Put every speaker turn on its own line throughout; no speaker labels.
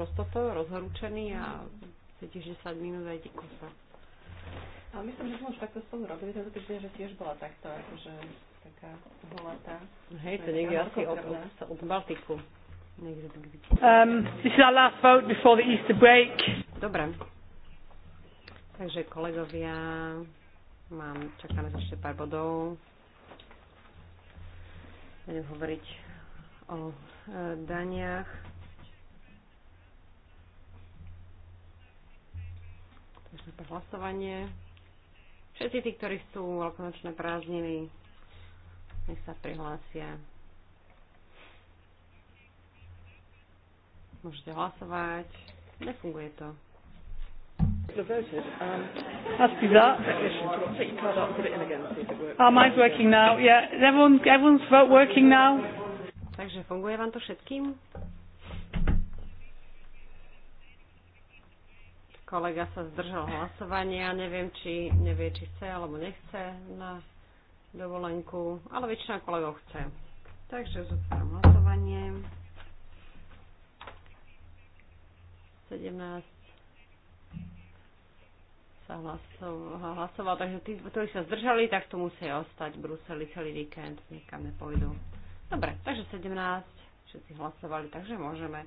roztoto, rozhorúčený a tiež 10 minút aj ti sa. Ale myslím, že sme už takto spolu robili tento týždeň, že tiež bola takto, akože taká bolatá. Hej, to niekde asi od, od, od Baltiku. Um, this is our last vote before the Easter break. Dobre. Takže kolegovia, mám, čakáme ešte pár bodov. Budem hovoriť o e, daniach. Sme to hlasovanie. Všetci tí, ktorí chcú veľkonočné prázdniny, nech sa prihlásia. Môžete hlasovať. Nefunguje to. Um, oh, mine's working now. Yeah, everyone's everyone's working now. Takže funguje vám to všetkým? Kolega sa zdržal hlasovania, neviem, či nevie, či chce alebo nechce na dovolenku, ale väčšina kolegov chce. Takže zotváram hlasovanie. 17 sa hlasoval, hlasoval, takže tí, ktorí sa zdržali, tak to musia ostať v Bruseli celý víkend, nikam nepôjdu. Dobre, takže 17, všetci hlasovali, takže môžeme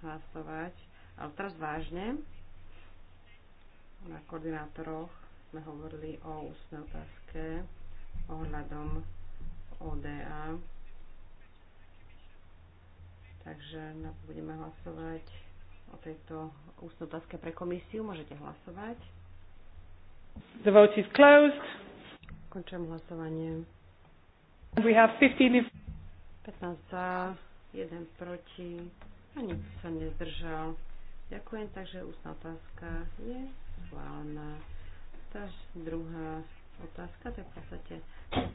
hlasovať. Ale teraz vážne na koordinátoroch sme hovorili o ústnej otázke ohľadom ODA. Takže budeme hlasovať o tejto ústnej otázke pre komisiu. Môžete hlasovať. The vote is closed. Končujem hlasovanie.
We have 15...
15 za, 1 proti Ani sa nezdržal. Ďakujem, takže ústna otázka je schválna. Tá druhá otázka, to je v podstate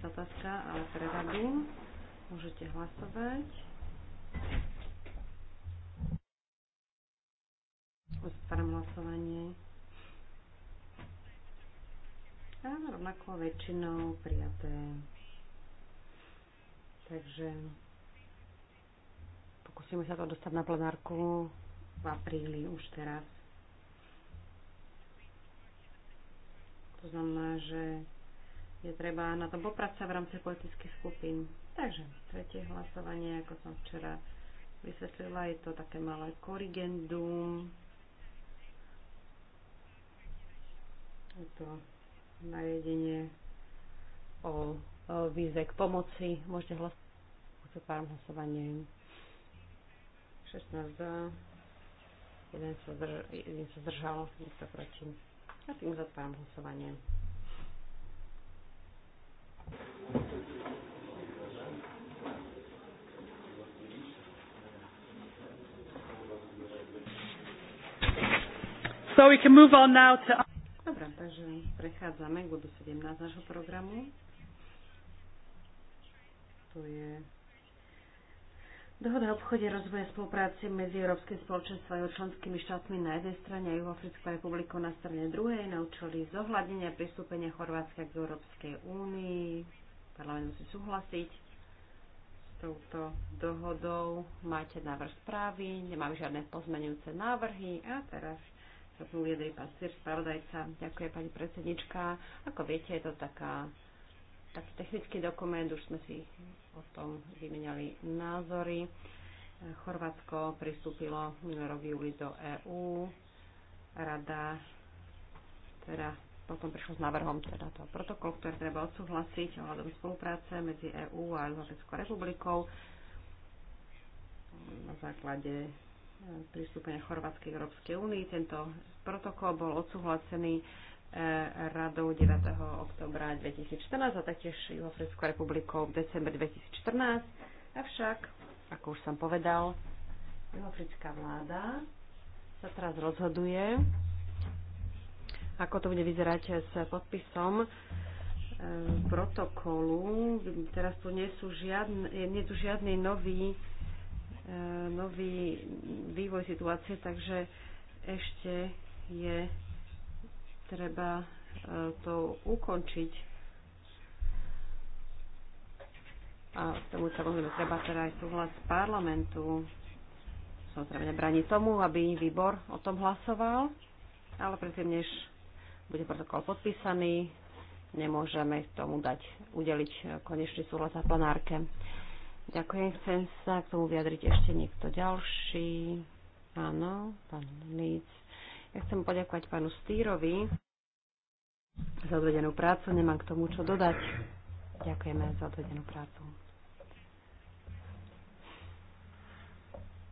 otázka, ale pre radu môžete hlasovať. Otváram hlasovanie. A rovnako väčšinou prijaté. Takže pokúsime sa to dostať na plenárku v apríli už teraz. To znamená, že je treba na tom popracovať v rámci politických skupín. Takže tretie hlasovanie, ako som včera vysvetlila, je to také malé korrigendum. Je to nariadenie o, o výzve k pomoci. Môžete hlasovať o pár hlasovanie. 16 za, 1 sa, zdržal, nikto proti. A tým zatváram hlasovanie. So we can move on now to... Dobre, takže prechádzame k bodu 17 nášho programu. To je Dohoda o obchode rozvoje spolupráci medzi Európskym spoločenstvom a členskými štátmi na jednej strane a Juhoafrickou republikou na strane druhej na účely zohľadenia pristúpenia Chorvátska k Európskej únii. Parlament musí súhlasiť s touto dohodou. Máte návrh správy, nemám žiadne pozmenujúce návrhy a teraz sa tu uviedli pán Sýr, spravodajca. Ďakujem pani predsednička. Ako viete, je to taká, taký technický dokument, už sme si potom vymenali názory. Chorvátsko pristúpilo minulý rok júli do EÚ. Rada teda potom prišlo s návrhom teda toho protokolu, ktorý treba odsúhlasiť ohľadom spolupráce medzi EÚ a Juhoafrickou republikou na základe eh, pristúpenia Chorvátskej Európskej únii. Tento protokol bol odsúhlasený E, radou 9. oktobra 2014 a taktiež Juhafrickou republikou v decembri 2014. Avšak, ako už som povedal, juhofrická vláda sa teraz rozhoduje, ako to bude vyzerať s podpisom e, protokolu. Teraz tu nie, sú žiadne, nie tu žiadny nový e, nový vývoj situácie, takže ešte je treba e, to ukončiť. A k tomu samozrejme treba teda aj súhlas parlamentu. Samozrejme nebráni tomu, aby výbor o tom hlasoval, ale predtým, než bude protokol podpísaný, nemôžeme tomu dať, udeliť konečný súhlas na plenárke. Ďakujem, chcem sa k tomu vyjadriť ešte niekto ďalší. Áno, pán ja chcem poďakovať pánu Stýrovi za odvedenú prácu. Nemám k tomu čo dodať. Ďakujeme za odvedenú prácu.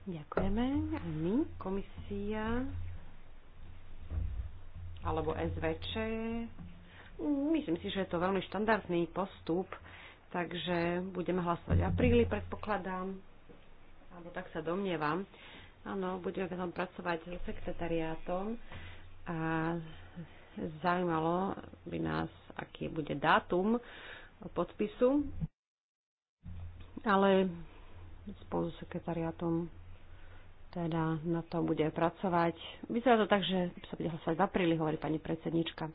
Ďakujeme. A my, komisia alebo SVČ, myslím si, že je to veľmi štandardný postup, takže budeme hlasovať v apríli, predpokladám, alebo tak sa domnievam. Áno, budeme veľa pracovať so sekretariátom a zaujímalo by nás, aký bude dátum podpisu, ale spolu s sekretariátom teda na to bude pracovať. Vyzerá to tak, že sa bude hlasovať v apríli, hovorí pani predsednička.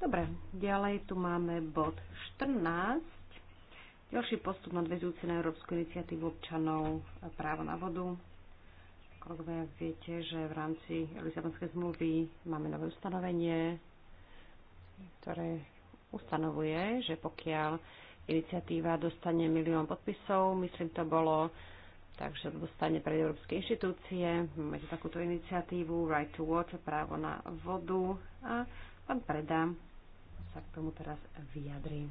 Dobre, ďalej tu máme bod 14. Ďalší postup nadvezujúci na Európsku iniciatívu občanov právo na vodu. Kolegovia, viete, že v rámci Lisabonskej zmluvy máme nové ustanovenie, ktoré ustanovuje, že pokiaľ iniciatíva dostane milión podpisov, myslím to bolo, takže dostane pre európske inštitúcie, máte takúto iniciatívu Right to Water, právo na vodu a pán Preda sa k tomu teraz vyjadrí.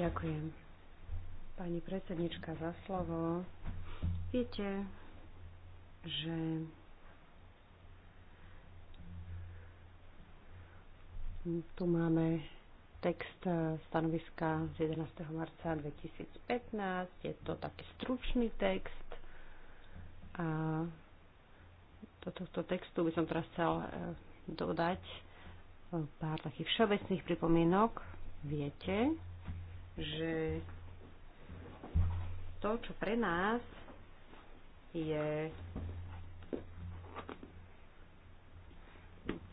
Ďakujem pani predsednička, za slovo. Viete, že tu máme text stanoviska z 11. marca 2015. Je to taký stručný text a do tohto textu by som teraz chcel e, dodať e, pár takých všeobecných pripomienok. Viete, že to, čo pre nás je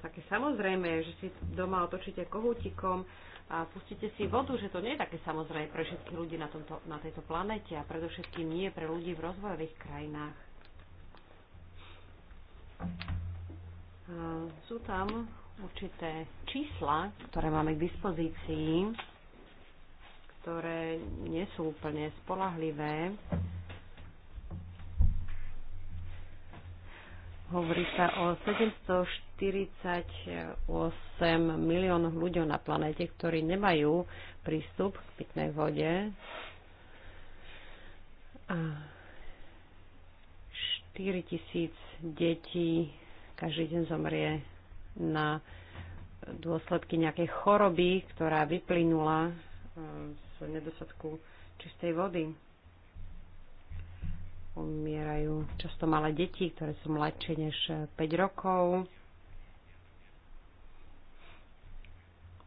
také samozrejme, že si doma otočíte kohútikom a pustíte si vodu, že to nie je také samozrejme pre všetkých ľudí na, tomto, na tejto planete a predovšetkým nie pre ľudí v rozvojových krajinách. Sú tam určité čísla, ktoré máme k dispozícii ktoré nie sú úplne spolahlivé. Hovorí sa o 748 miliónov ľuďov na planéte, ktorí nemajú prístup k pitnej vode. A 4 tisíc detí každý deň zomrie na dôsledky nejakej choroby, ktorá vyplynula z ehm, z nedostatku čistej vody. Umierajú často malé deti, ktoré sú mladšie než 5 rokov.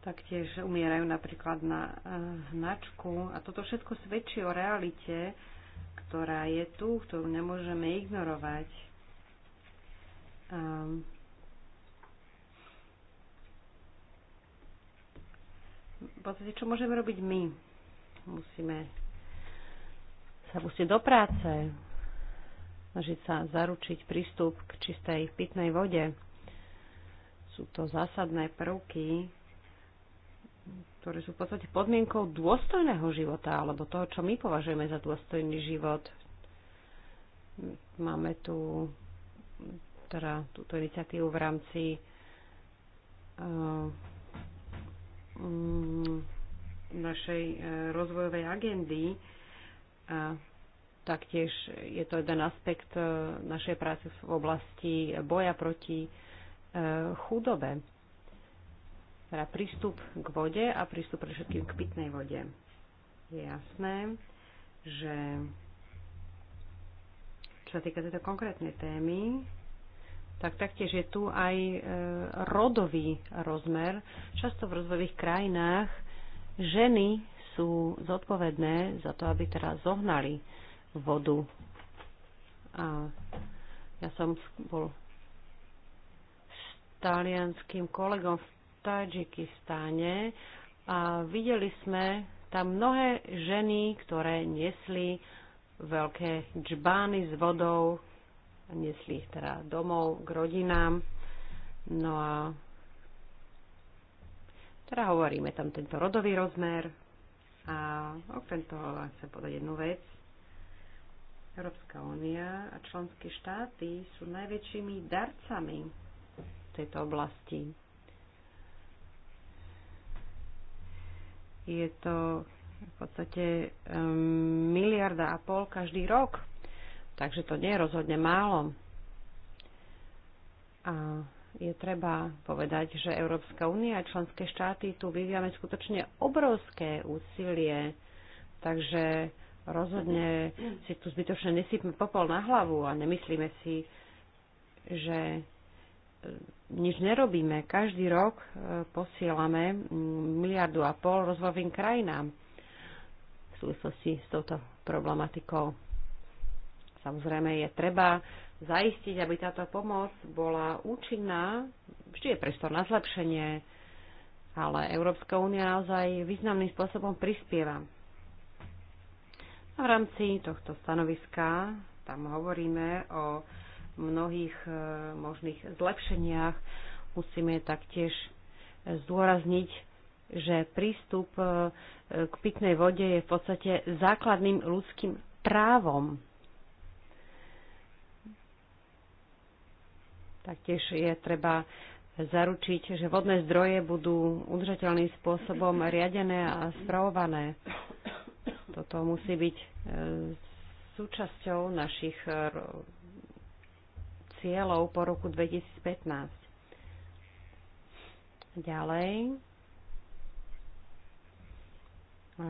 Taktiež umierajú napríklad na eh, hnačku. A toto všetko svedčí o realite, ktorá je tu, ktorú nemôžeme ignorovať. Um, v podstate, čo môžeme robiť my? Musíme sa pustiť do práce, snažiť sa zaručiť prístup k čistej pitnej vode. Sú to zásadné prvky, ktoré sú v podstate podmienkou dôstojného života, alebo toho, čo my považujeme za dôstojný život. Máme tu teda túto iniciatívu v rámci uh, um, našej e, rozvojovej agendy. A taktiež je to jeden aspekt e, našej práce v oblasti boja proti e, chudobe. Teda prístup k vode a prístup pre všetkým k pitnej vode. Je jasné, že čo sa týka tejto konkrétnej témy, tak taktiež je tu aj rodový rozmer. Často v rozvojových krajinách ženy sú zodpovedné za to, aby teraz zohnali vodu. A ja som bol s talianským kolegom v Tadžikistáne a videli sme tam mnohé ženy, ktoré nesli veľké džbány s vodou, nesli ich teda domov k rodinám. No a teda hovoríme tam tento rodový rozmer a okrem toho chcem povedať jednu vec. Európska únia a členské štáty sú najväčšími darcami v tejto oblasti. Je to v podstate um, miliarda a pol každý rok, takže to nie je rozhodne málo. A je treba povedať, že Európska únia a členské štáty tu vyvíjame skutočne obrovské úsilie, takže rozhodne si tu zbytočne nesypme popol na hlavu a nemyslíme si, že e, nič nerobíme. Každý rok e, posielame mm, miliardu a pol rozvojovým krajinám v súvislosti s touto problematikou. Samozrejme je treba zaistiť, aby táto pomoc bola účinná. Vždy je priestor na zlepšenie, ale Európska únia naozaj významným spôsobom prispieva. A v rámci tohto stanoviska tam hovoríme o mnohých e, možných zlepšeniach. Musíme taktiež zdôrazniť, že prístup e, k pitnej vode je v podstate základným ľudským právom Taktiež je treba zaručiť, že vodné zdroje budú udržateľným spôsobom riadené a spravované. Toto musí byť e, súčasťou našich e, cieľov po roku 2015. Ďalej.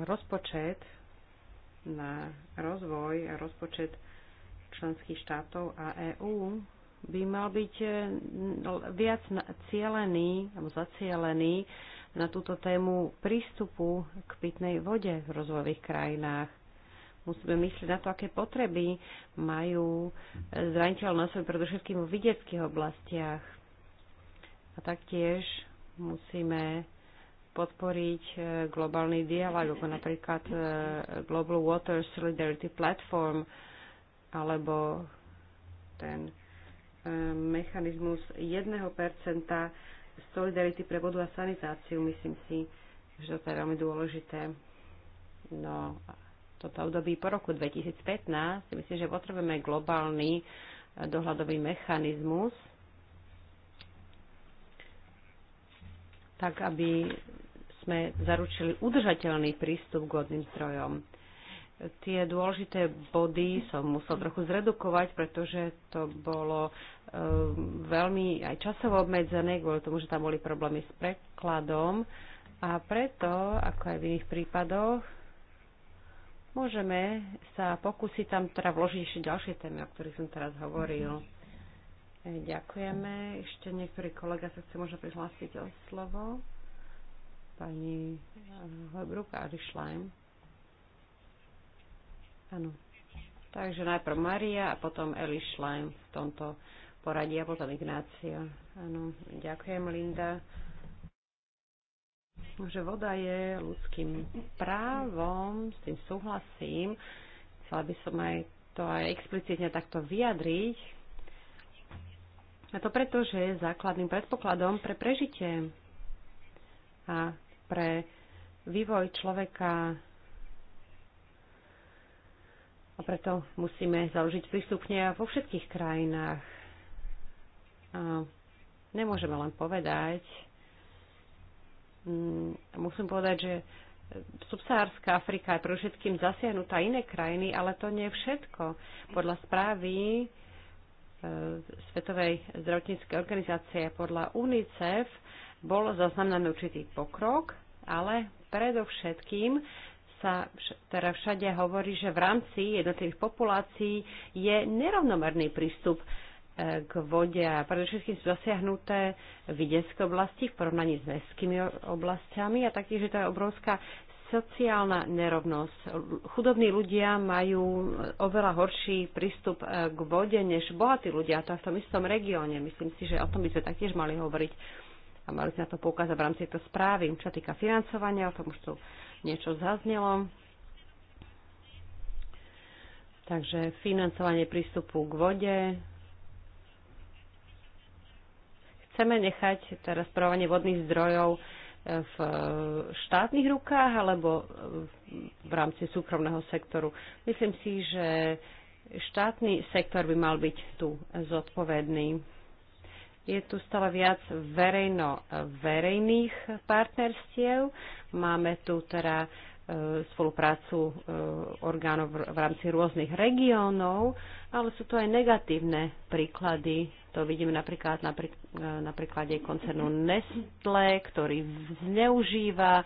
Rozpočet na rozvoj a rozpočet členských štátov a EÚ by mal byť eh, no, viac cielený alebo zacielený na túto tému prístupu k pitnej vode v rozvojových krajinách. Musíme myslieť na to, aké potreby majú eh, zraniteľné osoby, predovšetkým v vidieckých oblastiach. A taktiež musíme podporiť eh, globálny dialog, ako napríklad Global Water Solidarity Platform alebo ten mechanizmus 1% solidarity pre vodu a sanitáciu. Myslím si, že toto je veľmi dôležité. No, toto období po roku 2015 si myslím, že potrebujeme globálny e, dohľadový mechanizmus, tak aby sme zaručili udržateľný prístup k vodným zdrojom tie dôležité body som musel trochu zredukovať, pretože to bolo e, veľmi aj časovo obmedzené, kvôli tomu, že tam boli problémy s prekladom. A preto, ako aj v iných prípadoch, môžeme sa pokúsiť tam teda vložiť ešte ďalšie témy, o ktorých som teraz hovoril. E, ďakujeme. Ešte niektorý kolega sa chce možno prihlásiť o slovo. Pani Hojbruk Ari Rišlajm. Áno. Takže najprv Maria a potom Eli Schlein v tomto poradí a potom Ignácia. Áno, ďakujem Linda. Že voda je ľudským právom, s tým súhlasím. Chcela by som aj to aj explicitne takto vyjadriť. A to preto, že je základným predpokladom pre prežitie a pre vývoj človeka a preto musíme založiť prístupne vo všetkých krajinách. A nemôžeme len povedať, mm, musím povedať, že subsahárska Afrika je pre všetkým zasiahnutá iné krajiny, ale to nie je všetko. Podľa správy e, Svetovej zdravotníckej organizácie podľa UNICEF bol zaznamenaný určitý pokrok, ale predovšetkým sa teda všade hovorí, že v rámci jednotlivých populácií je nerovnomerný prístup e, k vode a predovšetkým sú zasiahnuté vidieské oblasti v porovnaní s mestskými oblastiami a taktiež je to je obrovská sociálna nerovnosť. Chudobní ľudia majú oveľa horší prístup e, k vode než bohatí ľudia, a to v tom istom regióne. Myslím si, že o tom by sme taktiež mali hovoriť a mali sme na to poukázať v rámci tejto správy. Čo týka financovania, o tom už tu niečo zaznelo. Takže financovanie prístupu k vode. Chceme nechať teraz správanie vodných zdrojov e, v štátnych rukách alebo v rámci súkromného sektoru. Myslím si, že štátny sektor by mal byť tu zodpovedný je tu stále viac verejno verejných partnerstiev. Máme tu teda e, spoluprácu e, orgánov v rámci rôznych regiónov, ale sú to aj negatívne príklady. To vidíme napríklad e, na, príklade koncernu Nestle, ktorý zneužíva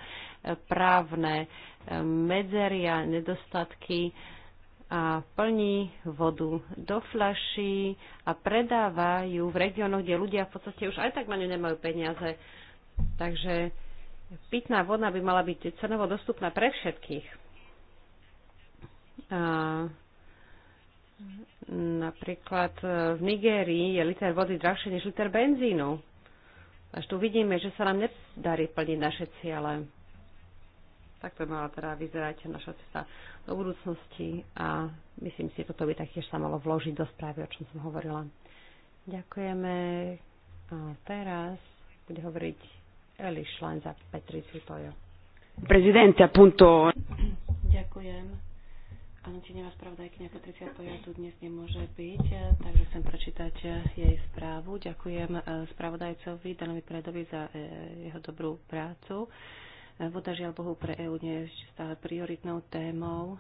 právne medzeria, nedostatky a plní vodu do flaší a predáva ju v regiónoch, kde ľudia v podstate už aj tak na ňu nemajú peniaze. Takže pitná voda by mala byť cenovo dostupná pre všetkých. A napríklad v Nigérii je liter vody drahšie než liter benzínu. Až tu vidíme, že sa nám nedarí plniť naše ciele. Tak to mala teda vyzerať naša cesta do budúcnosti a myslím si, že toto by taktiež sa malo vložiť do správy, o čom som hovorila. Ďakujeme. A teraz bude hovoriť Eli Schlein za Petricu Tojo. Prezidente, punto. Ďakujem. Áno, aj spravodajkynia Patricia Toja tu dnes nemôže byť, takže chcem prečítať jej správu. Ďakujem eh, spravodajcovi Danovi Predovi za eh, jeho dobrú prácu. Voda žiaľ Bohu pre EÚ nie je stále prioritnou témou.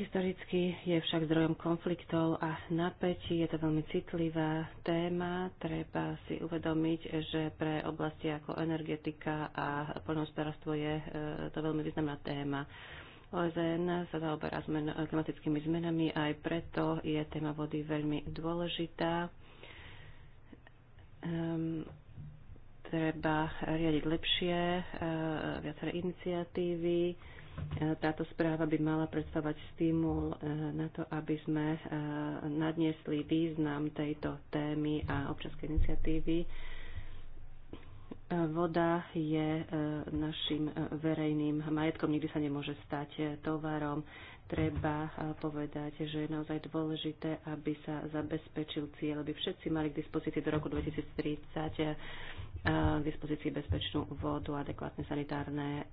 Historicky je však zdrojom konfliktov a napätí. Je to veľmi citlivá téma. Treba si uvedomiť, že pre oblasti ako energetika a poľnohospodárstvo je e, to veľmi významná téma. OSN sa zaoberá zmen, klimatickými zmenami a aj preto je téma vody veľmi dôležitá. Um, treba riadiť lepšie e, viaceré iniciatívy. E, táto správa by mala predstavovať stimul e, na to, aby sme nadniesli význam tejto témy a občanskej iniciatívy. Voda je našim verejným majetkom, nikdy sa nemôže stať tovarom. Treba povedať, že je naozaj dôležité, aby sa zabezpečil cieľ, aby všetci mali k dispozícii do roku 2030 k dispozícii bezpečnú vodu, adekvátne sanitárne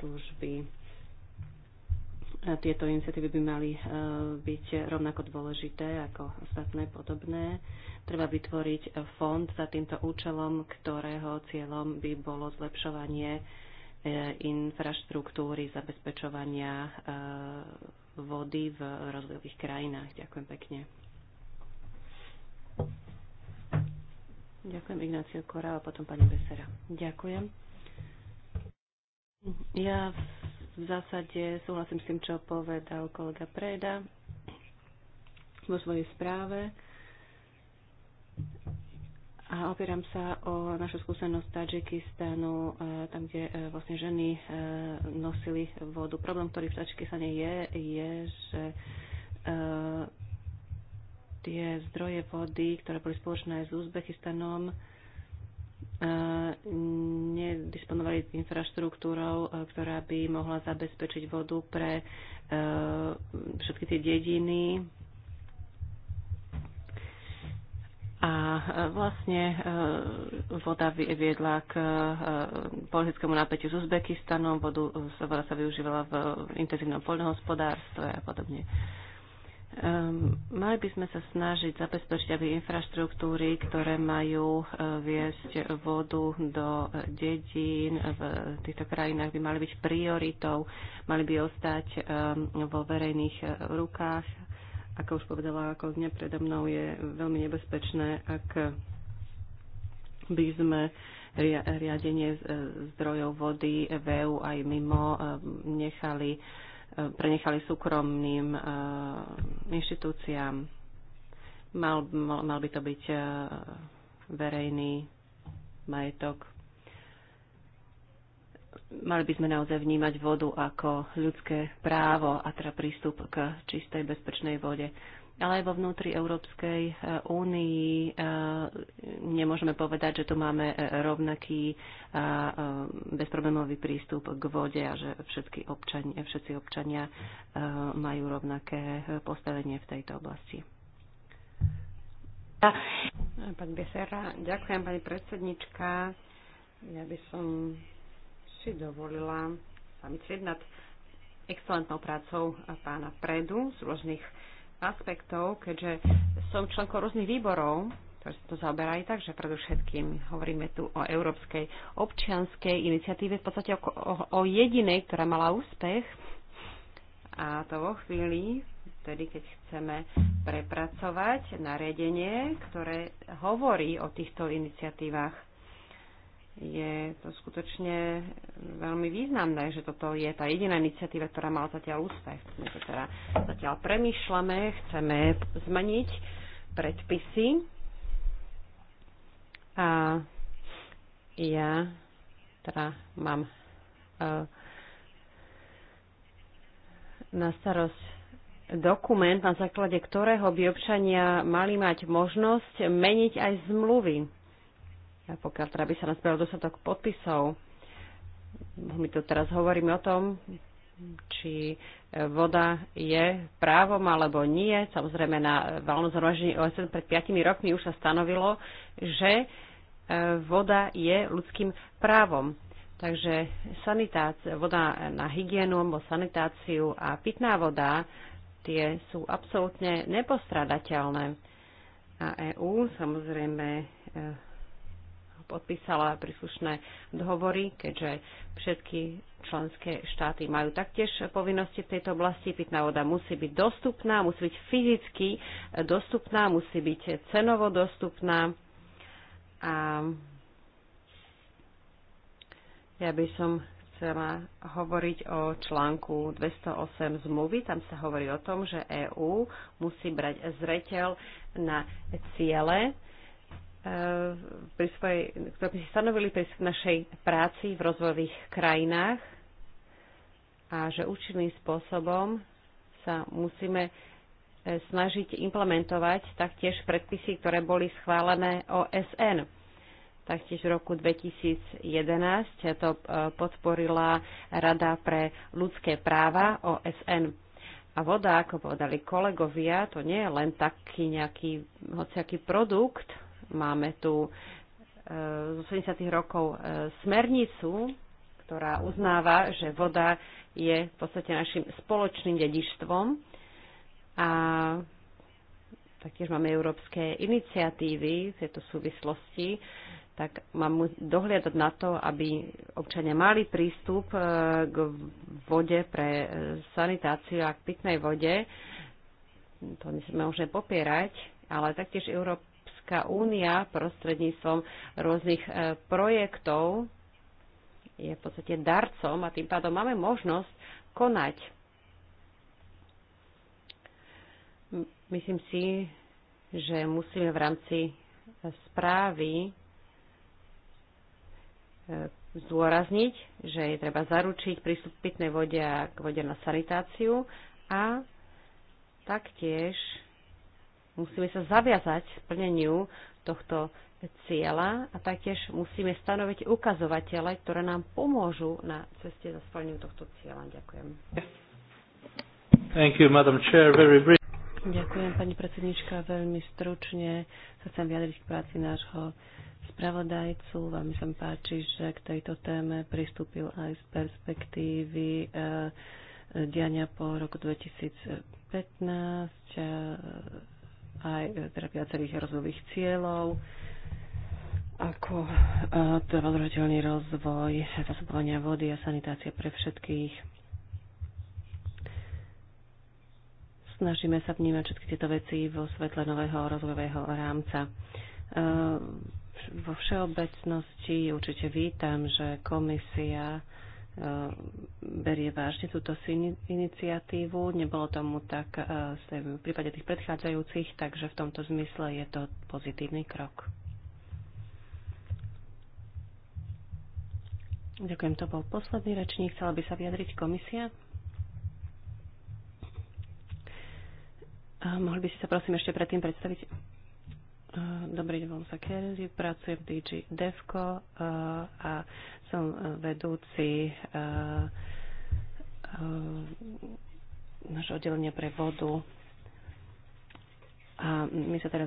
služby. Tieto iniciatívy by mali byť rovnako dôležité ako ostatné podobné. Treba vytvoriť fond za týmto účelom, ktorého cieľom by bolo zlepšovanie e, infraštruktúry zabezpečovania e, vody v rozvojových krajinách. Ďakujem pekne. Ďakujem Ignácio Kora a potom pani Besera. Ďakujem. Ja v zásade súhlasím s tým, čo povedal kolega Preda vo svojej správe a opieram sa o našu skúsenosť Tadžikistanu, e, tam, kde e, vlastne ženy e, nosili vodu. Problém, ktorý v Tadžikistane je, je, že tie zdroje vody, ktoré boli spoločné s Uzbekistanom, e, nedisponovali infraštruktúrou, e, ktorá by mohla zabezpečiť vodu pre e, všetky tie dediny. A vlastne voda viedla k politickému napätiu s Uzbekistanom, vodu, voda sa využívala v intenzívnom poľnohospodárstve a podobne. Um, mali by sme sa snažiť zabezpečiť, aby infraštruktúry, ktoré majú e, viesť vodu do e, dedín v týchto krajinách, by mali byť prioritou, mali by ostať um, vo verejných e, rukách. Ako už povedala kolegyňa predo mnou, je veľmi nebezpečné, ak by sme riadenie zdrojov vody v EU aj mimo nechali prenechali súkromným eh, inštitúciám. Mal, mal, mal by to byť eh, verejný majetok. Mali by sme naozaj vnímať vodu ako ľudské právo a teda prístup k čistej, bezpečnej vode ale aj vo vnútri Európskej eh, únii eh, nemôžeme povedať, že tu máme eh, rovnaký bezproblémový prístup k vode a že všetky občania, všetci občania majú rovnaké postavenie v tejto oblasti. Pán Besera, ďakujem pani predsednička. Ja by som si dovolila zamyslieť nad excelentnou prácou pána Predu z rôznych aspektov, keďže som členkou rôznych výborov, ktoré sa to zaoberajú, takže predovšetkým hovoríme tu o Európskej občianskej iniciatíve, v podstate o, o, o jedinej, ktorá mala úspech a to vo chvíli, vtedy, keď chceme prepracovať nariadenie, ktoré hovorí o týchto iniciatívach je to skutočne veľmi významné, že toto je tá jediná iniciatíva, ktorá mala zatiaľ úspech. My to teda zatiaľ premýšľame, chceme zmeniť predpisy a ja teda mám e, na starosť dokument, na základe ktorého by občania mali mať možnosť meniť aj zmluvy pokiaľ teda by sa nazbral dostatok podpisov. My tu teraz hovoríme o tom, či e, voda je právom alebo nie. Samozrejme na valnom zhromaždení OSN pred 5 rokmi už sa stanovilo, že e, voda je ľudským právom. Takže sanitácia, voda na hygienu alebo sanitáciu a pitná voda, tie sú absolútne nepostradateľné. A EÚ samozrejme e, podpísala príslušné dohovory, keďže všetky členské štáty majú taktiež povinnosti v tejto oblasti. Pitná voda musí byť dostupná, musí byť fyzicky dostupná, musí byť cenovo dostupná. A ja by som chcela hovoriť o článku 208 zmluvy. Tam sa hovorí o tom, že EÚ musí brať zreteľ na ciele pri svojej, ktoré by si stanovili pri našej práci v rozvojových krajinách a že účinným spôsobom sa musíme e, snažiť implementovať taktiež predpisy, ktoré boli schválené OSN. Taktiež v roku 2011 to e, podporila Rada pre ľudské práva OSN. A voda, ako povedali kolegovia, to nie je len taký nejaký hociaký produkt, Máme tu e, zo 70. rokov e, smernicu, ktorá uznáva, že voda je v podstate našim spoločným dedičstvom. A taktiež máme európske iniciatívy v tejto súvislosti, tak mám dohliadať na to, aby občania mali prístup e, k vode pre sanitáciu a k pitnej vode. To my sme možné popierať, ale taktiež Európa Európska únia prostredníctvom rôznych e, projektov je v podstate darcom a tým pádom máme možnosť konať. Myslím si, že musíme v rámci správy e, zdôrazniť, že je treba zaručiť prístup k pitnej vode a k vode na sanitáciu a taktiež Musíme sa zaviazať plneniu tohto cieľa a taktiež musíme stanoviť ukazovatele, ktoré nám pomôžu na ceste za splneniu tohto cieľa. Ďakujem.
Thank you, Madam
Chair. Very brief. Ďakujem, pani predsednička. Veľmi stručne sa chcem vyjadriť k práci nášho spravodajcu. Veľmi sa mi páči, že k tejto téme pristúpil aj z perspektívy e, diania po roku 2015. E, eh, aj e, teda viacerých rozvojových cieľov, ako e, trvalodržateľný teda rozvoj, zásobovania vody a sanitácia pre všetkých. Snažíme sa vnímať všetky tieto veci vo svetle nového rozvojového rámca. E, vo všeobecnosti určite vítam, že komisia E, berie vážne túto iniciatívu. Nebolo tomu tak e, v prípade tých predchádzajúcich, takže v tomto zmysle je to pozitívny krok. Ďakujem, to bol posledný rečník. Chcela by sa vyjadriť komisia. A mohli by ste sa prosím ešte predtým predstaviť? Dobrý deň, volám sa Kerenzi, pracujem v DG Devco eh, a som eh, vedúci eh, nášho oddelenia pre vodu. A my sa teraz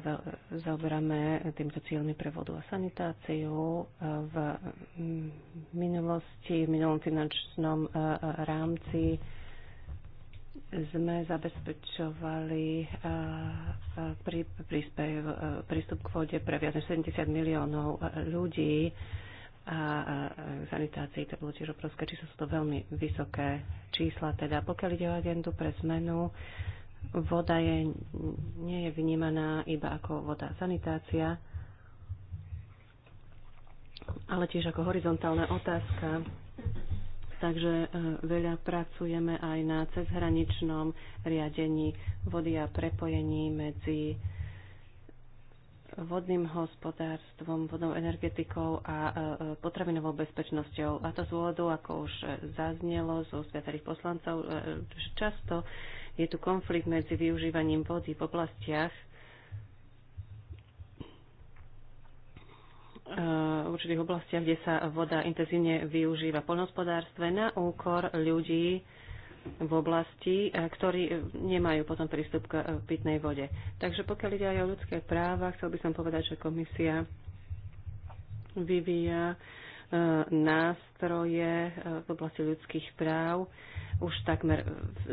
zaoberáme týmto cieľmi pre vodu a sanitáciu. V mm, minulosti, v minulom finančnom rámci sme zabezpečovali eh, eh, prístup k vode pre viac než 70 miliónov eh, ľudí a k sanitácii to bolo tiež obrovské číslo, sú to veľmi vysoké čísla. Teda pokiaľ ide o agendu pre zmenu, voda je, nie je vnímaná iba ako voda sanitácia, ale tiež ako horizontálna otázka Takže e, veľa pracujeme aj na cezhraničnom riadení vody a prepojení medzi vodným hospodárstvom, vodnou energetikou a e, e, potravinovou bezpečnosťou. A to z dôvodu, ako už zaznelo zo sviatarých poslancov, často je tu konflikt medzi využívaním vody v oblastiach, v eh, určitých oblastiach, kde sa voda intenzívne využíva v poľnohospodárstve na úkor ľudí v oblasti, eh, ktorí nemajú potom prístup k eh, pitnej vode. Takže pokiaľ ide aj o ľudské práva, chcel by som povedať, že komisia vyvíja nástroje v oblasti ľudských práv. Už takmer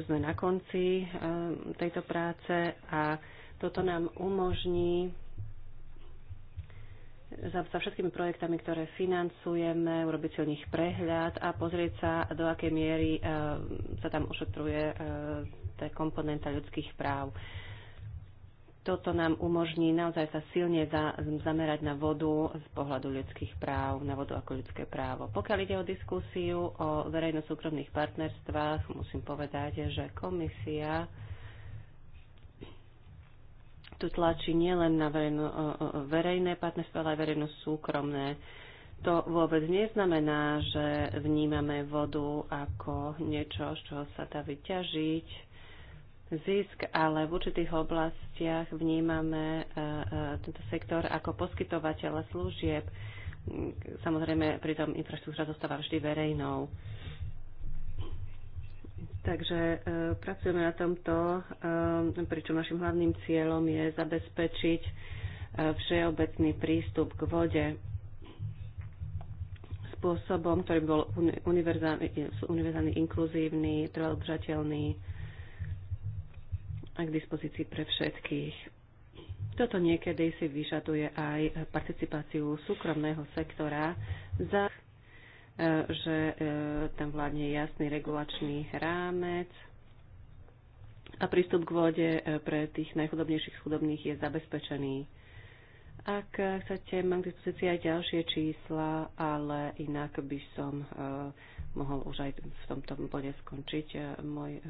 sme na konci tejto práce a toto nám umožní za, za všetkými projektami, ktoré financujeme, urobiť si o nich prehľad a pozrieť sa, do akej miery e, sa tam ošetruje e, tá komponenta ľudských práv. Toto nám umožní naozaj sa silne za, zamerať na vodu z pohľadu ľudských práv, na vodu ako ľudské právo. Pokiaľ ide o diskusiu o verejno-súkromných partnerstvách, musím povedať, že komisia tu tlačí nielen na verejno, verejné partnerstvo, ale aj verejno-súkromné. To vôbec neznamená, že vnímame vodu ako niečo, z čoho sa dá vyťažiť zisk, ale v určitých oblastiach vnímame e, e, tento sektor ako poskytovateľa služieb. Samozrejme, pritom infraštruktúra zostáva vždy verejnou. Takže e, pracujeme na tomto, e, pričom našim hlavným cieľom je zabezpečiť e, všeobecný prístup k vode spôsobom, ktorý bol univerzálny, univerzálny inkluzívny, trvalodržateľný a k dispozícii pre všetkých. Toto niekedy si vyžaduje aj participáciu súkromného sektora za E, že e, tam vládne jasný regulačný rámec a prístup k vode e, pre tých najchudobnejších chudobných je zabezpečený. Ak chcete, mám k dispozícii aj ďalšie čísla, ale inak by som mohol už aj v tomto bode skončiť môj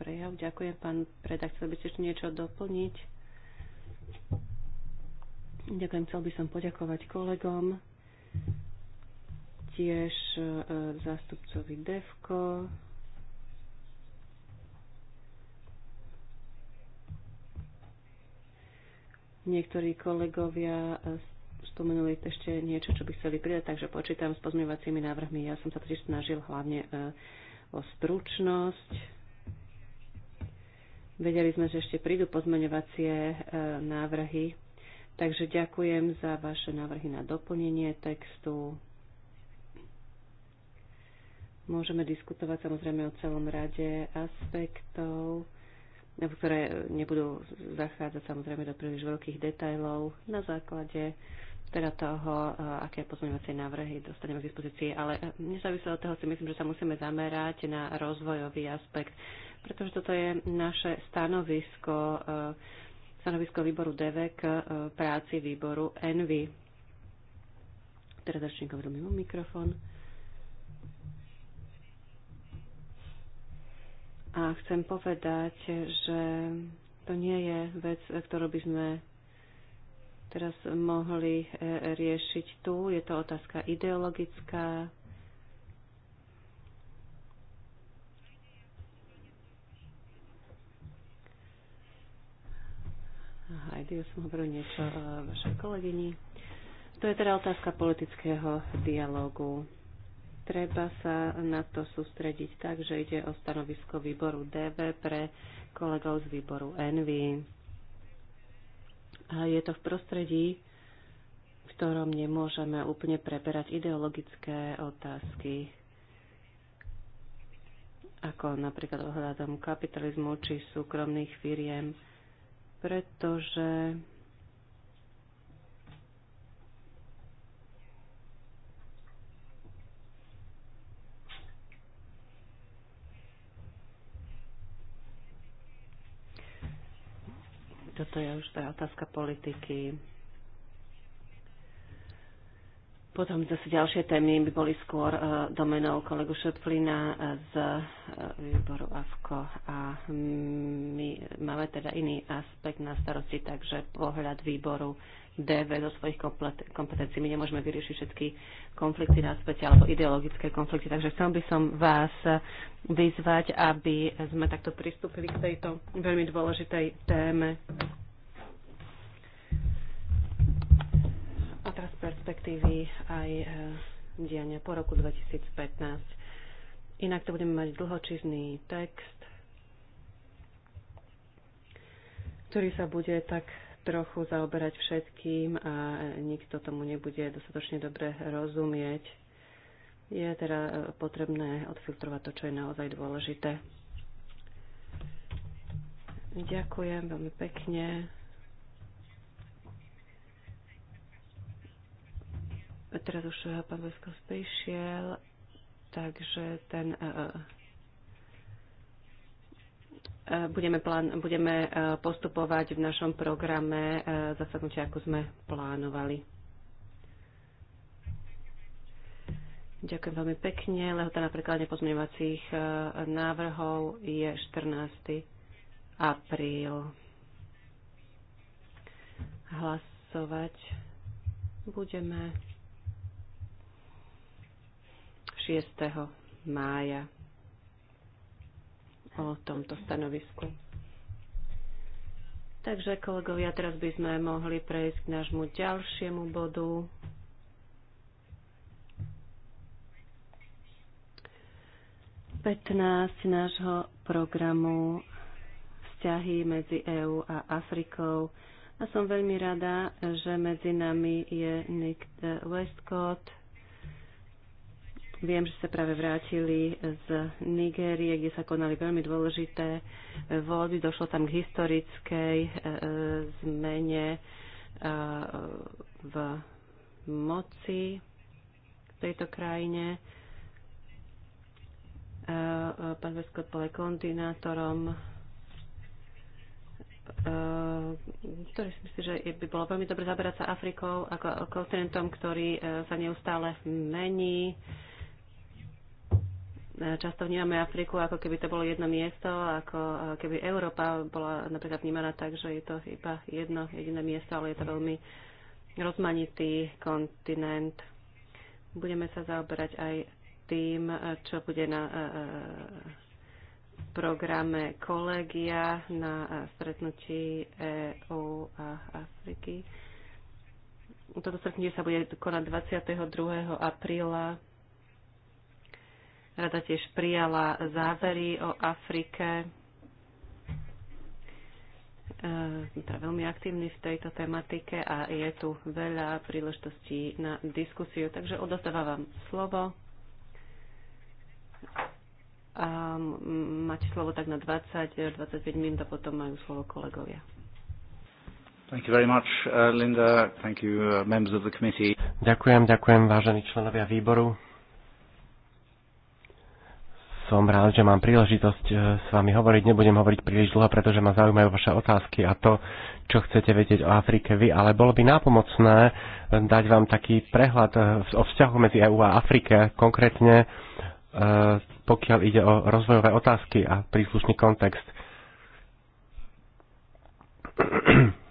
prejav. Ďakujem, pán Preda. Chcel by ste ešte niečo doplniť? Ďakujem, chcel by som poďakovať kolegom tiež e, zástupcovi DEVKO, Niektorí kolegovia e, spomenuli ešte niečo, čo by chceli pridať, takže počítam s pozmievacími návrhmi. Ja som sa tiež snažil hlavne e, o stručnosť. Vedeli sme, že ešte prídu pozmeňovacie návrhy, takže ďakujem za vaše návrhy na doplnenie textu. Môžeme diskutovať samozrejme o celom rade aspektov, ktoré nebudú zachádzať samozrejme do príliš veľkých detajlov na základe teda toho, aké pozmeňovacie návrhy dostaneme k dispozícii. Ale e, nezávisle od toho si myslím, že sa musíme zamerať na rozvojový aspekt, pretože toto je naše stanovisko, e, stanovisko výboru DV k e, práci výboru ENVY. Teraz začnem mimo mikrofón. A chcem povedať, že to nie je vec, ktorú by sme teraz mohli e, riešiť tu. Je to otázka ideologická. Hajde, ja som hovoril niečo o e, vašej kolegyni. To je teda otázka politického dialogu treba sa na to sústrediť tak, že ide o stanovisko výboru DV pre kolegov z výboru NV. A je to v prostredí, v ktorom nemôžeme úplne preberať ideologické otázky, ako napríklad ohľadom kapitalizmu či súkromných firiem, pretože Toto je už tá otázka politiky. Potom zase ďalšie témy by boli skôr uh, domenou kolegu Šotplina z uh, výboru AFKO a my máme teda iný aspekt na starosti, takže pohľad výboru DV zo svojich kompetencií. My nemôžeme vyriešiť všetky konflikty na svete alebo ideologické konflikty. Takže chcel by som vás vyzvať, aby sme takto pristúpili k tejto veľmi dôležitej téme. A teraz perspektívy aj e, diania po roku 2015. Inak to budeme mať dlhočizný text, ktorý sa bude tak trochu zaoberať všetkým a nikto tomu nebude dostatočne dobre rozumieť. Je teda e, potrebné odfiltrovať to, čo je naozaj dôležité. Ďakujem veľmi pekne. Teraz už e, pán Vesko prišiel, takže ten e, budeme, plán, budeme e, postupovať v našom programe e, zasadnutia, ako sme plánovali. Ďakujem veľmi pekne. Lehota na prekladne pozmeňovacích e, návrhov je 14. apríl. Hlasovať budeme 6. mája o tomto stanovisku. Takže, kolegovia, teraz by sme mohli prejsť k nášmu ďalšiemu bodu. Petnáct nášho programu vzťahy medzi EÚ a Afrikou. A som veľmi rada, že medzi nami je Nick Westcott, Viem, že sa práve vrátili z Nigérie, kde sa konali veľmi dôležité e, voľby. Došlo tam k historickej e, e, zmene v moci v tejto krajine. Pán Veskot bol aj koordinátorom ktorý si myslí, že by bolo veľmi dobre zaberať sa Afrikou ako kontinentom, ktorý sa neustále mení. Často vnímame Afriku, ako keby to bolo jedno miesto, ako keby Európa bola napríklad vnímaná tak, že je to iba jedno jediné miesto, ale je to veľmi rozmanitý kontinent. Budeme sa zaoberať aj tým, čo bude na programe kolegia na stretnutí EU a Afriky. Toto stretnutie sa bude konať 22. apríla Rada tiež prijala závery o Afrike. Teda veľmi aktívny v tejto tematike a je tu veľa príležitostí na diskusiu. Takže odostávam vám slovo. A máte slovo tak na 20-25 minút a potom majú slovo kolegovia.
Thank you very much, uh, Linda. Thank you, uh, members of the committee. Ďakujem, ďakujem, vážení členovia výboru som rád, že mám príležitosť e, s vami hovoriť. Nebudem hovoriť príliš dlho, pretože ma zaujímajú vaše otázky a to, čo chcete vedieť o Afrike vy, ale bolo by nápomocné e, dať vám taký prehľad e, o vzťahu medzi EÚ a Afrike, konkrétne pokiaľ ide o rozvojové otázky a príslušný kontext.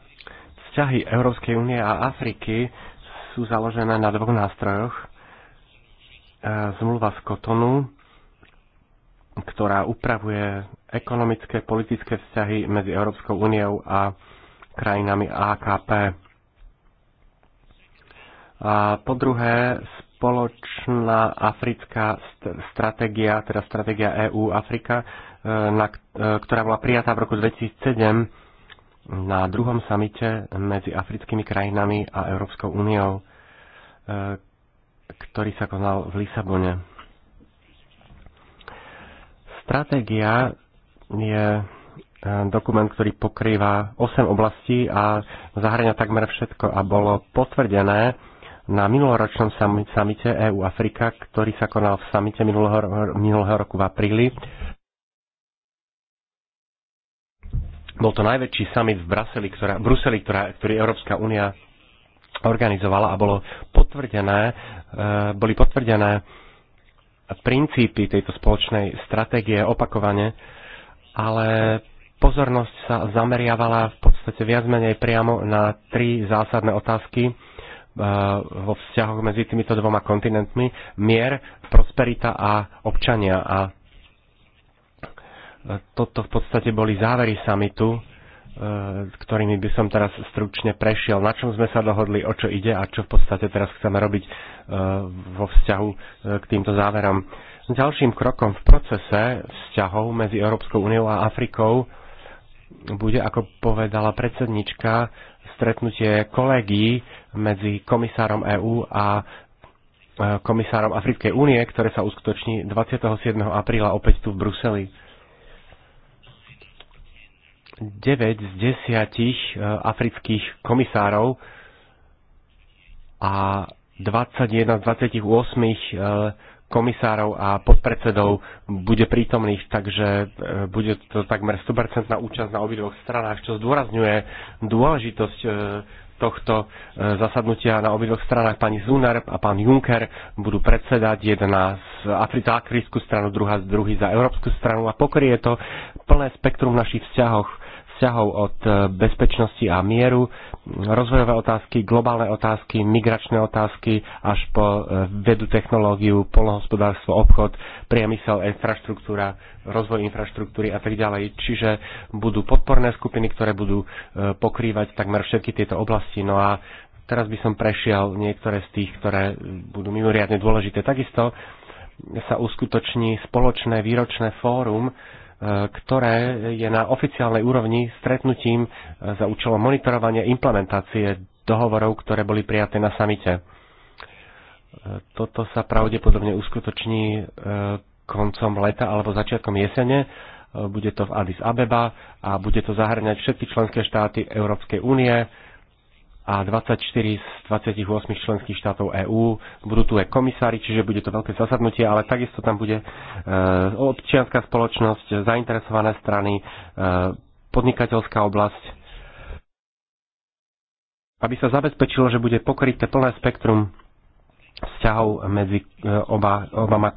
Vzťahy Európskej únie a Afriky sú založené na dvoch nástrojoch. Zmluva z Kotonu ktorá upravuje ekonomické, politické vzťahy medzi Európskou úniou a krajinami AKP. A po druhé, spoločná africká stratégia, teda stratégia EU Afrika, e, na, e, ktorá bola prijatá v roku 2007 na druhom samite medzi africkými krajinami a Európskou úniou, e, ktorý sa konal v Lisabone. Stratégia je e, dokument, ktorý pokrýva 8 oblastí a zahrania takmer všetko a bolo potvrdené na minuloročnom samite EU-Afrika, ktorý sa konal v samite minulého, minulého roku v apríli. Bol to najväčší summit v Bruseli, ktorá, Bruseli ktorá, ktorý Európska únia organizovala a bolo potvrdené, e, boli potvrdené princípy tejto spoločnej stratégie opakovane, ale pozornosť sa zameriavala v podstate viac menej priamo na tri zásadné otázky eh, vo vzťahoch medzi týmito dvoma kontinentmi. Mier, prosperita a občania. A toto v podstate boli závery samitu, eh, ktorými by som teraz stručne prešiel, na čom sme sa dohodli, o čo ide a čo v podstate teraz chceme robiť Eh, vo vzťahu eh, k týmto záverom. Ďalším krokom v procese vzťahov medzi Európskou úniou a Afrikou bude, ako povedala predsednička, stretnutie kolegí medzi komisárom EÚ a eh, komisárom Africkej únie, ktoré sa uskutoční 27. apríla opäť tu v Bruseli. 9 z 10 afrických komisárov a 21 z 28 eh, komisárov a podpredsedov bude prítomných, takže eh, bude to takmer 100% účasť na obidvoch stranách, čo zdôrazňuje dôležitosť eh, tohto zasadnutia na obidvoch stranách. Pani Zuner a pán Juncker budú predsedať, jedna z africkú stranu, druhá z druhý za európsku stranu a pokrie to plné spektrum našich vzťahov vzťahov od e, bezpečnosti a mieru, rozvojové otázky, globálne otázky, migračné otázky až po e, vedu, technológiu, polnohospodárstvo, obchod, priemysel, infraštruktúra, rozvoj infraštruktúry a tak ďalej. Čiže budú podporné skupiny, ktoré budú e, pokrývať takmer všetky tieto oblasti. No a teraz by som prešiel niektoré z tých, ktoré budú mimoriadne dôležité. Takisto sa uskutoční spoločné výročné fórum ktoré je na oficiálnej úrovni stretnutím za účelom monitorovania implementácie dohovorov, ktoré boli prijaté na samite. Toto sa pravdepodobne uskutoční e, koncom leta alebo začiatkom jesene. E, bude to v Addis Abeba a bude to zahrňať všetky členské štáty Európskej únie, a 24 z 28 členských štátov EÚ. Budú tu aj komisári, čiže bude to veľké zasadnutie, ale takisto tam bude e, občianská spoločnosť, zainteresované strany, e, podnikateľská oblasť, aby sa zabezpečilo, že bude pokryté plné spektrum vzťahov medzi e, oba, obama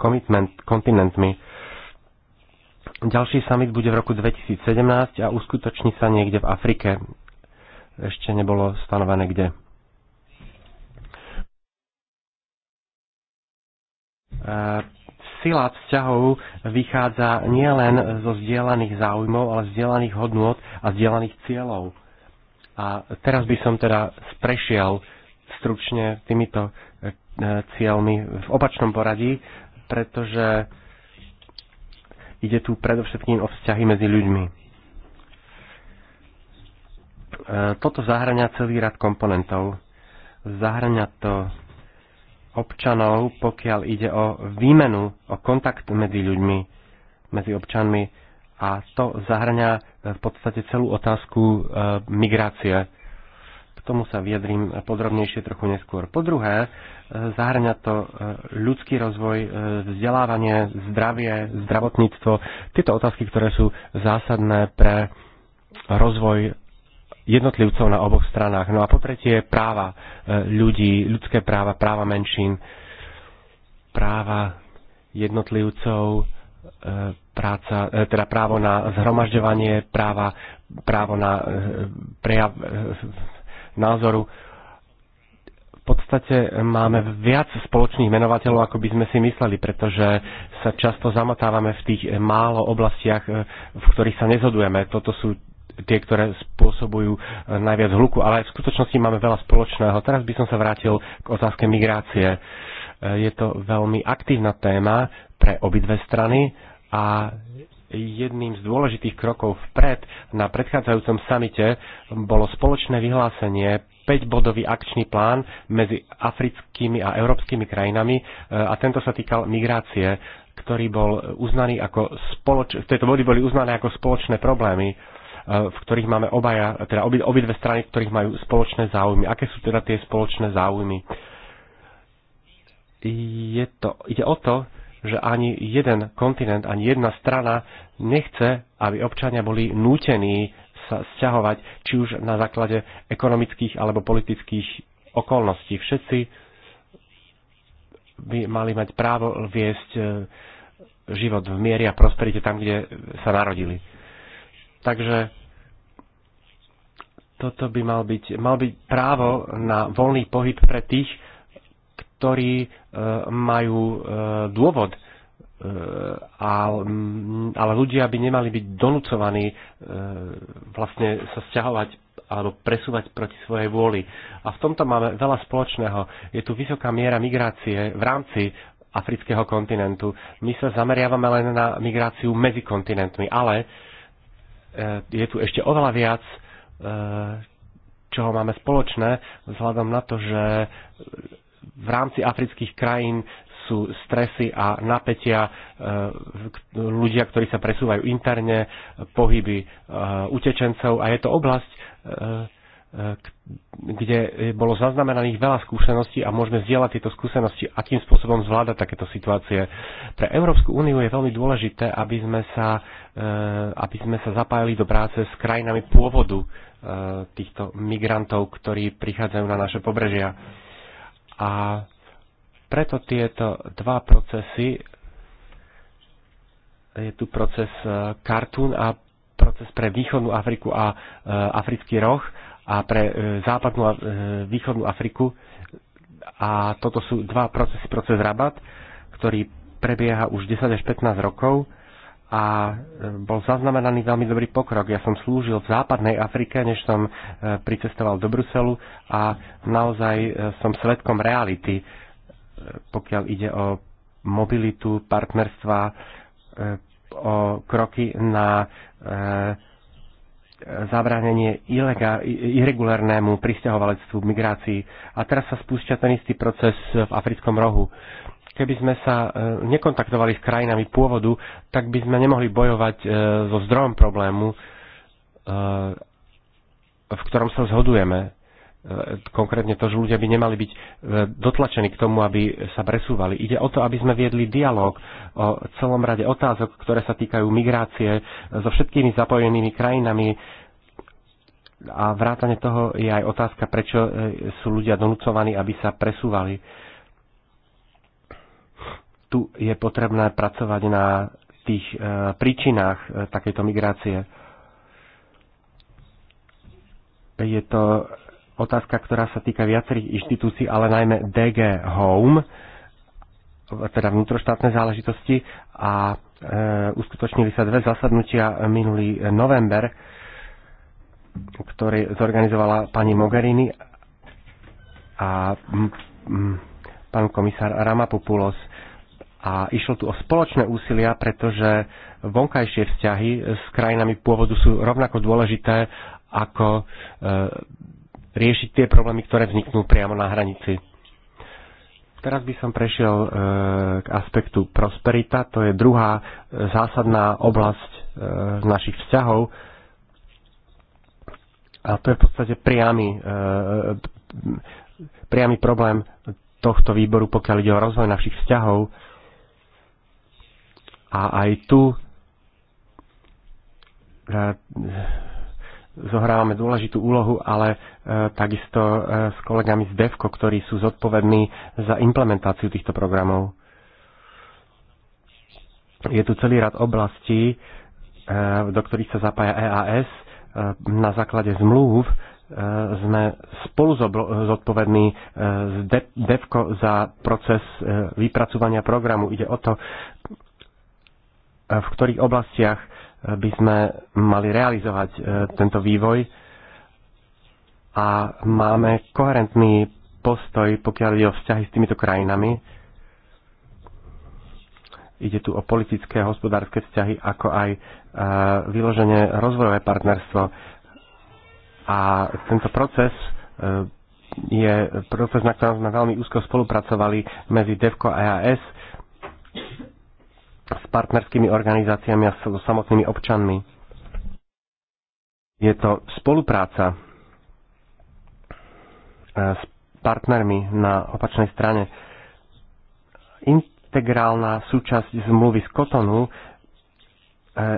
kontinentmi. Ďalší summit bude v roku 2017 a uskutoční sa niekde v Afrike ešte nebolo stanovené kde. E, sila vzťahov vychádza nielen zo zdieľaných záujmov, ale zdieľaných hodnôt a zdieľaných cieľov. A teraz by som teda sprešiel stručne týmito e, e, cieľmi v opačnom poradí, pretože ide tu predovšetkým o vzťahy medzi ľuďmi. E, toto zahrania celý rad komponentov. Zahrania to občanov, pokiaľ ide o výmenu, o kontakt medzi ľuďmi, medzi občanmi a to zahrania e, v podstate celú otázku e, migrácie. K tomu sa vyjadrím podrobnejšie trochu neskôr. Po druhé, zahrania to ľudský rozvoj, vzdelávanie, zdravie, zdravotníctvo, tieto otázky, ktoré sú zásadné pre rozvoj jednotlivcov na oboch stranách. No a po tretie práva e, ľudí, ľudské práva, práva menšín, práva jednotlivcov, e, práca, e, teda právo na zhromažďovanie, práva, právo na prejav názoru. V podstate máme viac spoločných menovateľov, ako by sme si mysleli, pretože sa často zamotávame v tých málo oblastiach, v ktorých sa nezhodujeme. Toto sú tie, ktoré spôsobujú e, najviac hluku, ale aj v skutočnosti máme veľa spoločného. Teraz by som sa vrátil k otázke migrácie. E, je to veľmi aktívna téma pre obidve strany a jedným z dôležitých krokov vpred na predchádzajúcom samite bolo spoločné vyhlásenie 5-bodový akčný plán medzi africkými a európskymi krajinami e, a tento sa týkal migrácie, ktorý bol uznaný ako spoloč... tieto body boli uznané ako spoločné problémy E, v ktorých máme obaja, teda obi, obidve strany, ktorých majú spoločné záujmy. Aké sú teda tie spoločné záujmy? Je to, ide o to, že ani jeden kontinent, ani jedna strana nechce, aby občania boli nútení sa sťahovať, či už na základe ekonomických alebo politických okolností. Všetci by mali mať právo viesť e, život v miery a prosperite tam, kde sa narodili. Takže toto by mal byť, mal byť právo na voľný pohyb pre tých, ktorí e, majú e, dôvod, e, ale, ale ľudia by nemali byť donúcovaní e, vlastne sa sťahovať alebo presúvať proti svojej vôli. A v tomto máme veľa spoločného. Je tu vysoká miera migrácie v rámci afrického kontinentu. My sa zameriavame len na migráciu medzi kontinentmi, ale e, Eh, je tu ešte oveľa viac, eh, čoho máme spoločné, vzhľadom na to, že v rámci afrických krajín sú stresy a napätia, eh, ľudia, ktorí sa presúvajú interne, pohyby utečencov a je to oblasť, E, kde bolo zaznamenaných veľa skúseností a môžeme zdieľať tieto skúsenosti, akým spôsobom zvládať takéto situácie. Pre Európsku úniu je veľmi dôležité, aby sme sa, e, aby sme sa zapájali do práce s krajinami pôvodu e, týchto migrantov, ktorí prichádzajú na naše pobrežia. A preto tieto dva procesy, je tu proces Kartún a proces pre východnú Afriku a africký roh, a pre e, západnú a e, východnú Afriku. A toto sú dva procesy, proces Rabat, ktorý prebieha už 10 až 15 rokov a e, bol zaznamenaný veľmi dobrý pokrok. Ja som slúžil v západnej Afrike, než som pricestoval do Bruselu a naozaj som svetkom reality, pokiaľ ide o mobilitu, partnerstva, o kroky na zabránenie irregulárnemu pristahovalectvu, migrácii. A teraz sa spúšťa ten istý proces v africkom rohu. Keby sme sa e, nekontaktovali s krajinami pôvodu, tak by sme nemohli bojovať e, so zdrojom problému, e, v ktorom sa zhodujeme. E, konkrétne to, že ľudia by nemali byť e, dotlačení k tomu, aby sa presúvali. Ide o to, aby sme viedli dialog o celom rade otázok, ktoré sa týkajú migrácie e, so všetkými zapojenými krajinami. A vrátane toho je aj otázka, prečo sú ľudia donúcovaní, aby sa presúvali. Tu je potrebné pracovať na tých príčinách takejto migrácie. Je to otázka, ktorá sa týka viacerých inštitúcií, ale najmä DG Home, teda vnútroštátne záležitosti a e, uskutočnili sa dve zasadnutia minulý november, ktoré zorganizovala pani Mogherini a m, m, pán komisár Ramapopulos. A išlo tu o spoločné úsilia, pretože vonkajšie vzťahy s krajinami pôvodu sú rovnako dôležité ako e, riešiť tie problémy, ktoré vzniknú priamo na hranici. Teraz by som prešiel e, k aspektu prosperita. To je druhá e, zásadná oblasť e, našich vzťahov. A to je v podstate priamy, priamy problém tohto výboru, pokiaľ ide o rozvoj našich vzťahov. A aj tu zohrávame dôležitú úlohu, ale e, takisto e, s kolegami z DEVKO, ktorí sú zodpovední za implementáciu týchto programov. Je tu celý rad oblastí, e, do ktorých sa zapája EAS. E, na základe zmluv e, sme spolu zodpovední e, z DEVKO za proces e, vypracovania programu. Ide o to, e, v ktorých oblastiach by sme mali realizovať e, tento vývoj a máme koherentný postoj, pokiaľ ide o vzťahy s týmito krajinami. Ide tu o politické a hospodárske vzťahy, ako aj e, vyloženie rozvojové partnerstvo. A tento proces e, je proces, na ktorom sme veľmi úzko spolupracovali medzi DEVKO a EAS s partnerskými organizáciami a so samotnými občanmi. Je to spolupráca e, s partnermi na opačnej strane. Integrálna súčasť zmluvy z Kotonu e,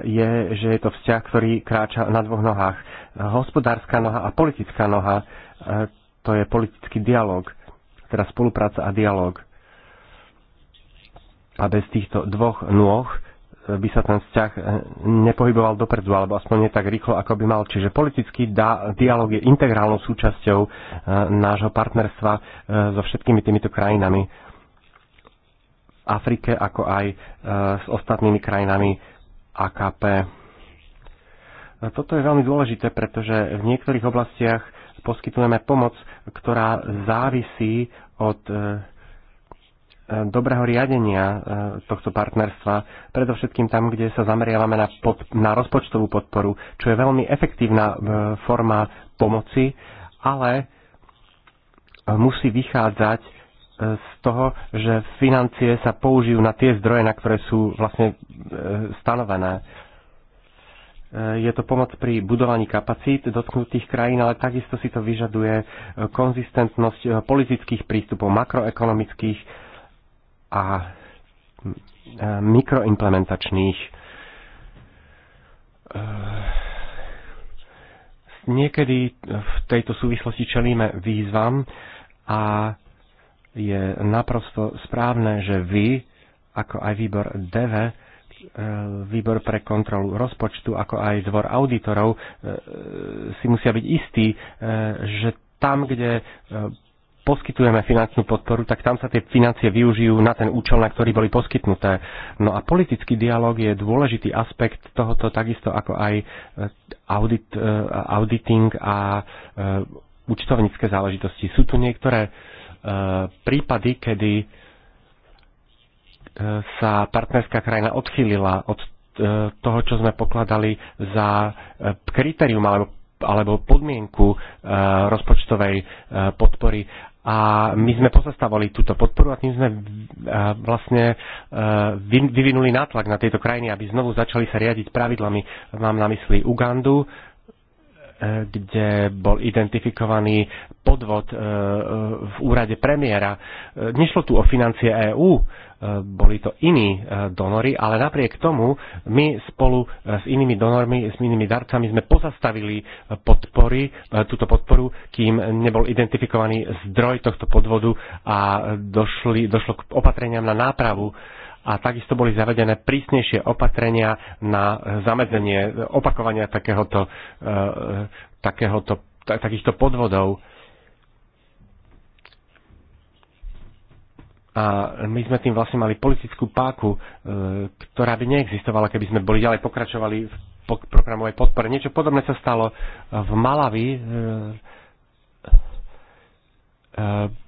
je, že je to vzťah, ktorý kráča na dvoch nohách. Hospodárska noha a politická noha, e, to je politický dialog, teda spolupráca a dialog a bez týchto dvoch nôh eh, by sa ten vzťah eh, nepohyboval dopredu, alebo aspoň nie tak rýchlo, ako by mal. Čiže politický dialog je integrálnou súčasťou eh, nášho partnerstva so všetkými týmito krajinami v Afrike, ako aj s ostatnými krajinami AKP. Toto je veľmi dôležité, pretože v niektorých oblastiach poskytujeme pomoc, ktorá závisí od dobrého riadenia e, tohto partnerstva, predovšetkým tam, kde sa zameriavame na, pod, na rozpočtovú podporu, čo je veľmi efektívna e, forma pomoci, ale e, musí vychádzať z toho, že financie sa použijú na tie zdroje, na ktoré sú vlastne stanovené. Je to pomoc pri budovaní kapacít dotknutých krajín, ale takisto si to vyžaduje konzistentnosť politických prístupov, makroekonomických a mikroimplementačných e, niekedy v tejto súvislosti čelíme výzvam a je naprosto správne, že vy, ako aj výbor DV, e, výbor pre kontrolu rozpočtu, ako aj dvor auditorov, e, si musia byť istí, že tam, kde poskytujeme finančnú podporu, tak tam sa tie financie využijú na ten účel, na ktorý boli poskytnuté. No a politický dialog je dôležitý aspekt tohoto, takisto ako aj e, audit, e, auditing a e, účtovnícke záležitosti. Sú tu niektoré prípady, kedy sa partnerská krajina odchýlila od toho, čo sme pokladali za kritérium alebo alebo podmienku rozpočtovej podpory a my sme pozastavali túto podporu a tým sme e, vlastne e, vyvinuli nátlak na tieto krajiny, aby znovu začali sa riadiť pravidlami. Mám na mysli Ugandu, kde bol identifikovaný podvod e, e, v úrade premiéra. E, nešlo tu o financie EÚ, boli to iní donory, ale napriek tomu my spolu s inými donormi, s inými darcami sme pozastavili podpory, túto podporu, kým nebol identifikovaný zdroj tohto podvodu a došli, došlo k opatreniam na nápravu a takisto boli zavedené prísnejšie opatrenia na zamedzenie opakovania takéhoto, e, takéhoto, takýchto podvodov. A my sme tým vlastne mali politickú páku, e, ktorá by neexistovala, keby sme boli ďalej pokračovali v programovej podpore. Niečo podobné sa stalo v Malavi e,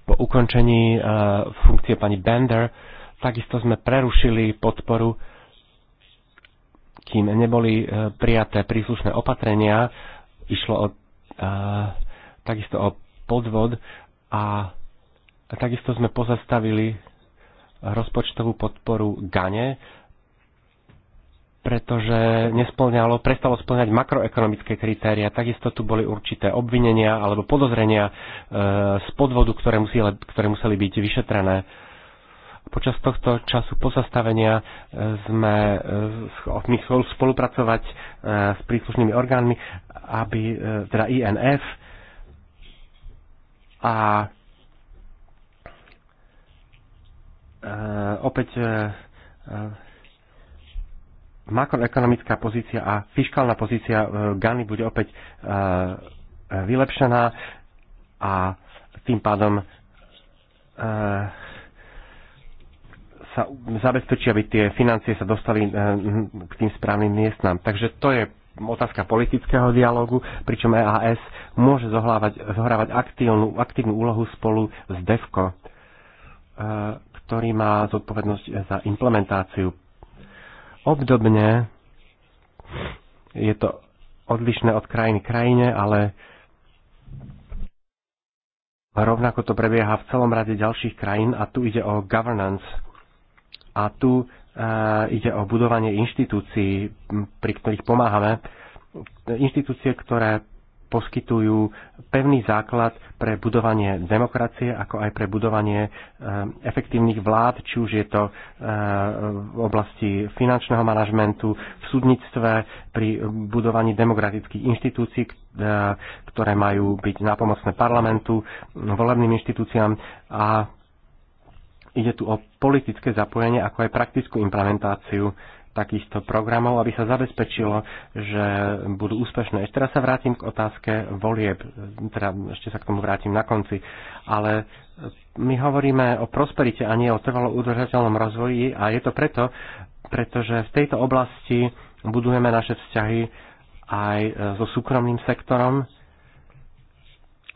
po ukončení funkcie pani Bender, Takisto sme prerušili podporu, kým neboli e, prijaté príslušné opatrenia. Išlo o, e, takisto o podvod a takisto sme pozastavili rozpočtovú podporu Gane, pretože nesplňalo, prestalo splňať makroekonomické kritéria. Takisto tu boli určité obvinenia alebo podozrenia e, z podvodu, ktoré museli, ktoré museli byť vyšetrené Počas tohto času pozastavenia e, sme e, schopní spolupracovať e, s príslušnými orgánmi, aby teda INF a opäť makroekonomická pozícia a fiskálna pozícia Gany bude opäť vylepšená a tým pádom sa zabezpečí, aby tie financie sa dostali eh, k tým správnym miestnám. Takže to je otázka politického dialogu, pričom EAS môže zohlávať, zohrávať aktívnu, aktívnu úlohu spolu s DEFCO, eh, ktorý má zodpovednosť za implementáciu. Obdobne je to odlišné od krajiny krajine, ale rovnako to prebieha v celom rade ďalších krajín a tu ide o governance a tu e, ide o budovanie inštitúcií, pri ktorých pomáhame. Inštitúcie, ktoré poskytujú pevný základ pre budovanie demokracie, ako aj pre budovanie e, efektívnych vlád, či už je to e, v oblasti finančného manažmentu, v súdnictve, pri budovaní demokratických inštitúcií, ktoré majú byť nápomocné parlamentu, volebným inštitúciám a ide tu o politické zapojenie, ako aj praktickú implementáciu takýchto programov, aby sa zabezpečilo, že budú úspešné. Ešte teraz sa vrátim k otázke volieb, teda ešte sa k tomu vrátim na konci, ale my hovoríme o prosperite a nie o trvalo udržateľnom rozvoji a je to preto, pretože v tejto oblasti budujeme naše vzťahy aj so súkromným sektorom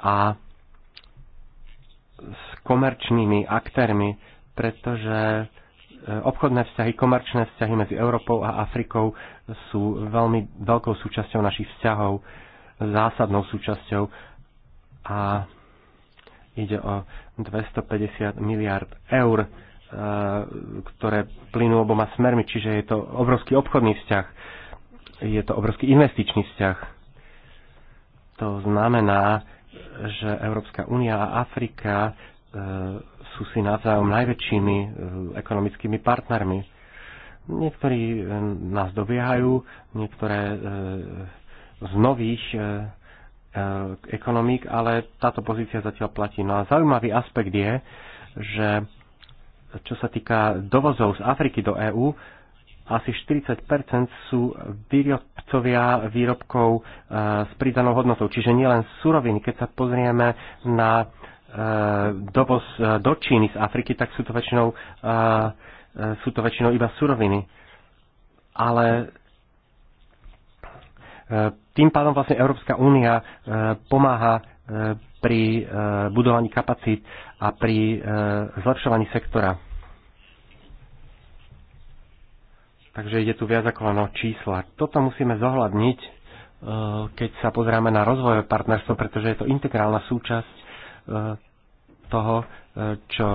a s komerčnými aktérmi, pretože e, obchodné vzťahy, komerčné vzťahy medzi Európou a Afrikou sú veľmi veľkou súčasťou našich vzťahov, zásadnou súčasťou a ide o 250 miliard eur, e, ktoré plynú oboma smermi, čiže je to obrovský obchodný vzťah, je to obrovský investičný vzťah. To znamená, že Európska únia a Afrika e, sú si navzájom najväčšími eh, ekonomickými partnermi. Niektorí eh, nás dobiehajú, niektoré eh, z nových ekonomík, ale táto pozícia zatiaľ platí. No a zaujímavý aspekt je, že čo sa týka dovozov z Afriky do EÚ, asi 40 sú výrobcovia výrobkov s pridanou hodnotou, čiže nielen suroviny. Keď sa pozrieme na Eh, dovoz eh, do Číny z Afriky, tak sú to väčšinou, eh, sú to väčšinou iba suroviny. Ale tým pádom vlastne Európska únia pomáha pri budovaní kapacít a pri zlepšovaní sektora. Takže ide tu viac ako len o čísla. Toto musíme zohľadniť, keď sa pozráme na rozvojové partnerstvo, pretože je to integrálna súčasť toho, e, čo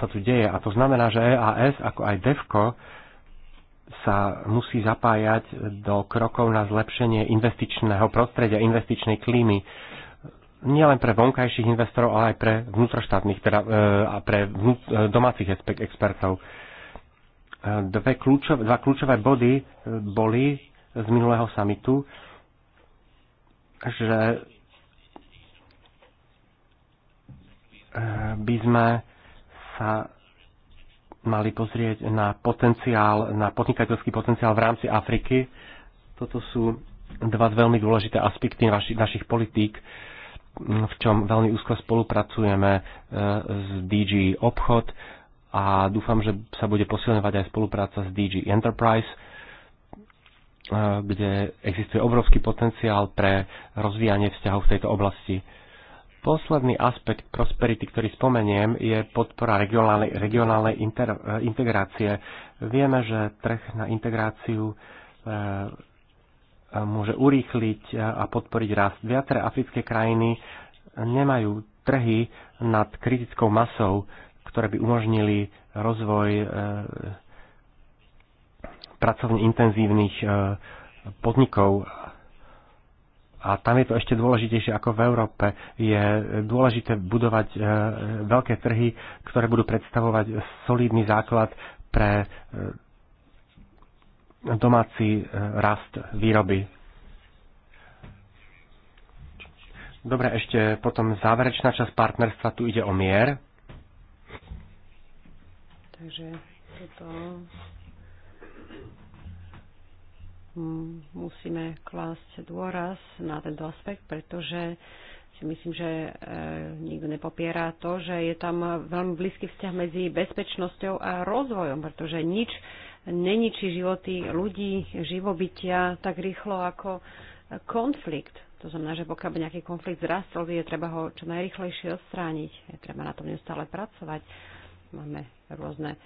sa tu deje. A to znamená, že EAS, ako aj DEFCO, sa musí zapájať do krokov na zlepšenie investičného prostredia, investičnej klímy. Nielen pre vonkajších investorov, ale aj pre vnútroštátnych, teda, e, a pre vnú, e, domácich expertov. Dve kľúčové, dva kľúčové body boli z minulého samitu, že by sme sa mali pozrieť na potenciál, na podnikateľský potenciál v rámci Afriky. Toto sú dva veľmi dôležité aspekty naši, našich politík, v čom veľmi úzko spolupracujeme e, s DG Obchod a dúfam, že sa bude posilňovať aj spolupráca s DG Enterprise, e, kde existuje obrovský potenciál pre rozvíjanie vzťahov v tejto oblasti Posledný aspekt prosperity, ktorý spomeniem, je podpora regionálnej, regionálnej inter, eh, integrácie. Vieme, že trh na integráciu e, môže urýchliť eh, a podporiť rast. Viaceré africké krajiny nemajú trhy nad kritickou masou, ktoré by umožnili rozvoj e, pracovne intenzívnych e, podnikov a tam je to ešte dôležitejšie ako v Európe. Je dôležité budovať e, veľké trhy, ktoré budú predstavovať solidný základ pre e, domáci e, rast výroby. Dobre, ešte potom záverečná časť partnerstva, tu ide o mier.
Takže toto Mm, musíme klásť dôraz na tento aspekt, pretože si myslím, že e, nikto nepopiera to, že je tam veľmi blízky vzťah medzi bezpečnosťou a rozvojom, pretože nič neničí životy ľudí, živobytia tak rýchlo ako konflikt. To znamená, že pokiaľ by nejaký konflikt zrastol, je treba ho čo najrychlejšie odstrániť. Je treba na tom neustále pracovať máme rôzne e,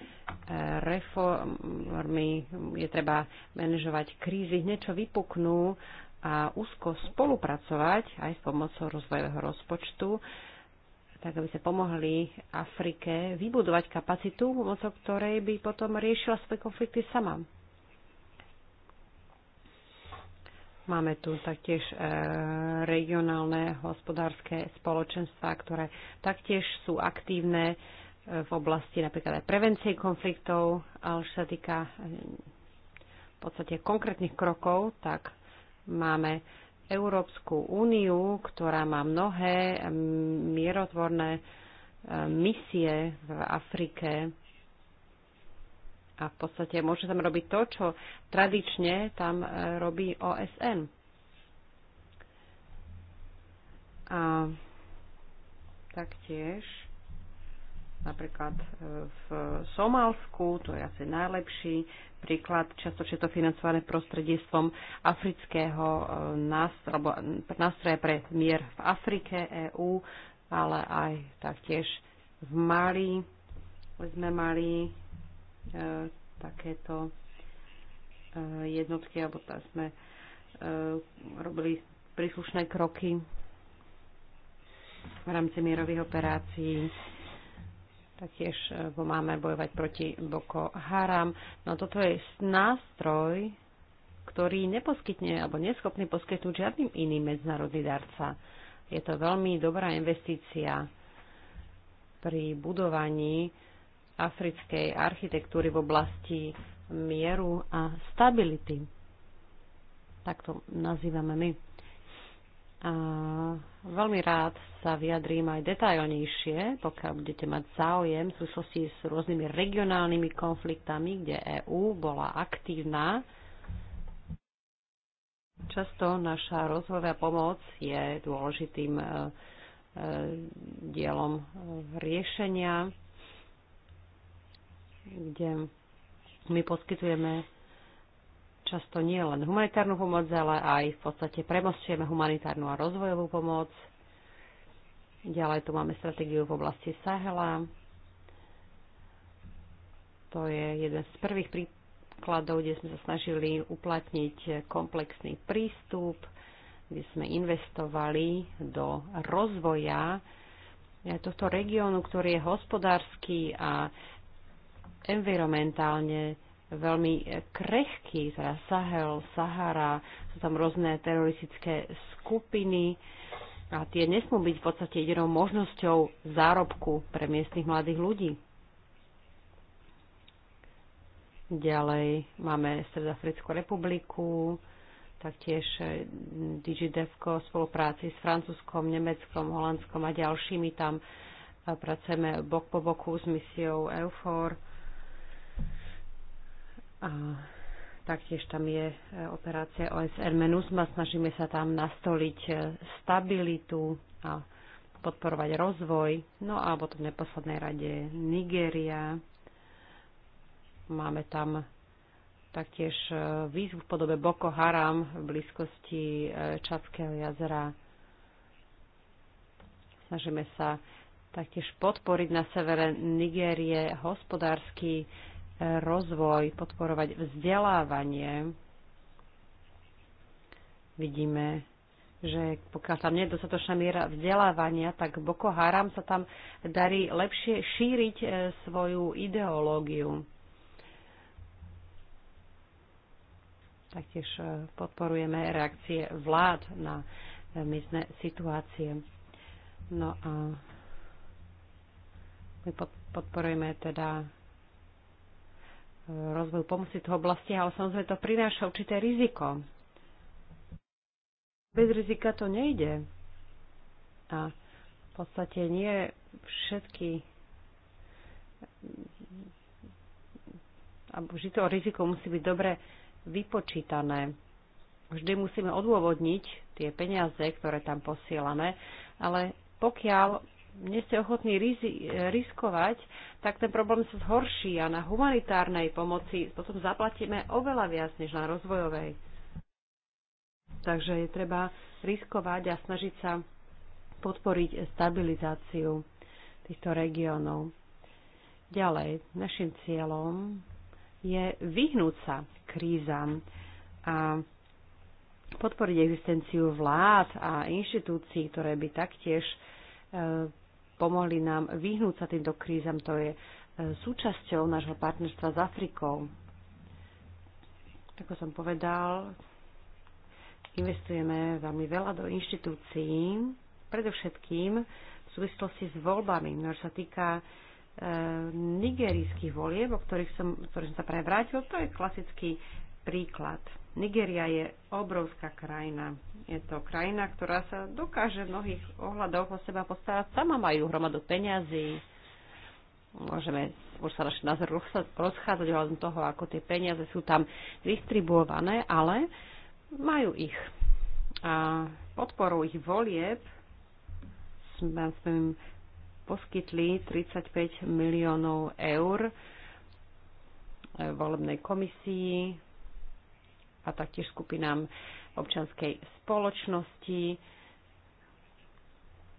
reformy, je treba manažovať krízy, niečo vypuknú a úzko spolupracovať aj s pomocou rozvojového rozpočtu, tak aby sa pomohli Afrike vybudovať kapacitu, pomocou ktorej by potom riešila svoje konflikty sama. Máme tu taktiež e, regionálne hospodárske spoločenstva, ktoré taktiež sú aktívne v oblasti napríklad aj prevencie konfliktov, ale čo sa týka eh, v podstate konkrétnych krokov, tak máme Európsku úniu, ktorá má mnohé mm, mierotvorné eh, misie v Afrike a v podstate môže tam robiť to, čo tradične tam eh, robí OSN. A taktiež napríklad e, v Somálsku, to je asi najlepší príklad, často je to financované prostredníctvom afrického e, nástroja, alebo nástroja pre mier v Afrike, EÚ, ale aj taktiež v Mali sme mali e, takéto e, jednotky, alebo tam sme e, robili príslušné kroky v rámci mierových operácií. E, Taktiež e, máme bojovať proti Boko Haram. No toto je nástroj, ktorý neposkytne alebo neschopný poskytnúť žiadnym iným medzinárodný darca. Je to veľmi dobrá investícia pri budovaní africkej architektúry v oblasti mieru a stability. Tak to nazývame my. A veľmi rád sa vyjadrím aj detailnejšie, pokiaľ budete mať záujem v súvislosti s rôznymi regionálnymi konfliktami, kde EÚ bola aktívna. Často naša rozvojová pomoc je dôležitým e, e, dielom e, riešenia, kde my poskytujeme často nie len humanitárnu pomoc, ale aj v podstate premostujeme humanitárnu a rozvojovú pomoc. Ďalej tu máme stratégiu v oblasti Sahela. To je jeden z prvých príkladov, kde sme sa snažili uplatniť komplexný prístup, kde sme investovali do rozvoja tohto regiónu, ktorý je hospodársky a environmentálne veľmi krehký, teda Sahel, Sahara, sú tam rôzne teroristické skupiny a tie nesmú byť v podstate jedinou možnosťou zárobku pre miestnych mladých ľudí. Ďalej máme Stredafrickú republiku, taktiež eh, DigiDevco v spolupráci s Francúzskom, Nemeckom, Holandskom a ďalšími tam eh, pracujeme bok po boku s misiou EUFOR a taktiež tam je e, operácia OSN MINUSMA. Snažíme sa tam nastoliť e, stabilitu a podporovať rozvoj. No a potom v neposlednej rade Nigéria. Máme tam taktiež e, výzvu v podobe Boko Haram v blízkosti Čadského jazera. Snažíme sa taktiež podporiť na severe Nigérie hospodársky rozvoj, podporovať vzdelávanie. Vidíme, že pokiaľ tam nie je dostatočná miera vzdelávania, tak Boko Haram sa tam darí lepšie šíriť e, svoju ideológiu. Taktiež e, podporujeme reakcie vlád na e, miestne situácie. No a my podporujeme teda rozvoju pomoci v oblasti, ale samozrejme to prináša určité riziko. Bez rizika to nejde. A v podstate nie všetky a vždy to riziko musí byť dobre vypočítané. Vždy musíme odôvodniť tie peniaze, ktoré tam posielame, ale pokiaľ nie ste ochotní rizi, riskovať, tak ten problém sa zhorší a na humanitárnej pomoci potom zaplatíme oveľa viac než na rozvojovej. Takže je treba riskovať a snažiť sa podporiť stabilizáciu týchto regiónov. Ďalej, našim cieľom je vyhnúť sa krízam a podporiť existenciu vlád a inštitúcií, ktoré by taktiež e, pomohli nám vyhnúť sa týmto krízam. To je e, súčasťou nášho partnerstva s Afrikou. Ako som povedal, investujeme veľmi veľa do inštitúcií, predovšetkým v súvislosti s voľbami. No, čo sa týka e, nigerijských volieb, o ktorých som, ktorých som sa práve vrátil, to je klasický príklad. Nigeria je obrovská krajina. Je to krajina, ktorá sa dokáže v mnohých ohľadoch o seba postarať. Sama majú hromadu peňazí. Môžeme, už sa naše názor rozchádzať ohľadom toho, ako tie peniaze sú tam distribuované, ale majú ich. A podporou ich volieb sme, sme im poskytli 35 miliónov eur volebnej komisii a taktiež skupinám občanskej spoločnosti,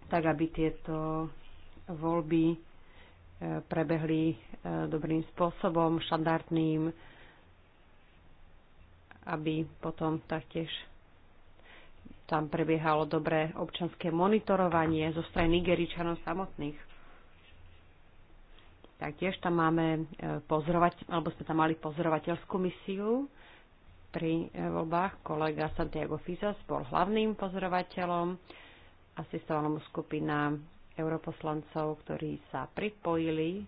tak aby tieto voľby e, prebehli e, dobrým spôsobom, štandardným, aby potom taktiež tam prebiehalo dobré občanské monitorovanie zo strany Nigeričanov samotných. Taktiež tam máme e, pozorovať, alebo sme tam mali pozorovateľskú misiu, pri eh, voľbách. Kolega Santiago Fisas bol hlavným pozorovateľom. Asistovala mu skupina europoslancov, ktorí sa pripojili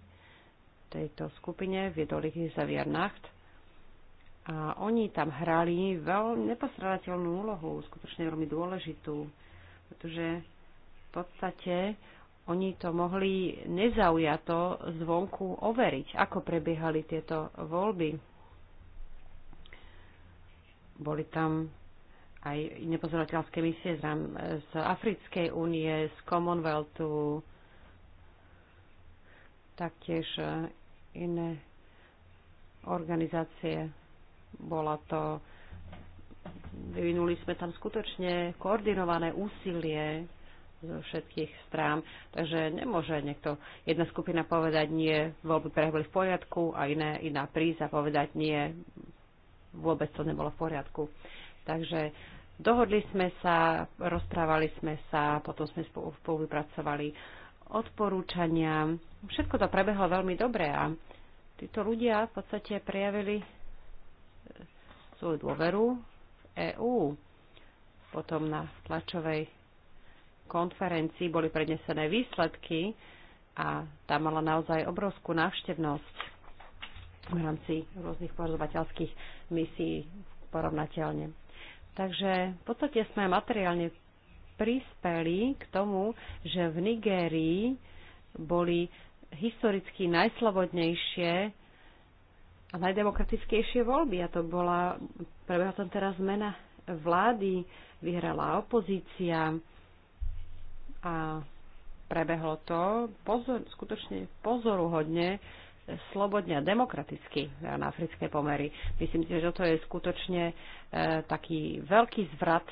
tejto skupine, viedol ich Xavier Nacht. A oni tam hrali veľmi nepostradateľnú úlohu, skutočne veľmi dôležitú, pretože v podstate oni to mohli nezaujato zvonku overiť, ako prebiehali tieto voľby boli tam aj nepozorovateľské misie z, z Africkej únie, z Commonwealthu, taktiež e, iné organizácie. Bola to, vyvinuli sme tam skutočne koordinované úsilie zo všetkých strán, takže nemôže niekto, jedna skupina povedať nie, voľby prebehli v poriadku a iné, iná prísť a povedať nie, vôbec to nebolo v poriadku. Takže dohodli sme sa, rozprávali sme sa, potom sme spolu vypracovali odporúčania. Všetko to prebehlo veľmi dobre a títo ľudia v podstate prejavili eh, svoju dôveru v EÚ. Potom na tlačovej konferencii boli prednesené výsledky a tá mala naozaj obrovskú návštevnosť v rámci rôznych pozorovateľských misií porovnateľne. Takže v podstate sme materiálne prispeli k tomu, že v Nigérii boli historicky najslobodnejšie a najdemokratickejšie voľby. A to bola, prebehla tam teraz zmena vlády, vyhrala opozícia a prebehlo to pozor, skutočne pozoruhodne slobodne a demokraticky na africké pomery. Myslím si, že to je skutočne e, taký veľký zvrat.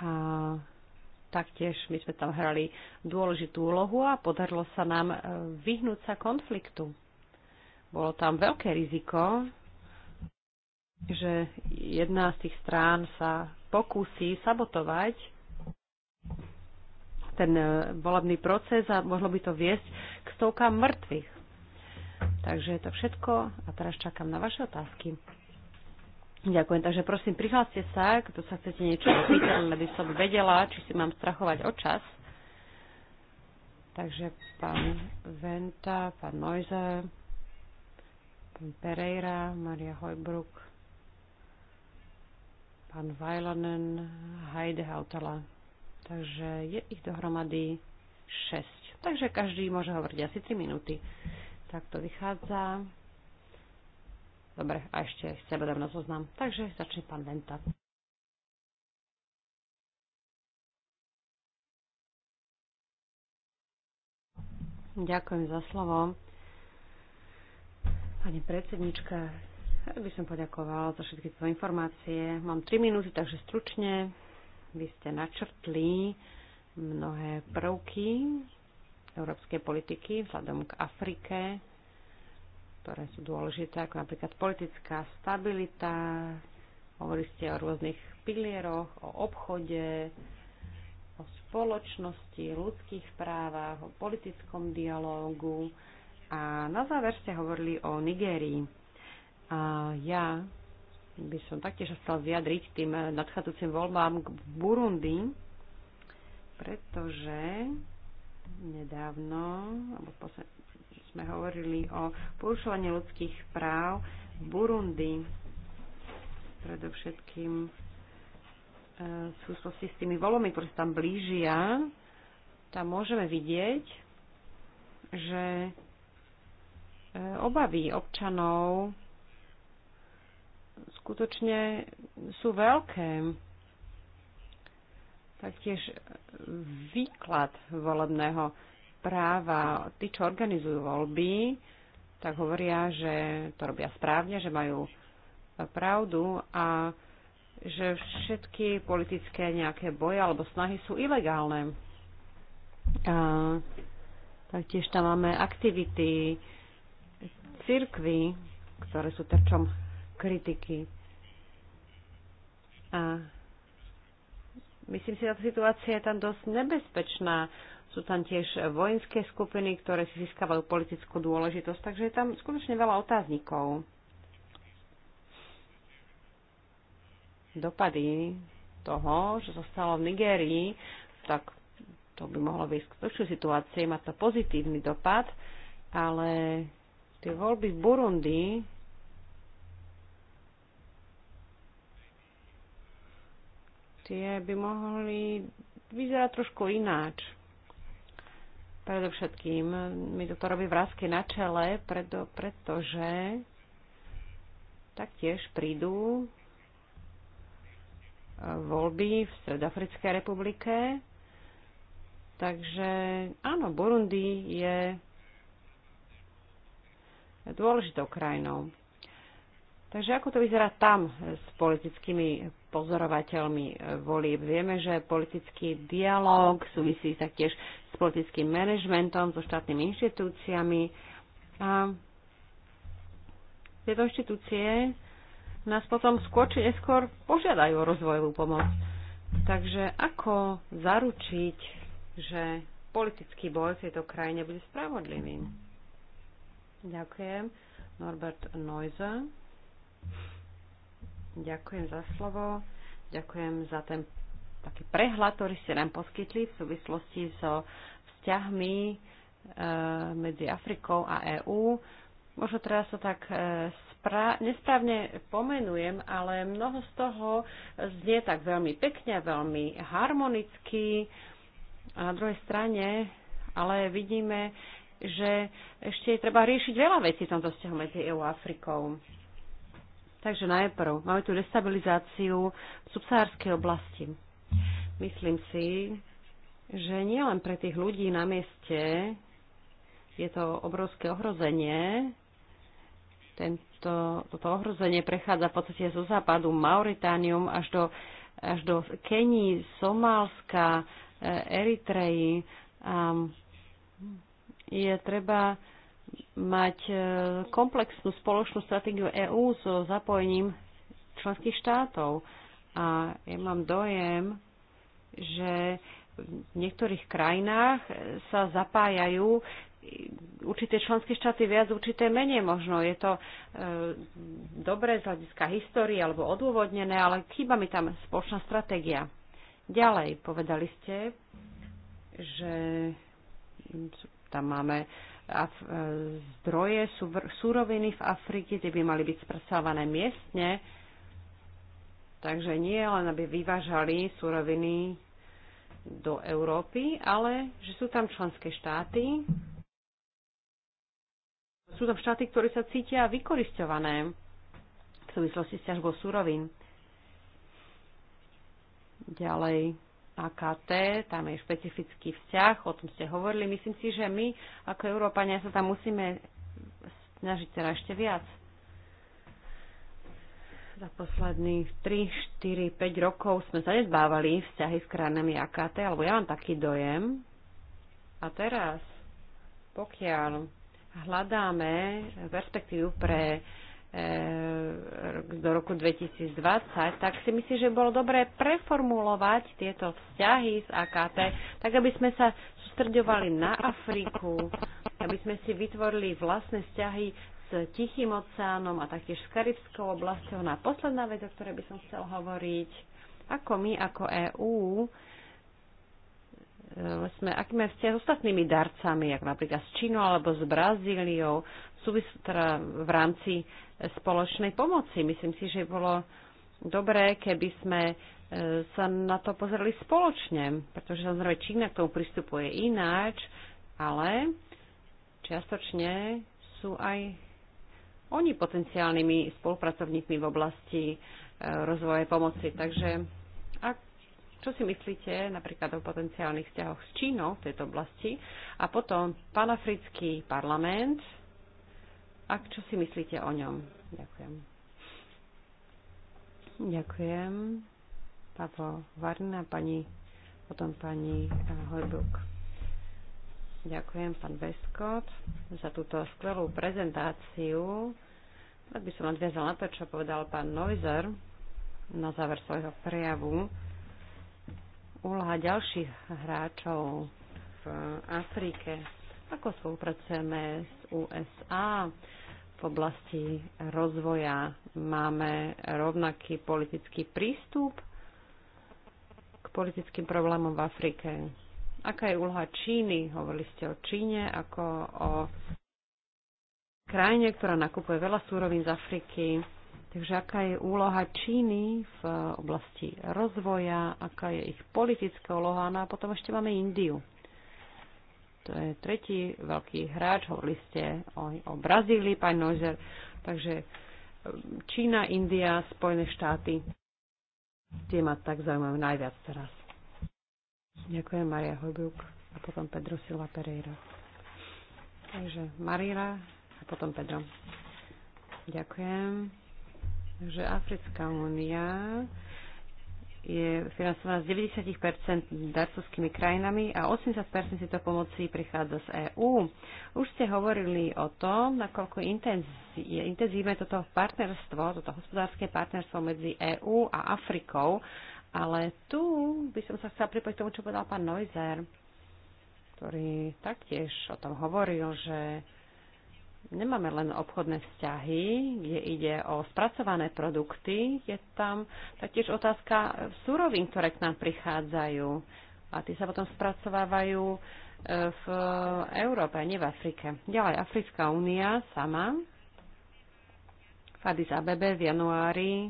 A taktiež my sme tam hrali dôležitú úlohu a podarilo sa nám e, vyhnúť sa konfliktu. Bolo tam veľké riziko, že jedna z tých strán sa pokúsi sabotovať ten e, volebný proces a mohlo by to viesť k stovkám mŕtvych. Takže je to všetko a teraz čakám na vaše otázky. Ďakujem, takže prosím, prihláste sa, kto sa chcete niečo opýtať, aby som vedela, či si mám strachovať o čas. Takže pán Venta, pán Noize, pán Pereira, Maria Hojbruk, pán Vajlanen, Heide Hautala. Takže je ich dohromady 6. Takže každý môže hovoriť asi 3 minúty. Tak to vychádza. Dobre, a ešte seba dám na zoznam. Takže začne pán Venta. Ďakujem za slovo. Pani predsednička, by som poďakovala za všetky tvoje informácie. Mám 3 minúty, takže stručne. Vy ste načrtli mnohé prvky európskej politiky vzhľadom k Afrike, ktoré sú dôležité, ako napríklad politická stabilita, hovorili ste o rôznych pilieroch, o obchode, o spoločnosti, ľudských právach, o politickom dialógu a na záver ste hovorili o Nigérii. A ja by som taktiež chcel vyjadriť tým nadchádzajúcim voľbám k Burundi, pretože nedávno, alebo posled, sme hovorili o porušovaní ľudských práv v Burundi, predovšetkým e, v súvislosti s tými voľbami, ktoré sa tam blížia, tam môžeme vidieť, že e, obavy občanov skutočne sú veľké. Taktiež výklad volebného práva, tí, čo organizujú voľby, tak hovoria, že to robia správne, že majú pravdu a že všetky politické nejaké boje alebo snahy sú ilegálne. A taktiež tam máme aktivity cirkvy, ktoré sú terčom kritiky. A myslím si, že tá situácia je tam dosť nebezpečná. Sú tam tiež vojenské skupiny, ktoré si získavajú politickú dôležitosť, takže je tam skutočne veľa otáznikov. Dopady toho, že sa stalo v Nigérii, tak to by mohlo byť k lepšej situácii, má to pozitívny dopad, ale tie voľby v Burundi tie by mohli vyzerať trošku ináč. Predovšetkým mi toto robí vrázky na čele, preto, pretože taktiež prídu e, voľby v Stredafrickej republike. Takže áno, Burundi je dôležitou krajinou. Takže ako to vyzerá tam s politickými pozorovateľmi volí. Vieme, že politický dialog súvisí sa tiež s politickým manažmentom, so štátnymi inštitúciami. A tieto inštitúcie nás potom skôr či neskôr požiadajú o rozvojovú pomoc. Takže ako zaručiť, že politický boj v tejto krajine bude spravodlivý? Ďakujem. Norbert Neuser. Ďakujem za slovo. Ďakujem za ten taký prehľad, ktorý ste nám poskytli v súvislosti so vzťahmi e, medzi Afrikou a EÚ. Možno teraz to tak e, nesprávne pomenujem, ale mnoho z toho znie tak veľmi pekne, veľmi harmonicky. A na druhej strane ale vidíme, že ešte je treba riešiť veľa vecí v tomto vzťahu medzi EU a Afrikou. Takže najprv máme tu destabilizáciu v subsahárskej oblasti. Myslím si, že nielen pre tých ľudí na mieste je to obrovské ohrozenie. Tento, toto ohrozenie prechádza v podstate zo západu Mauritánium až do, až do Kenii, Somálska, eh, Eritreji. je treba mať e, komplexnú spoločnú stratégiu EÚ so zapojením členských štátov. A ja mám dojem, že v niektorých krajinách sa zapájajú určité členské štáty viac, určité menej možno. Je to e, dobré z hľadiska histórie alebo odôvodnené, ale chýba mi tam spoločná stratégia. Ďalej povedali ste, že tam máme Af- e, zdroje, súroviny v Afrike, kde by mali byť spracované miestne. Takže nie len, aby vyvážali súroviny do Európy, ale že sú tam členské štáty, sú tam štáty, ktoré sa cítia vykoristované v súvislosti s ťažbou súrovín. Ďalej, AKT, tam je špecifický vzťah, o tom ste hovorili. Myslím si, že my ako Európania sa tam musíme snažiť teraz ešte viac. Za posledných 3, 4, 5 rokov sme zanedbávali vzťahy s krajinami AKT, alebo ja mám taký dojem. A teraz, pokiaľ hľadáme perspektívu pre E, do roku 2020, tak si myslím, že bolo dobré preformulovať tieto vzťahy z AKT, tak aby sme sa sústredovali na Afriku, aby sme si vytvorili vlastné vzťahy s Tichým oceánom a taktiež s Karibskou oblasťou. Na no posledná vec, o ktorej by som chcel hovoriť, ako my, ako EÚ, sme, aký máme vzťah s ostatnými darcami, ako napríklad s Čínou alebo s Brazíliou, súvis, teda v rámci spoločnej pomoci. Myslím si, že bolo dobré, keby sme e, sa na to pozreli spoločne, pretože samozrejme Čína k tomu pristupuje ináč, ale čiastočne sú aj oni potenciálnymi spolupracovníkmi v oblasti e, rozvoje pomoci. Takže čo si myslíte napríklad o potenciálnych vzťahoch s Čínou v tejto oblasti? A potom panafrický parlament. A čo si myslíte o ňom? Ďakujem. Ďakujem. Pavo Varna, pani, potom pani eh, Hojbuk. Ďakujem, pán Veskot, za túto skvelú prezentáciu. Tak by som nadviazal na to, čo povedal pán Neuser na záver svojho prejavu úloha ďalších hráčov v Afrike? Ako spolupracujeme s USA v oblasti rozvoja? Máme rovnaký politický prístup k politickým problémom v Afrike? Aká je úloha Číny? Hovorili ste o Číne ako o krajine, ktorá nakupuje veľa súrovín z Afriky Takže aká je úloha Číny v oblasti rozvoja, aká je ich politická úloha, no a potom ešte máme Indiu. To je tretí veľký hráč, hovorili ste o, o Brazílii, pán Nožer. Takže e, Čína, India, Spojené štáty. Tie ma tak zaujímajú najviac teraz. Ďakujem, Maria Hojbruk a potom Pedro Silva Pereira. Takže Marina a potom Pedro. Ďakujem že Africká únia je financovaná z 90% darcovskými krajinami a 80% to pomoci prichádza z EÚ. Už ste hovorili o tom, nakoľko je intenzívne toto partnerstvo, toto hospodárske partnerstvo medzi EÚ a Afrikou, ale tu by som sa chcela pripojiť tomu, čo povedal pán Neuser, ktorý taktiež o tom hovoril, že nemáme len obchodné vzťahy, kde ide o spracované produkty, je tam taktiež otázka súrovín, ktoré k nám prichádzajú a tie sa potom spracovávajú e, v Európe, nie v Afrike. Ďalej, Africká únia sama v Addis Abebe v januári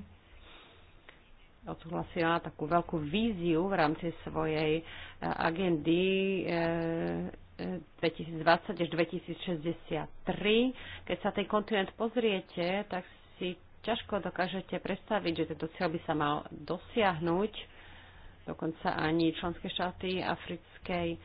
odsúhlasila takú veľkú víziu v rámci svojej e, agendy e, 2020 až 2063. Keď sa ten kontinent pozriete, tak si ťažko dokážete predstaviť, že tento cieľ by sa mal dosiahnuť. Dokonca ani členské štáty Africkej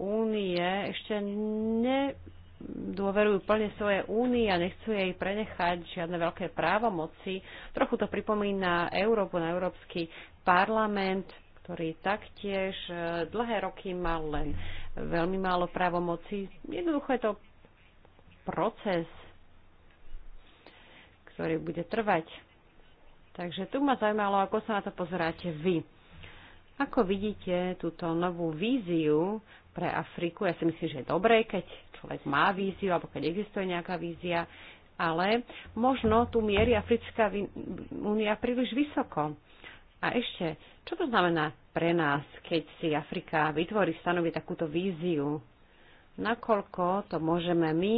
únie ešte nedôverujú plne svoje únie a nechcú jej prenechať žiadne veľké právomoci. Trochu to pripomína Európu na Európsky parlament, ktorý taktiež eh, dlhé roky mal len veľmi málo právomocí. Jednoducho je to proces, ktorý bude trvať. Takže tu ma zaujímalo, ako sa na to pozeráte vy. Ako vidíte túto novú víziu pre Afriku? Ja si myslím, že je dobré, keď človek má víziu alebo keď existuje nejaká vízia, ale možno tu mierí Africká únia príliš vysoko. A ešte, čo to znamená pre nás, keď si Afrika vytvorí, stanoví takúto víziu? Nakoľko to môžeme my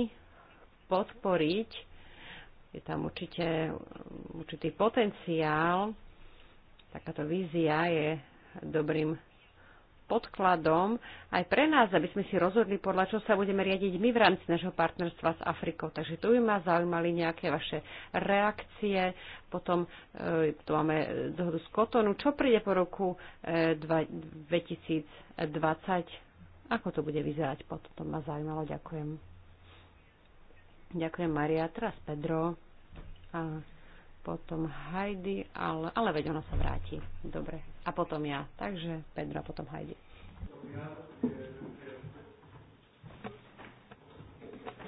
podporiť? Je tam určite určitý potenciál. Takáto vízia je dobrým podkladom aj pre nás, aby sme si rozhodli, podľa čo sa budeme riadiť my v rámci nášho partnerstva s Afrikou. Takže tu by ma zaujímali nejaké vaše reakcie. Potom e, tu máme dohodu z Kotonu. Čo príde po roku e, dva, 2020? Ako to bude vyzerať? Potom to ma zaujímalo. Ďakujem. Ďakujem, Maria. Teraz Pedro. A potom Heidi, ale, ale veď ona sa vráti. Dobre. A potom ja. Takže Pedro a potom Heidi.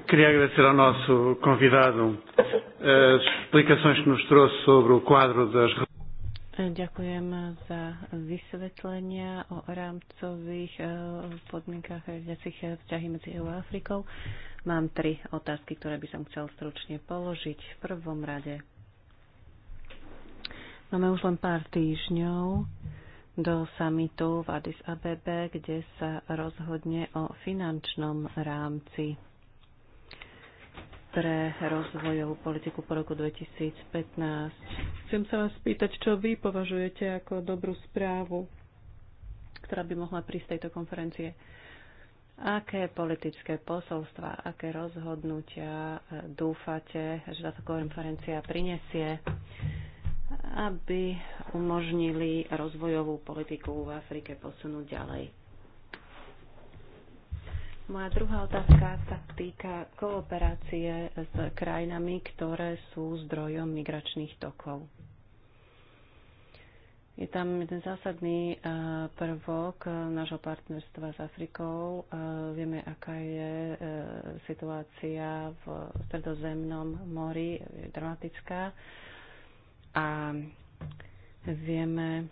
Queria agradecer ao nosso convidado eh, as explicações que nos trouxe sobre o quadro das. Eh, ďakujem za vysvetlenia o rámcových eh, podmienkach riadiacich vzťahy medzi EU a Afrikou. Mám tri otázky, ktoré by som chcel stručne položiť. V prvom rade, Máme už len pár týždňov do samitu v Addis Abebe, kde sa rozhodne o finančnom rámci pre rozvojovú politiku po roku 2015. Chcem sa vás spýtať, čo vy považujete ako dobrú správu, ktorá by mohla prísť tejto konferencie. Aké politické posolstva, aké rozhodnutia eh, dúfate, že táto konferencia prinesie? aby umožnili rozvojovú politiku v Afrike posunúť ďalej. Moja druhá otázka sa týka kooperácie s krajinami, ktoré sú zdrojom migračných tokov. Je tam jeden zásadný e, prvok nášho partnerstva s Afrikou. E, vieme, aká je e, situácia v stredozemnom mori, je dramatická a vieme,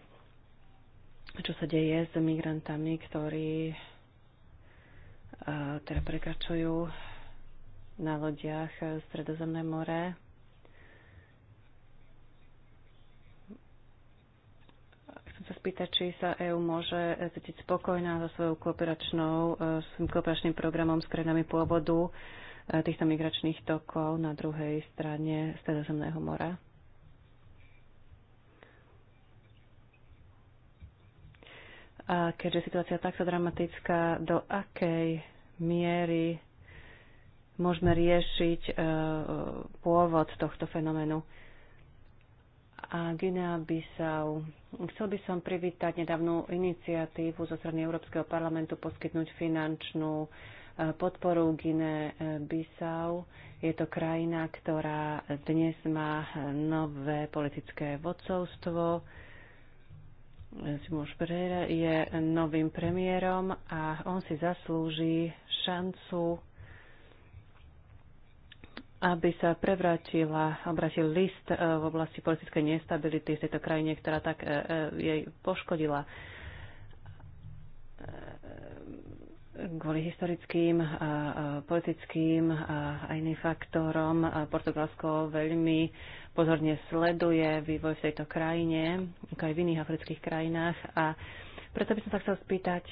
čo sa deje s migrantami, ktorí e, teda prekračujú na lodiach Stredozemné more. Chcem sa spýtať, či sa EÚ môže cítiť spokojná so svojou kooperačnou, e, svojím kooperačným programom s krajinami pôvodu e, týchto migračných tokov na druhej strane Stredozemného mora. A keďže situácia takto dramatická, do akej miery môžeme riešiť e, pôvod tohto fenoménu? A Guinea Bissau. Chcel by som privítať nedávnu iniciatívu zo strany Európskeho parlamentu poskytnúť finančnú e, podporu Guinea e, Bissau. Je to krajina, ktorá dnes má nové politické vodcovstvo Simon Špereira je novým premiérom a on si zaslúži šancu, aby sa prevrátila, obratil list e, v oblasti politickej nestability v tejto krajine, ktorá tak e, e, jej poškodila kvôli historickým, politickým a iným faktorom Portugalsko veľmi pozorne sleduje vývoj v tejto krajine, ako aj v iných afrických krajinách. A preto by som sa chcel spýtať,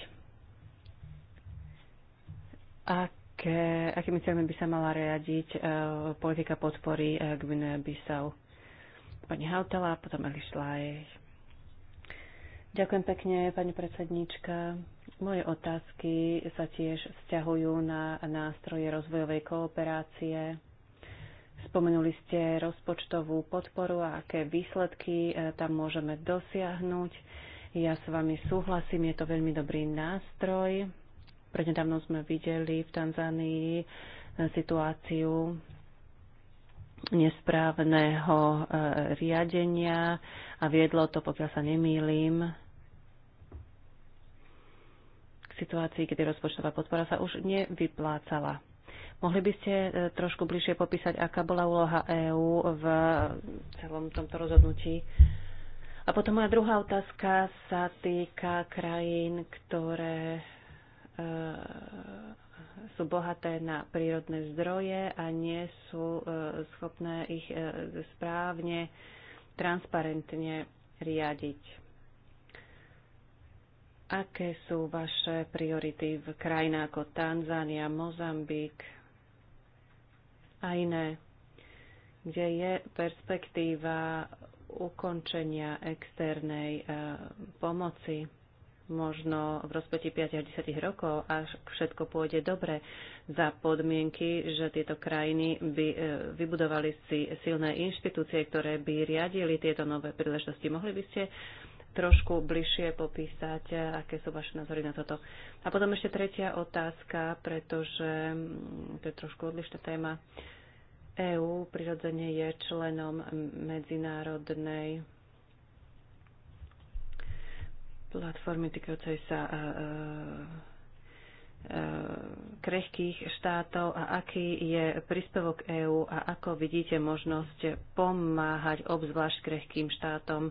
aké, akými cieľmi by sa mala riadiť e, politika podpory e, Gvineja Bissau. Pani Hautala a potom Eli Šlájej. Ďakujem pekne, pani predsedníčka. Moje otázky sa tiež vzťahujú na nástroje rozvojovej kooperácie Spomenuli ste rozpočtovú podporu a aké výsledky e, tam môžeme dosiahnuť. Ja s vami súhlasím, je to veľmi dobrý nástroj. Prednedávno sme videli v Tanzánii e, situáciu nesprávneho e, riadenia a viedlo to, pokiaľ sa nemýlim, k situácii, kedy rozpočtová podpora sa už nevyplácala. Mohli by ste e, trošku bližšie popísať, aká bola úloha EÚ v e, celom tomto rozhodnutí? A potom moja druhá otázka sa týka krajín, ktoré e, sú bohaté na prírodné zdroje a nie sú schopné ich správne, transparentne riadiť. Aké sú vaše priority v krajinách ako Tanzánia, Mozambik, a iné, kde je perspektíva ukončenia externej e, pomoci možno v rozpeti 5 až 10 rokov, až všetko pôjde dobre za podmienky, že tieto krajiny by e, vybudovali si silné inštitúcie, ktoré by riadili tieto nové príležitosti. Mohli by ste trošku bližšie popísať, aké sú vaše názory na toto. A potom ešte tretia otázka, pretože mm, to je trošku odlišná téma. EÚ prirodzene je členom medzinárodnej platformy týkajúcej sa uh, uh, krehkých štátov a aký je príspevok EÚ a ako vidíte možnosť pomáhať obzvlášť krehkým štátom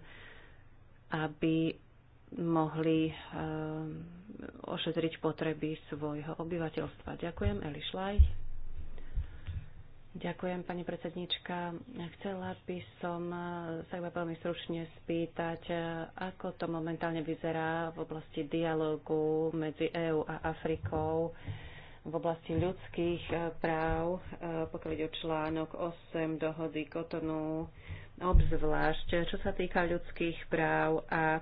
aby mohli eh, ošetriť potreby svojho obyvateľstva. Ďakujem, Eli Šlaj. Ďakujem, pani predsednička. Chcela by som eh, sa iba veľmi stručne spýtať, eh, ako to momentálne vyzerá v oblasti dialogu medzi EÚ a Afrikou v oblasti ľudských práv, pokiaľ ide o článok 8 dohody Kotonu obzvlášť čo sa týka ľudských práv a e,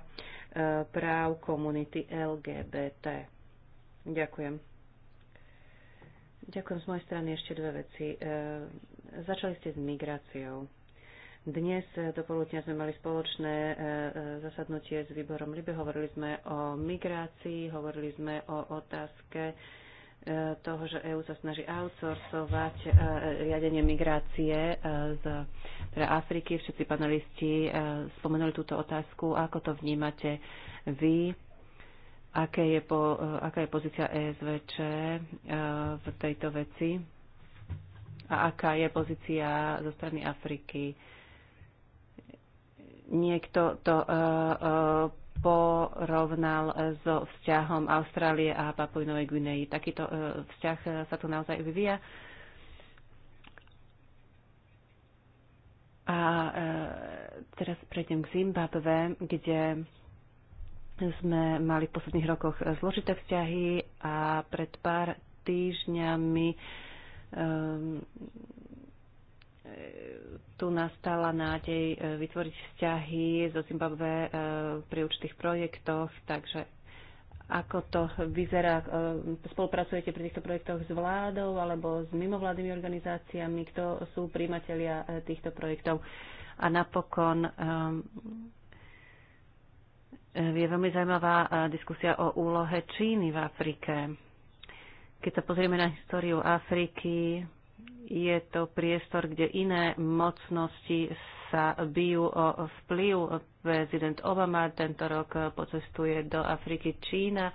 práv komunity LGBT. Ďakujem. Ďakujem z mojej strany ešte dve veci. E, začali ste s migráciou. Dnes do poludnia sme mali spoločné e, zasadnutie s výborom Libe. Hovorili sme o migrácii, hovorili sme o otázke toho, že EÚ sa snaží outsourcovať e, riadenie migrácie e, z pre Afriky. Všetci panelisti e, spomenuli túto otázku. Ako to vnímate vy? Aké je po, aká je pozícia ESVČ v tejto veci? A aká je pozícia zo strany Afriky? Niekto to porovnal so vzťahom Austrálie a Papujnovej Guineji. Takýto e, vzťah e, sa tu naozaj vyvíja. A e, teraz prejdem k Zimbabve, kde sme mali v posledných rokoch zložité vzťahy a pred pár týždňami tu nastala nádej e, vytvoriť vzťahy zo Zimbabwe e, pri určitých projektoch, takže ako to vyzerá, e, spolupracujete pri týchto projektoch s vládou alebo s mimovládnymi organizáciami, kto sú príjmatelia týchto projektov. A napokon ehm, je veľmi zaujímavá diskusia o úlohe Číny v Afrike. Keď sa pozrieme na históriu Afriky, je to priestor, kde iné mocnosti sa bijú o vplyv. Prezident Obama tento rok pocestuje do Afriky. Čína e,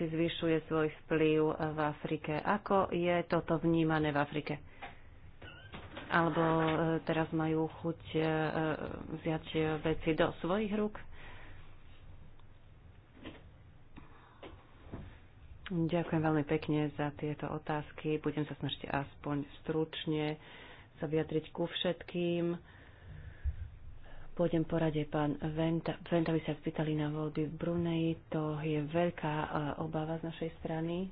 si zvyšuje svoj vplyv v Afrike. Ako je toto vnímané v Afrike? Alebo e, teraz majú chuť e, vziať veci do svojich rúk? Ďakujem veľmi pekne za tieto otázky. Budem sa snažiť aspoň stručne sa vyjadriť ku všetkým. Pôjdem porade pán Venta. Venta by sa spýtali na voľby v Brunei. To je veľká e, obava z našej strany.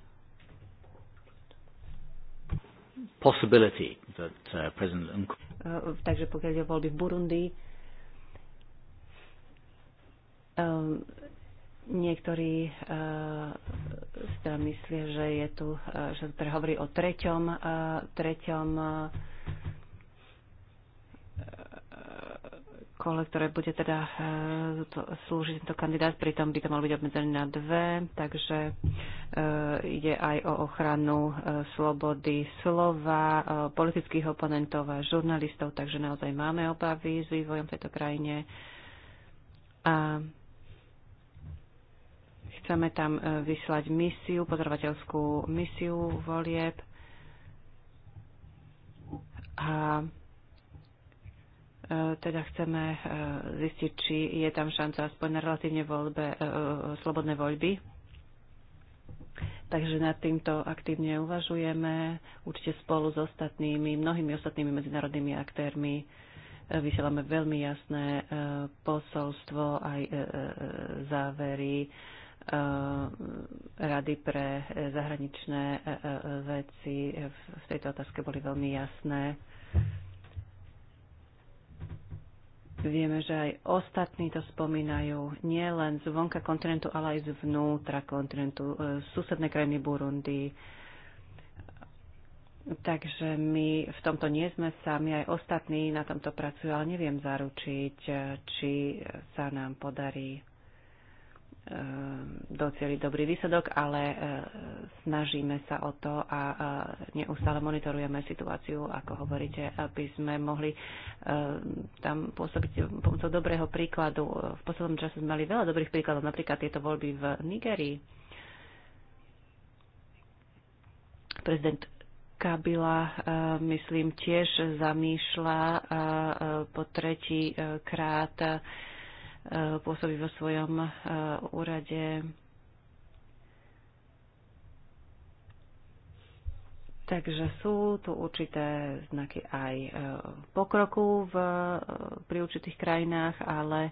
Possibility that, uh, President... E, takže pokiaľ je voľby v Burundi, um, Niektorí uh, teda myslia, že je tu, uh, že teda hovorí o treťom, uh, treťom uh, kole, ktoré bude teda uh, to, slúžiť tento kandidát, pritom by to mal byť obmedzený na dve, takže uh, ide aj o ochranu uh, slobody slova, uh, politických oponentov a žurnalistov, takže naozaj máme obavy s vývojom v tejto krajine. A uh, Chceme tam e, vyslať misiu, pozorovateľskú misiu volieb. A e, teda chceme e, zistiť, či je tam šanca aspoň na relatívne voľbe, slobodné voľby. Takže nad týmto aktívne uvažujeme, určite spolu s ostatnými, mnohými ostatnými medzinárodnými aktérmi vysielame veľmi jasné posolstvo, aj závery Eh, rady pre zahraničné eh, eh, veci v tejto otázke boli veľmi jasné. Vieme, že aj ostatní to spomínajú, nie len z vonka kontinentu, ale aj z vnútra kontinentu, susedné krajiny Burundi. Takže my v tomto nie sme sami, aj ostatní na tomto pracujú, ale neviem zaručiť, či sa nám podarí Ehm, docieliť dobrý výsledok, ale ehm, snažíme sa o to a neustále monitorujeme situáciu, ako hovoríte, aby sme mohli ehm, tam pôsobiť pomocou dobrého príkladu. V poslednom čase sme mali veľa dobrých príkladov, napríklad tieto voľby v Nigerii. Prezident Kabila, myslím, tiež zamýšľa po tretí krát pôsobí vo svojom e, úrade. Takže sú tu určité znaky aj e, pokroku v, e, pri určitých krajinách, ale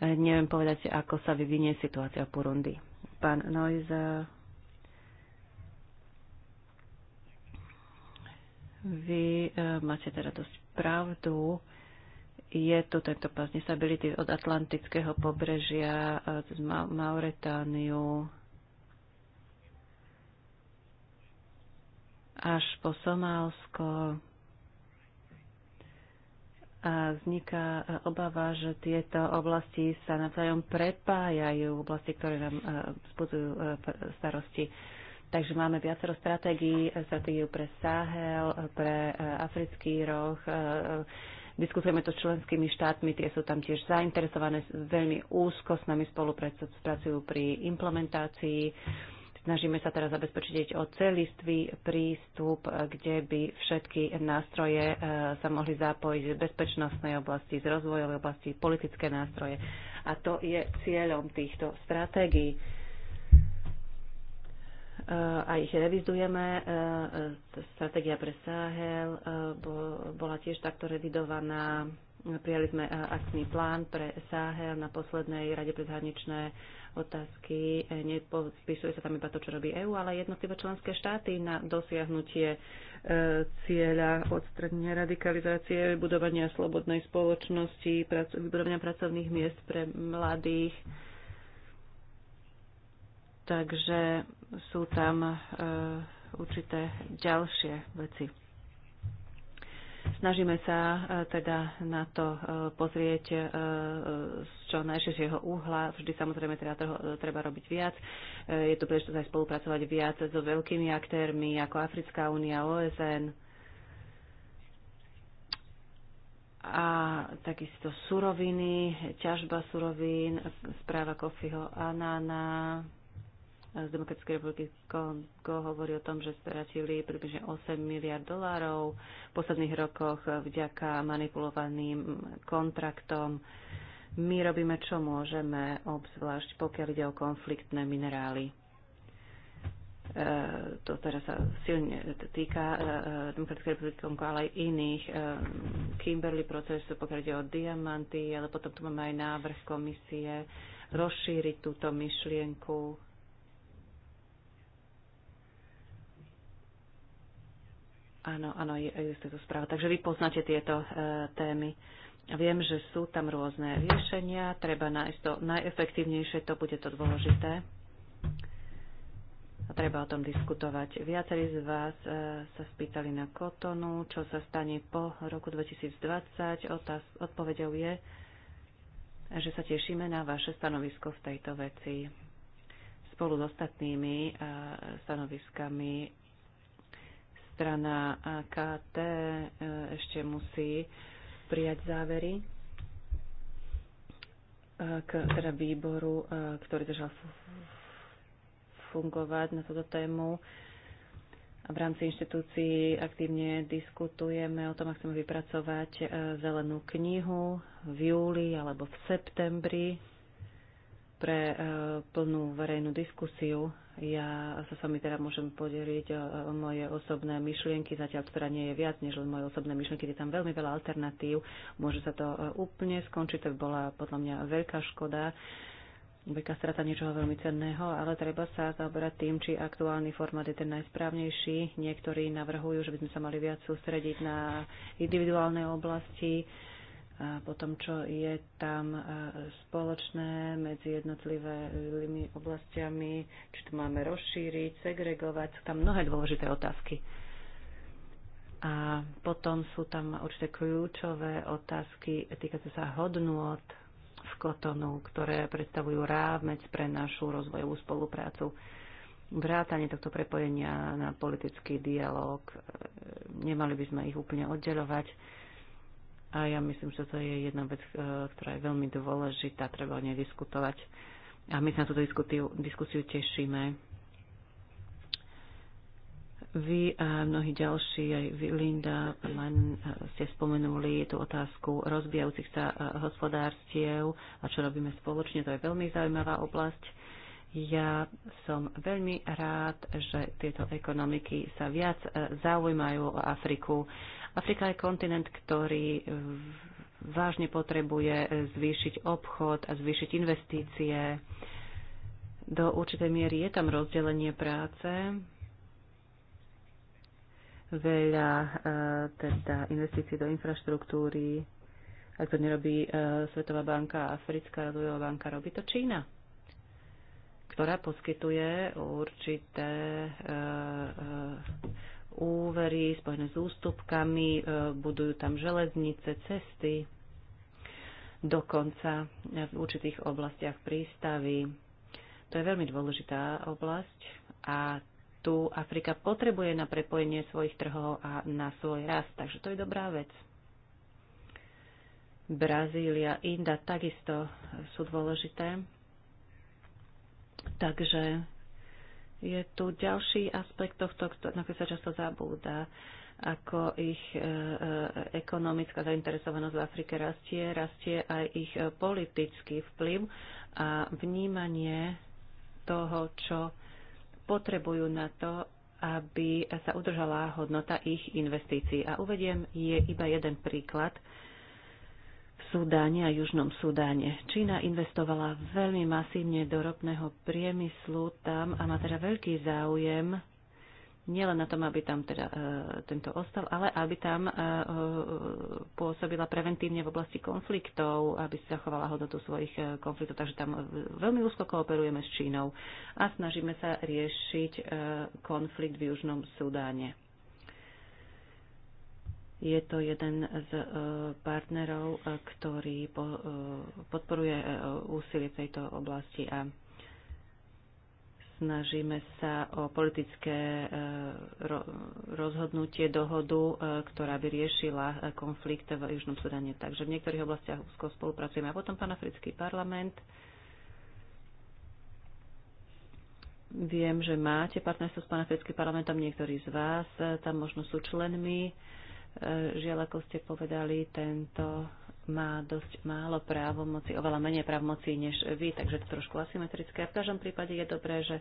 neviem povedať, ako sa vyvinie situácia v Burundi. Pán Noiza, vy máte teda dosť pravdu je tu tento pás nestability od Atlantického pobrežia cez Ma- Mauretániu až po Somálsko. A vzniká e, obava, že tieto oblasti sa navzájom prepájajú, oblasti, ktoré nám e, vzbudzujú e, starosti. Takže máme viacero stratégií, stratégiu pre Sahel, pre Africký roh, Diskutujeme to s členskými štátmi, tie sú tam tiež zainteresované, veľmi úzko s nami spolupracujú pri implementácii. Snažíme sa teraz zabezpečiť o celistvý prístup, kde by všetky nástroje e, sa mohli zapojiť z bezpečnostnej oblasti, z rozvojovej oblasti, politické nástroje. A to je cieľom týchto stratégií a ich revidujeme. E, e, stratégia pre Sahel e, bola tiež takto revidovaná. Prijali sme akčný plán pre Sahel na poslednej rade pre zahraničné otázky. Nepodpisuje sa tam iba to, čo robí EÚ, ale jednotlivé členské štáty na dosiahnutie cieľa odstredenia radikalizácie, budovania slobodnej spoločnosti, vybudovania pracovných miest pre mladých, Takže sú tam e, určité ďalšie veci. Snažíme sa e, teda na to e, pozrieť e, e z čo najširšieho uhla. Vždy samozrejme teda toho, e, treba robiť viac. E, je tu príležitosť aj spolupracovať viac so veľkými aktérmi ako Africká únia, OSN a takisto suroviny, ťažba surovín, správa Kofiho Anana, z Demokratickej republiky Kongo hovorí o tom, že stratili približne 8 miliard dolárov v posledných rokoch vďaka manipulovaným kontraktom. My robíme, čo môžeme, obzvlášť pokiaľ ide o konfliktné minerály e, to teraz sa silne týka e, Demokratickej republiky Kongo, ale aj iných. E, Kimberly procesu, pokiaľ ide o diamanty, ale potom tu máme aj návrh komisie rozšíriť túto myšlienku Áno, áno, existuje tu správa. Takže vy poznáte tieto e, témy. Viem, že sú tam rôzne riešenia, treba nájsť to najefektívnejšie, to bude to dôležité. A treba o tom diskutovať. Viacerí z vás e, sa spýtali na kotonu, čo sa stane po roku 2020. Otáz, odpovedou je, že sa tešíme na vaše stanovisko v tejto veci spolu s ostatnými e, stanoviskami strana AKT e, ešte musí prijať závery e, k teda výboru, e, ktorý držal fungovať na túto tému. A v rámci inštitúcií aktívne diskutujeme o tom, ak chceme vypracovať zelenú knihu v júli alebo v septembri pre plnú verejnú diskusiu ja sa s vami teda môžem podeliť o e, moje osobné myšlienky, zatiaľ to teda nie je viac než len moje osobné myšlienky, je tam veľmi veľa alternatív, môže sa to e, úplne skončiť, to by bola podľa mňa veľká škoda, veľká strata niečoho veľmi cenného, ale treba sa zaoberať tým, či aktuálny formát je ten najsprávnejší. Niektorí navrhujú, že by sme sa mali viac sústrediť na individuálne oblasti, po tom, čo je tam e, spoločné medzi jednotlivými oblastiami, či to máme rozšíriť, segregovať, sú tam mnohé dôležité otázky. A potom sú tam určité kľúčové otázky týkajúce sa hodnôt v kotonu, ktoré predstavujú rámec pre našu rozvojovú spoluprácu. Vrátanie tohto prepojenia na politický dialog, e, nemali by sme ich úplne oddelovať. A ja myslím, že to je jedna vec, e, ktorá je veľmi dôležitá, treba o nej diskutovať. A my sa na túto diskusiu, diskusiu tešíme. Vy a mnohí ďalší, aj vy, Linda, len e, ste spomenuli tú otázku rozbijajúcich sa e, hospodárstiev a čo robíme spoločne. To je veľmi zaujímavá oblasť. Ja som veľmi rád, že tieto ekonomiky sa viac zaujímajú o Afriku Afrika je kontinent, ktorý e, vážne potrebuje e, zvýšiť obchod a zvýšiť investície. Do určitej miery je tam rozdelenie práce. Veľa e, teda investícií do infraštruktúry. Ak to nerobí Svetová banka, Africká rozvojová banka, robí to Čína ktorá poskytuje určité úvery spojené s ústupkami, e, budujú tam železnice, cesty, dokonca v určitých oblastiach prístavy. To je veľmi dôležitá oblasť a tu Afrika potrebuje na prepojenie svojich trhov a na svoj rast, takže to je dobrá vec. Brazília, Inda takisto sú dôležité. Takže je tu ďalší aspekt tohto, na ktorý sa často zabúda ako ich e, e, ekonomická zainteresovanosť v Afrike rastie, rastie aj ich e, politický vplyv a vnímanie toho, čo potrebujú na to, aby sa udržala hodnota ich investícií. A uvediem je iba jeden príklad Sudáne a Južnom Sudáne. Čína investovala veľmi masívne do ropného priemyslu tam a má teda veľký záujem nielen na tom, aby tam teda e, tento ostal, ale aby tam e, e, pôsobila preventívne v oblasti konfliktov, aby si zachovala hodnotu svojich e, konfliktov. Takže tam e, veľmi úzko kooperujeme s Čínou a snažíme sa riešiť e, konflikt v Južnom Sudáne. Je to jeden z e, partnerov, e, ktorý e, podporuje úsilie v tejto oblasti a snažíme sa o politické rozhodnutie, dohodu, ktorá by riešila konflikt v Južnom Sudane. Takže v niektorých oblastiach úzko spolupracujeme. A potom Africký parlament. Viem, že máte partnerstvo s panafrickým parlamentom, niektorí z vás tam možno sú členmi. E, žiaľ, ako ste povedali, tento má dosť málo právomoci, oveľa menej právomocí než vy, takže to trošku asymetrické. A v každom prípade je dobré, že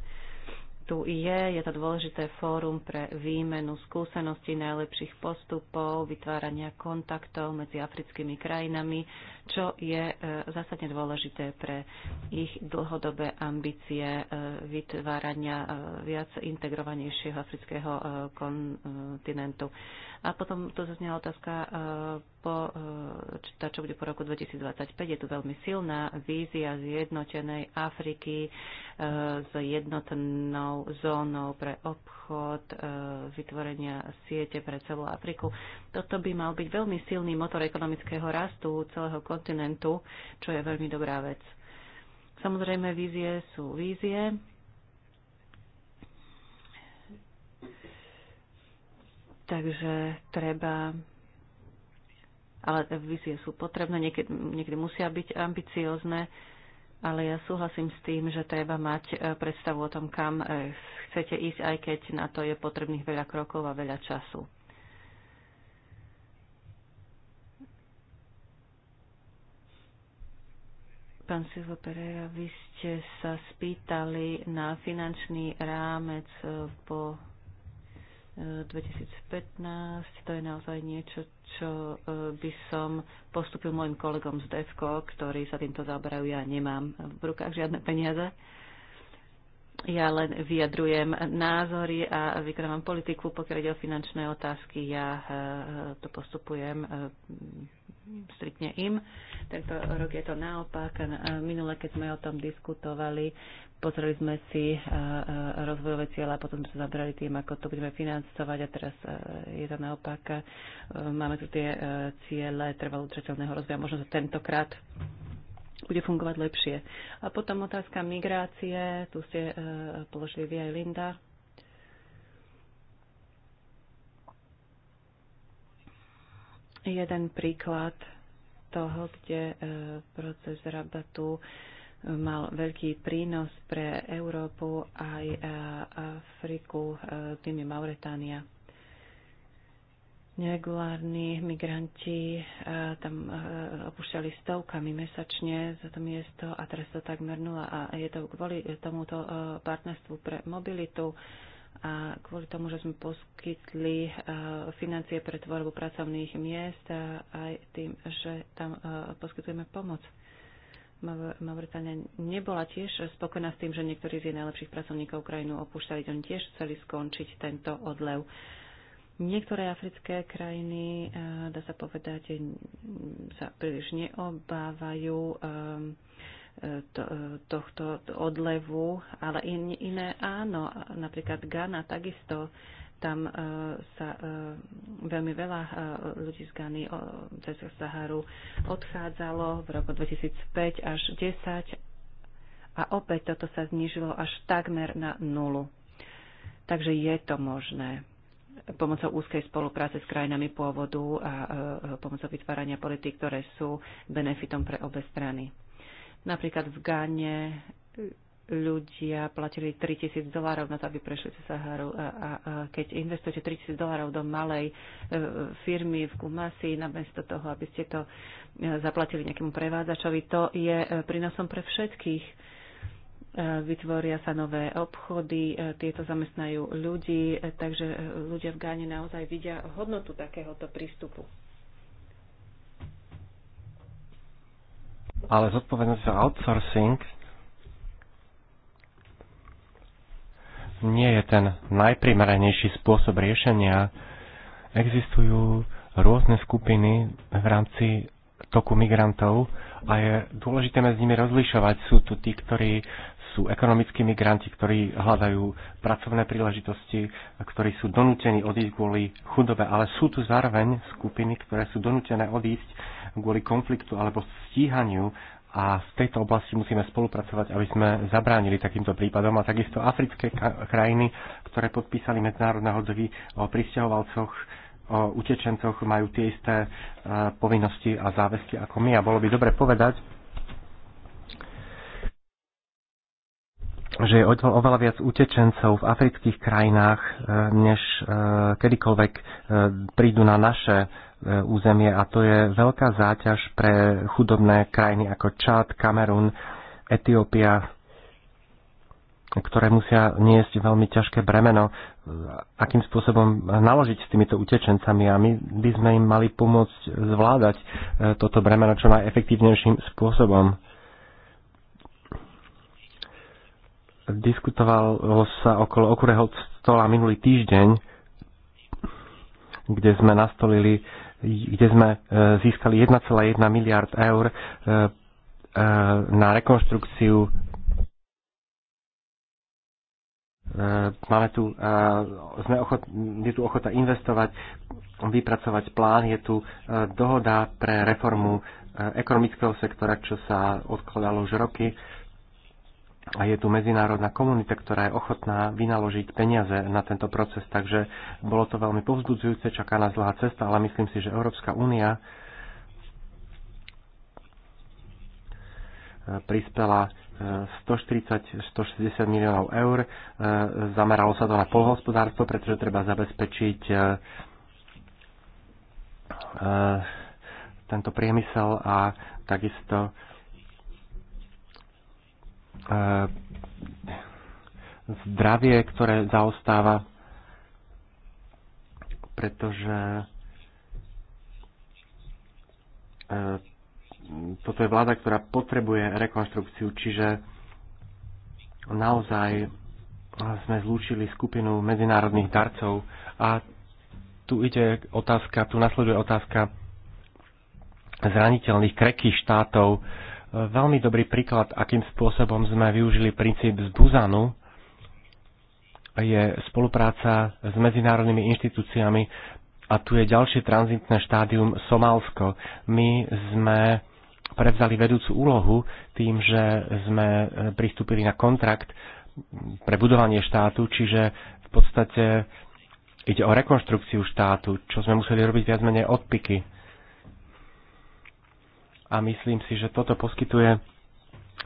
tu je, je to dôležité fórum pre výmenu skúseností, najlepších postupov, vytvárania kontaktov medzi africkými krajinami, čo je e, zásadne dôležité pre ich dlhodobé ambície e, vytvárania e, viac integrovanejšieho afrického kontinentu. A potom tu zaznela otázka, po, tá, čo bude po roku 2025. Je tu veľmi silná vízia zjednotenej Afriky s jednotnou zónou pre obchod, vytvorenia siete pre celú Afriku. Toto by mal byť veľmi silný motor ekonomického rastu celého kontinentu kontinentu, čo je veľmi dobrá vec. Samozrejme, vízie sú vízie. Takže treba ale vízie sú potrebné, niekedy, niekedy musia byť ambiciozne, ale ja súhlasím s tým, že treba mať e, predstavu o tom, kam e, chcete ísť, aj keď na to je potrebných veľa krokov a veľa času. Pán Silva Pereira, vy ste sa spýtali na finančný rámec e, po 2015. E, to je naozaj niečo, čo e, by som postupil môjim kolegom z DEFCO, ktorí sa týmto zaoberajú. Ja nemám v rukách žiadne peniaze. Ja len vyjadrujem názory a vykonávam politiku, pokiaľ ide o finančné otázky. Ja to postupujem striktne im. Tento rok je to naopak. E, minule, keď sme o tom diskutovali, pozreli sme si e, e, rozvojové cieľa a potom sme sa zabrali tým, ako to budeme financovať a teraz je to naopak. Máme tu tie ciele trvalo udržateľného rozvoja. Možno to tentokrát bude fungovať lepšie. A potom otázka migrácie. Tu ste položili vy aj Linda jeden príklad toho, kde e, proces rabatu e, mal veľký prínos pre Európu aj e, Afriku, tým je Mauretánia. Neregulárni migranti tam opúšťali stovkami mesačne za to miesto a teraz to takmer nula a je to kvôli tomuto partnerstvu pre mobilitu a kvôli tomu, že sme poskytli e, financie pre tvorbu pracovných miest a e, aj tým, že tam e, poskytujeme pomoc. Mauritania nebola tiež spokojná s tým, že niektorí z jej najlepších pracovníkov krajinu opúšťali. Oni tiež chceli skončiť tento odlev. Niektoré africké krajiny, dá sa povedať, sa príliš neobávajú to, tohto odlevu, ale in, iné áno. Napríklad Ghana takisto, tam e, sa e, veľmi veľa e, ľudí z Gany cez Saharu odchádzalo v roku 2005 až 10 a opäť toto sa znížilo až takmer na nulu. Takže je to možné pomocou úzkej spolupráce s krajinami pôvodu a pomocou vytvárania politík, ktoré sú benefitom pre obe strany. Napríklad v Gáne e, ľudia platili 3000 dolárov na to, aby prešli cez Saharu. A, a, a keď investujete 3000 dolárov do malej e, firmy v Kumasi, namiesto toho, aby ste to e, zaplatili nejakému prevádzačovi, to je e, prínosom pre všetkých. E, vytvoria sa nové obchody, e, tieto zamestnajú ľudí, e, takže e, ľudia v Gáne naozaj vidia hodnotu takéhoto prístupu.
ale zodpovednosť za outsourcing nie je ten najprimeranejší spôsob riešenia. Existujú rôzne skupiny v rámci toku migrantov a je dôležité medzi nimi rozlišovať. Sú tu tí, ktorí sú ekonomickí migranti, ktorí hľadajú pracovné príležitosti, ktorí sú donútení odísť kvôli chudobe, ale sú tu zároveň skupiny, ktoré sú donútené odísť kvôli konfliktu alebo stíhaniu a z tejto oblasti musíme spolupracovať, aby sme zabránili takýmto prípadom a takisto africké krajiny, ktoré podpísali medzinárodné hodzovy o pristahovalcoch, o utečencoch, majú tie isté e, povinnosti a záväzky ako my a bolo by dobre povedať, že je oveľa viac utečencov v afrických krajinách, e, než e, kedykoľvek e, prídu na naše územie a to je veľká záťaž pre chudobné krajiny ako Čad, Kamerun, Etiópia, ktoré musia niesť veľmi ťažké bremeno, akým spôsobom naložiť s týmito utečencami a my by sme im mali pomôcť zvládať toto bremeno čo najefektívnejším spôsobom. Diskutovalo sa okolo okurého stola minulý týždeň, kde sme nastolili, kde sme e, získali 1,1 miliard eur e, e, na rekonštrukciu máme tu, sme ochot, je tu ochota investovať, vypracovať plán, je tu dohoda pre reformu ekonomického sektora, čo sa odkladalo už roky a je tu medzinárodná komunita, ktorá je ochotná vynaložiť peniaze na tento proces. Takže bolo to veľmi povzbudzujúce, čaká nás dlhá cesta, ale myslím si, že Európska únia eh, prispela 140-160 eh, miliónov eur. Eh, zameralo sa to na polhospodárstvo, pretože treba zabezpečiť tento priemysel a takisto E, zdravie, ktoré zaostáva, pretože e, toto je vláda, ktorá potrebuje rekonštrukciu, čiže naozaj sme zlúčili skupinu medzinárodných darcov a tu ide otázka, tu nasleduje otázka zraniteľných krekých štátov, veľmi dobrý príklad, akým spôsobom sme využili princíp z Buzanu, je spolupráca s medzinárodnými inštitúciami a tu je ďalšie tranzitné štádium Somálsko. My sme prevzali vedúcu úlohu tým, že sme e, pristúpili na kontrakt pre budovanie štátu, čiže v podstate ide o rekonštrukciu štátu, čo sme museli robiť viac menej odpiky a myslím si, že toto poskytuje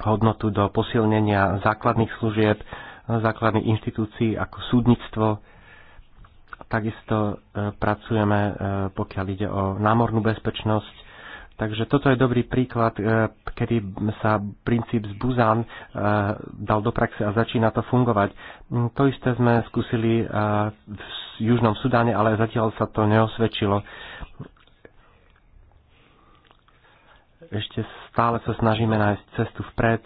hodnotu do posilnenia základných služieb, základných inštitúcií ako súdnictvo. Takisto e, pracujeme, e, pokiaľ ide o námornú bezpečnosť. Takže toto je dobrý príklad, e, kedy sa princíp z Buzan dal do praxe a začína to fungovať. Mm, to isté sme skúsili v Južnom Sudáne, ale zatiaľ sa to neosvedčilo ešte stále sa snažíme nájsť cestu vpred,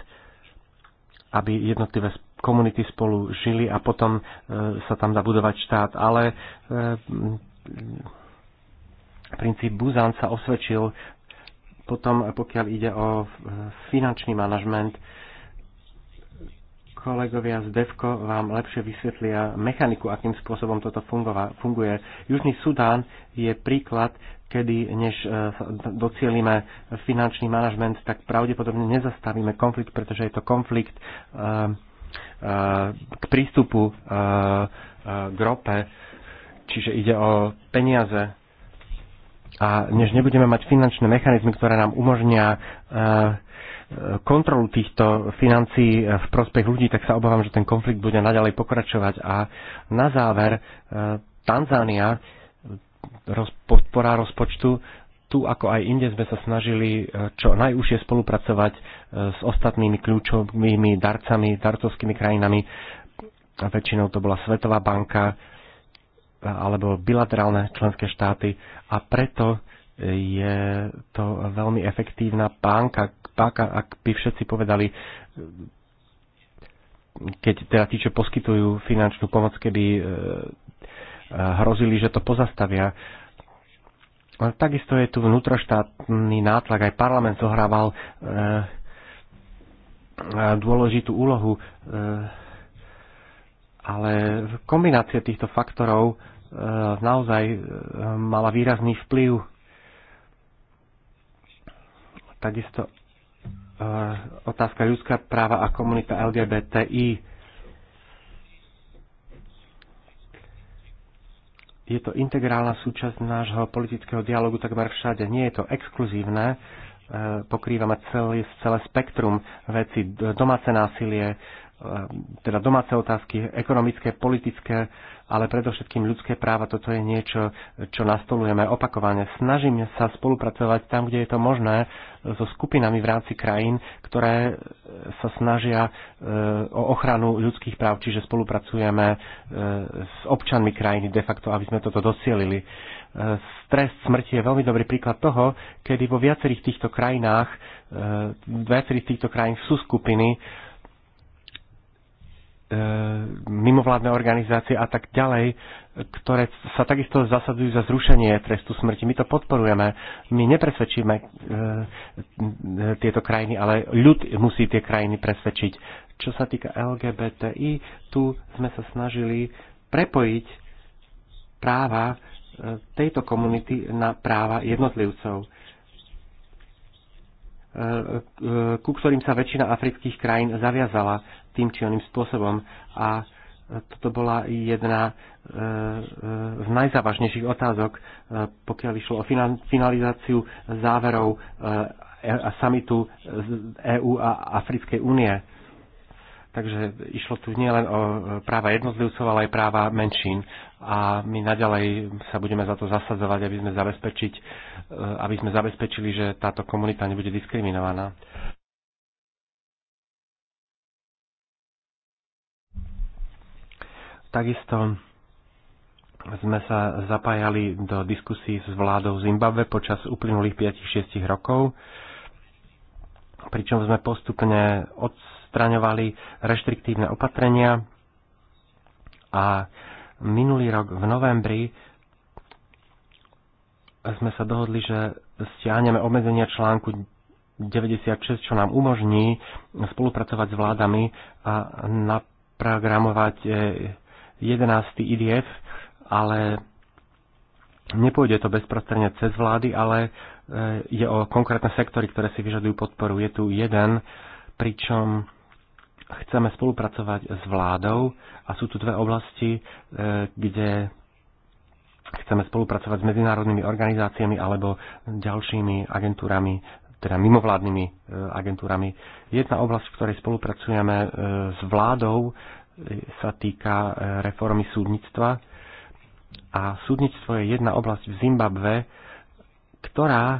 aby jednotlivé komunity spolu žili a potom e, sa tam dá budovať štát. Ale e, princíp Buzan sa osvedčil potom, pokiaľ ide o e, finančný manažment, kolegovia z DEVKO vám lepšie vysvetlia mechaniku, akým spôsobom toto fungova, funguje. Južný Sudán je príklad kedy než e, docielime finančný manažment, tak pravdepodobne nezastavíme konflikt, pretože je to konflikt e, e, k prístupu k rope, čiže ide o peniaze. A než nebudeme mať finančné mechanizmy, ktoré nám umožnia kontrolu týchto financií v prospech ľudí, tak sa obávam, že ten konflikt bude naďalej pokračovať. A na záver, Tanzánia roz, podpora rozpočtu. Tu ako aj inde sme sa snažili e, čo najúžšie spolupracovať e, s ostatnými kľúčovými darcami, darcovskými krajinami. A väčšinou to bola Svetová banka e, alebo bilaterálne členské štáty a preto je to veľmi efektívna pánka, páka, ak by všetci povedali, keď teda tí, čo poskytujú finančnú pomoc, keby hrozili, že to pozastavia. Ale takisto je tu vnútroštátny nátlak, aj parlament zohrával e, e, dôležitú úlohu, e, ale kombinácia týchto faktorov e, naozaj e, mala výrazný vplyv. Takisto e, otázka ľudská práva a komunita LGBTI je to integrálna súčasť nášho politického dialogu takmer všade. Nie je to exkluzívne, e, pokrývame celé, celé spektrum veci, domáce násilie, e, teda domáce otázky, ekonomické, politické ale predovšetkým ľudské práva, toto je niečo, čo nastolujeme opakovane. Snažíme sa spolupracovať tam, kde je to možné, so skupinami v rámci krajín, ktoré sa snažia e, o ochranu ľudských práv, čiže spolupracujeme e, s občanmi krajiny de facto, aby sme toto dosielili. E, stres smrti je veľmi dobrý príklad toho, kedy vo viacerých týchto krajinách, v viacerých týchto krajín sú skupiny, E, mimovládne organizácie a tak ďalej, ktoré sa takisto zasadzujú za zrušenie trestu smrti. My to podporujeme, my nepresvedčíme e, e, tieto krajiny, ale ľud musí tie krajiny presvedčiť. Čo sa týka LGBTI, tu sme sa snažili prepojiť práva tejto komunity na práva jednotlivcov ku ktorým sa väčšina afrických krajín zaviazala tým či oným spôsobom. A toto bola jedna e, e, z najzávažnejších otázok, e, pokiaľ išlo o finalizáciu záverov samitu EÚ a Africkej únie. Takže išlo tu nielen o práva jednotlivcov, ale aj práva menšín. A my naďalej sa budeme za to zasadzovať, aby sme, zabezpečiť, aby sme zabezpečili, že táto komunita nebude diskriminovaná. Takisto sme sa zapájali do diskusí s vládou Zimbabwe počas uplynulých 5-6 rokov, pričom sme postupne odstraňovali reštriktívne opatrenia a minulý rok v novembri sme sa dohodli, že stiahneme obmedzenia článku 96, čo nám umožní spolupracovať s vládami a naprogramovať e, 11. IDF, ale nepôjde to bezprostredne cez vlády, ale e, je o konkrétne sektory, ktoré si vyžadujú podporu. Je tu jeden, pričom chceme spolupracovať s vládou a sú tu dve oblasti, e, kde chceme spolupracovať s medzinárodnými organizáciami alebo ďalšími agentúrami, teda mimovládnymi e, agentúrami. Jedna oblasť, v ktorej spolupracujeme s vládou, sa týka e, reformy súdnictva. A súdnictvo je jedna oblasť v Zimbabve, ktorá e,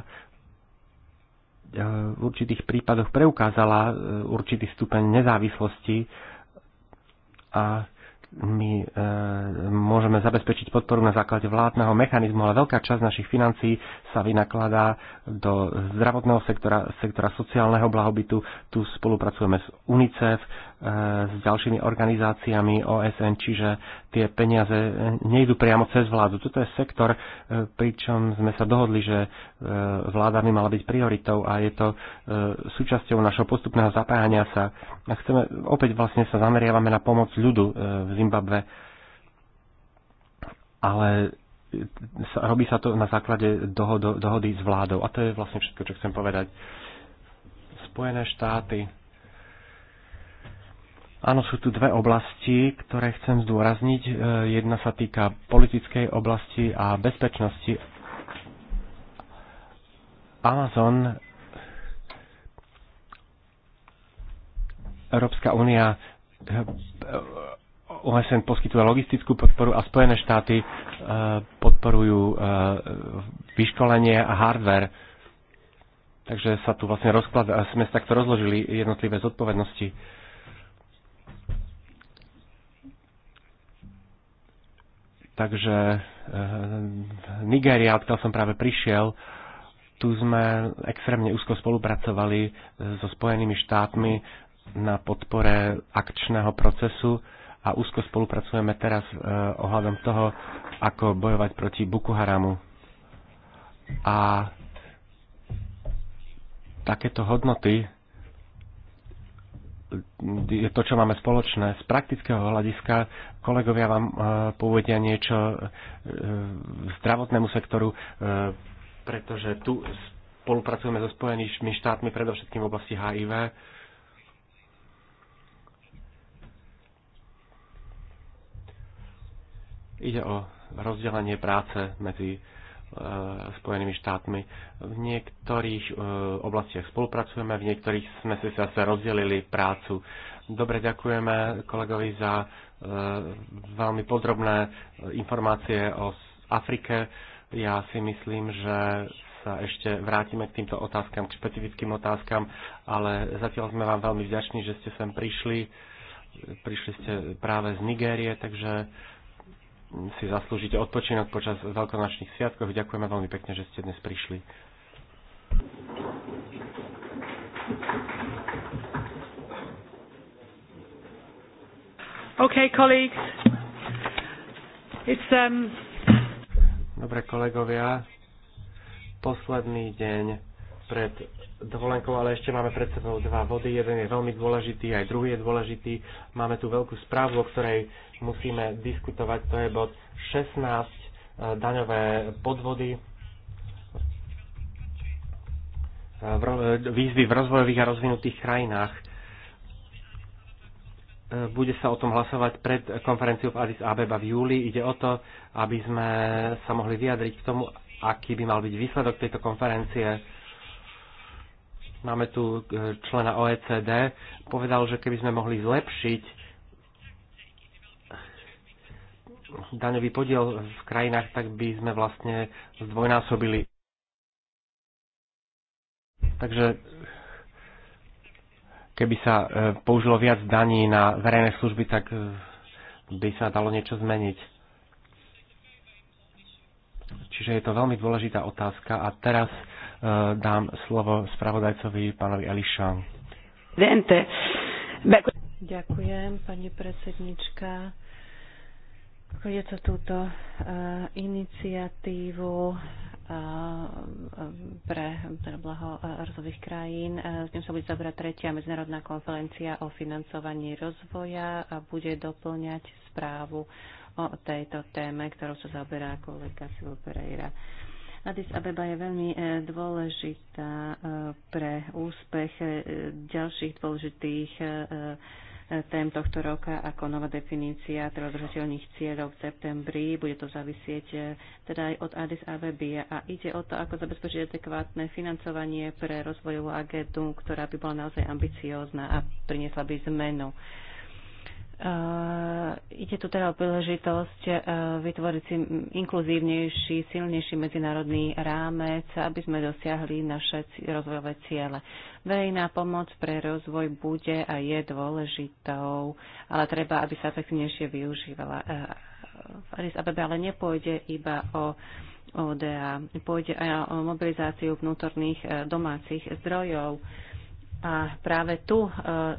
v určitých prípadoch preukázala e, určitý stupeň nezávislosti a my e, môžeme zabezpečiť podporu na základe vládneho mechanizmu, ale veľká časť našich financií sa vynakladá do zdravotného sektora, sektora sociálneho blahobytu. Tu spolupracujeme s UNICEF, s ďalšími organizáciami OSN, čiže tie peniaze nejdú priamo cez vládu. Toto je sektor, e, pričom sme sa dohodli, že e, vláda by mala byť prioritou a je to e, súčasťou našho postupného zapájania sa. A chceme, opäť vlastne sa zameriavame na pomoc ľudu v Zimbabve. Ale robí sa to na základe dohody s vládou. A to je vlastne všetko, čo chcem povedať. Spojené štáty Áno, sú tu dve oblasti, ktoré chcem zdôrazniť. E, jedna sa týka politickej oblasti a bezpečnosti. Amazon, Európska únia, e, OSN poskytuje logistickú podporu a Spojené štáty e, podporujú vyškolenie a hardware. Takže sa tu vlastne rozklad, sme takto rozložili jednotlivé zodpovednosti Takže e, Nigeria, odkiaľ som práve prišiel, tu sme extrémne úzko spolupracovali eh, so Spojenými štátmi na podpore akčného procesu a úzko spolupracujeme teraz e, ohľadom toho, ako bojovať proti Boko Haramu. A takéto hodnoty je to, čo máme spoločné. Z praktického hľadiska kolegovia vám e, povedia niečo e, zdravotnému sektoru, e, pretože tu spolupracujeme so Spojenými štátmi, predovšetkým v oblasti HIV. Ide o rozdelenie práce medzi Eh, Spojenými štátmi. V niektorých eh, oblastiach spolupracujeme, v niektorých sme si zase rozdelili prácu. Dobre, ďakujeme kolegovi za eh, veľmi podrobné informácie o Afrike. Ja si myslím, že sa ešte vrátime k týmto otázkam, k špecifickým otázkam, ale zatiaľ sme vám veľmi vďační, že ste sem prišli. Prišli ste práve z Nigérie, takže si zaslúžite odpočinok počas veľkonočných sviatkov. Ďakujeme veľmi pekne, že ste dnes prišli.
OK, colleagues. It's, um...
Dobre, kolegovia. Posledný deň pred dovolenkou, ale ešte máme pred sebou dva body. Jeden je veľmi dôležitý, aj druhý je dôležitý. Máme tu veľkú správu, o ktorej musíme diskutovať. To je bod 16, e, daňové podvody, e, e, výzvy v rozvojových a rozvinutých krajinách. Bude sa o tom hlasovať pred konferenciou v Addis Abeba v júli. Ide o to, aby sme sa mohli vyjadriť k tomu, aký by mal byť výsledok tejto konferencie Máme tu e, člena OECD. Povedal, že keby sme mohli zlepšiť daňový podiel v krajinách, tak by sme vlastne zdvojnásobili. Takže keby sa e, použilo viac daní na verejné služby, tak e, by sa dalo niečo zmeniť. Čiže je to veľmi dôležitá otázka a teraz Eh, dám slovo spravodajcovi pánovi Eliša.
Ďakujem, pani predsednička. Je to túto eh, iniciatívu eh, pre, pre blaho rozvojových krajín. S ním sa bude zabrať tretia medzinárodná konferencia o financovaní rozvoja a bude doplňať správu o tejto téme, ktorou sa zaoberá kolega Silo Pereira. Addis Abeba je veľmi e, dôležitá e, pre úspech e, ďalších dôležitých tém tohto roka ako nová definícia trojodržateľných cieľov v septembri. Bude to závisieť teda aj od Addis Abeby a ide o to, ako zabezpečiť adekvátne financovanie pre rozvojovú agendu, ktorá by bola naozaj ambiciózna a priniesla by zmenu. Uh, Eh, ide tu teda o príležitosť eh, vytvoriť si inkluzívnejší, silnejší medzinárodný rámec, aby sme dosiahli naše rozvojové ciele. Verejná pomoc pre rozvoj bude a je dôležitou, ale treba, aby sa efektívnejšie využívala. Eh, v Addis Abebe ale nepôjde iba o ODA, pôjde aj o mobilizáciu vnútorných domácich zdrojov a práve tu e,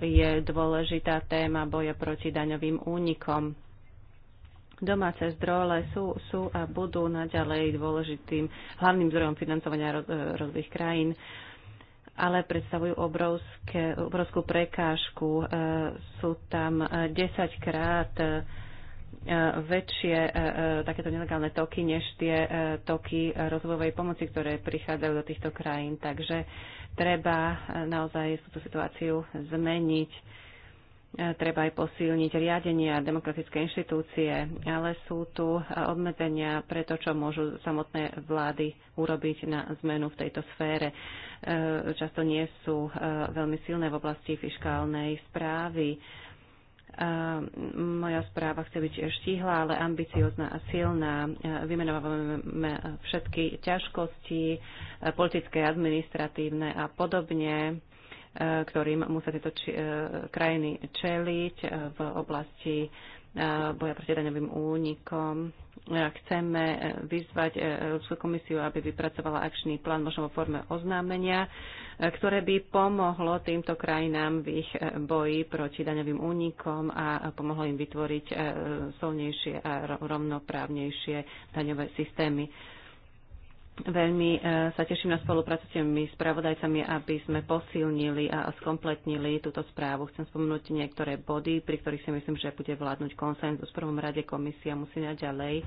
je dôležitá téma boja proti daňovým únikom. Domáce zdroje sú, sú a budú naďalej dôležitým hlavným zdrojom financovania e, rozvojových krajín, ale predstavujú obrovské, obrovskú prekážku. E, sú tam 10 krát väčšie e, e, takéto nelegálne toky, než tie e, toky rozvojovej pomoci, ktoré prichádzajú do týchto krajín. Takže treba naozaj túto situáciu zmeniť. Treba aj posilniť riadenia a demokratické inštitúcie, ale sú tu obmedzenia pre to, čo môžu samotné vlády urobiť na zmenu v tejto sfére. Často nie sú veľmi silné v oblasti fiskálnej správy Ehm, moja správa chce byť štíhla, ale ambiciozná a silná. Ehm, vymenovávame všetky ťažkosti, ehm, politické, administratívne a podobne ktorým musia tieto či, krajiny čeliť v oblasti boja proti daňovým únikom. Chceme vyzvať eh, Európsku komisiu, aby vypracovala akčný plán možno vo forme oznámenia, eh, ktoré by pomohlo týmto krajinám v ich eh, boji proti daňovým únikom a pomohlo im vytvoriť solnejšie a rovnoprávnejšie daňové systémy. Veľmi e, sa teším na spoluprácu s tými spravodajcami, aby sme posilnili a skompletnili túto správu. Chcem spomenúť niektoré body, pri ktorých si myslím, že bude vládnuť konsenzus. V prvom rade komisia musí naďalej e,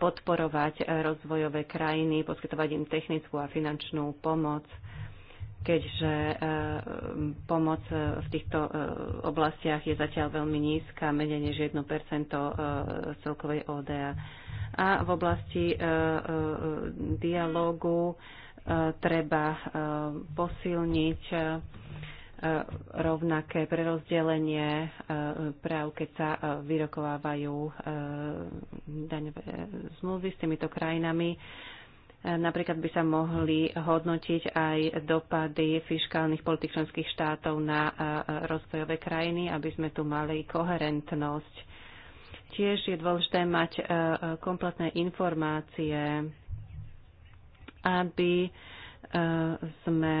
podporovať rozvojové krajiny, poskytovať im technickú a finančnú pomoc keďže e, pomoc v týchto oblastiach je zatiaľ veľmi nízka, menej než 1% celkovej ODA a v oblasti e, e, dialógu e, treba posilniť rovnaké prerozdelenie práv, keď sa vyrokovávajú daňové zmluvy s týmito krajinami. Napríklad by sa mohli hodnotiť aj dopady fiskálnych politik členských štátov na rozvojové krajiny, aby sme tu mali koherentnosť Tiež je dôležité mať e, e, kompletné informácie, aby e, sme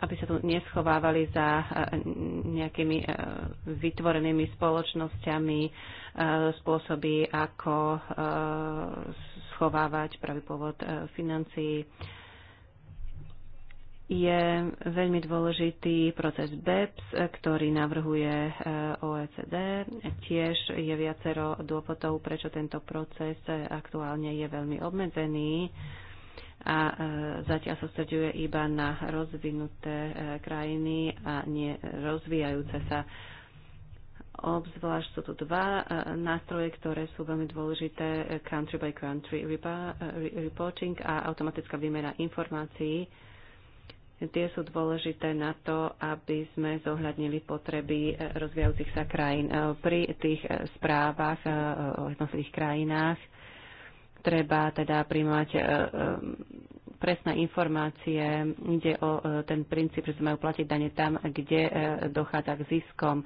aby sa tu neschovávali za nejakými vytvorenými spoločnosťami spôsoby, ako schovávať pravý pôvod financií je veľmi dôležitý proces BEPS, ktorý navrhuje e, OECD. Tiež je viacero dôvodov, prečo tento proces e, aktuálne je veľmi obmedzený a e, zatiaľ sústreďuje iba na rozvinuté krajiny a nie rozvíjajúce sa. Obzvlášť sú tu dva nástroje, ktoré sú veľmi dôležité, country by country reporting a automatická výmena informácií Tie sú dôležité na to, aby sme zohľadnili potreby eh, rozvíjajúcich sa krajín. Eh, pri tých eh, správach o jednotlivých krajinách treba teda príjmať presné informácie. Ide o ten princíp, že sa majú platiť dane tam, kde dochádza k ziskom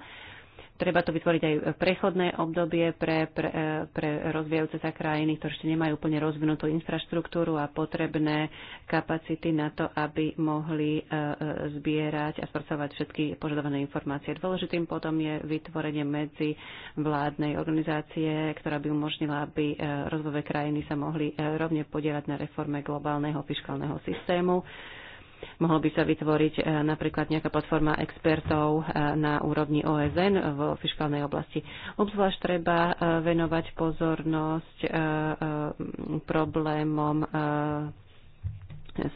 Treba to vytvoriť aj prechodné obdobie pre, pre, e, pre rozvíjajúce sa krajiny, ktoré ešte nemajú úplne rozvinutú infraštruktúru a potrebné kapacity na to, aby mohli e, e, zbierať a spracovať všetky požadované informácie. Dôležitým potom je vytvorenie medzi vládnej organizácie, ktorá by umožnila, aby rozvojové krajiny sa mohli rovne podielať na reforme globálneho fiskálneho systému Mohlo by sa vytvoriť e, napríklad nejaká platforma expertov e, na úrovni OSN vo fiskálnej oblasti. Obzvlášť treba e, venovať pozornosť problémom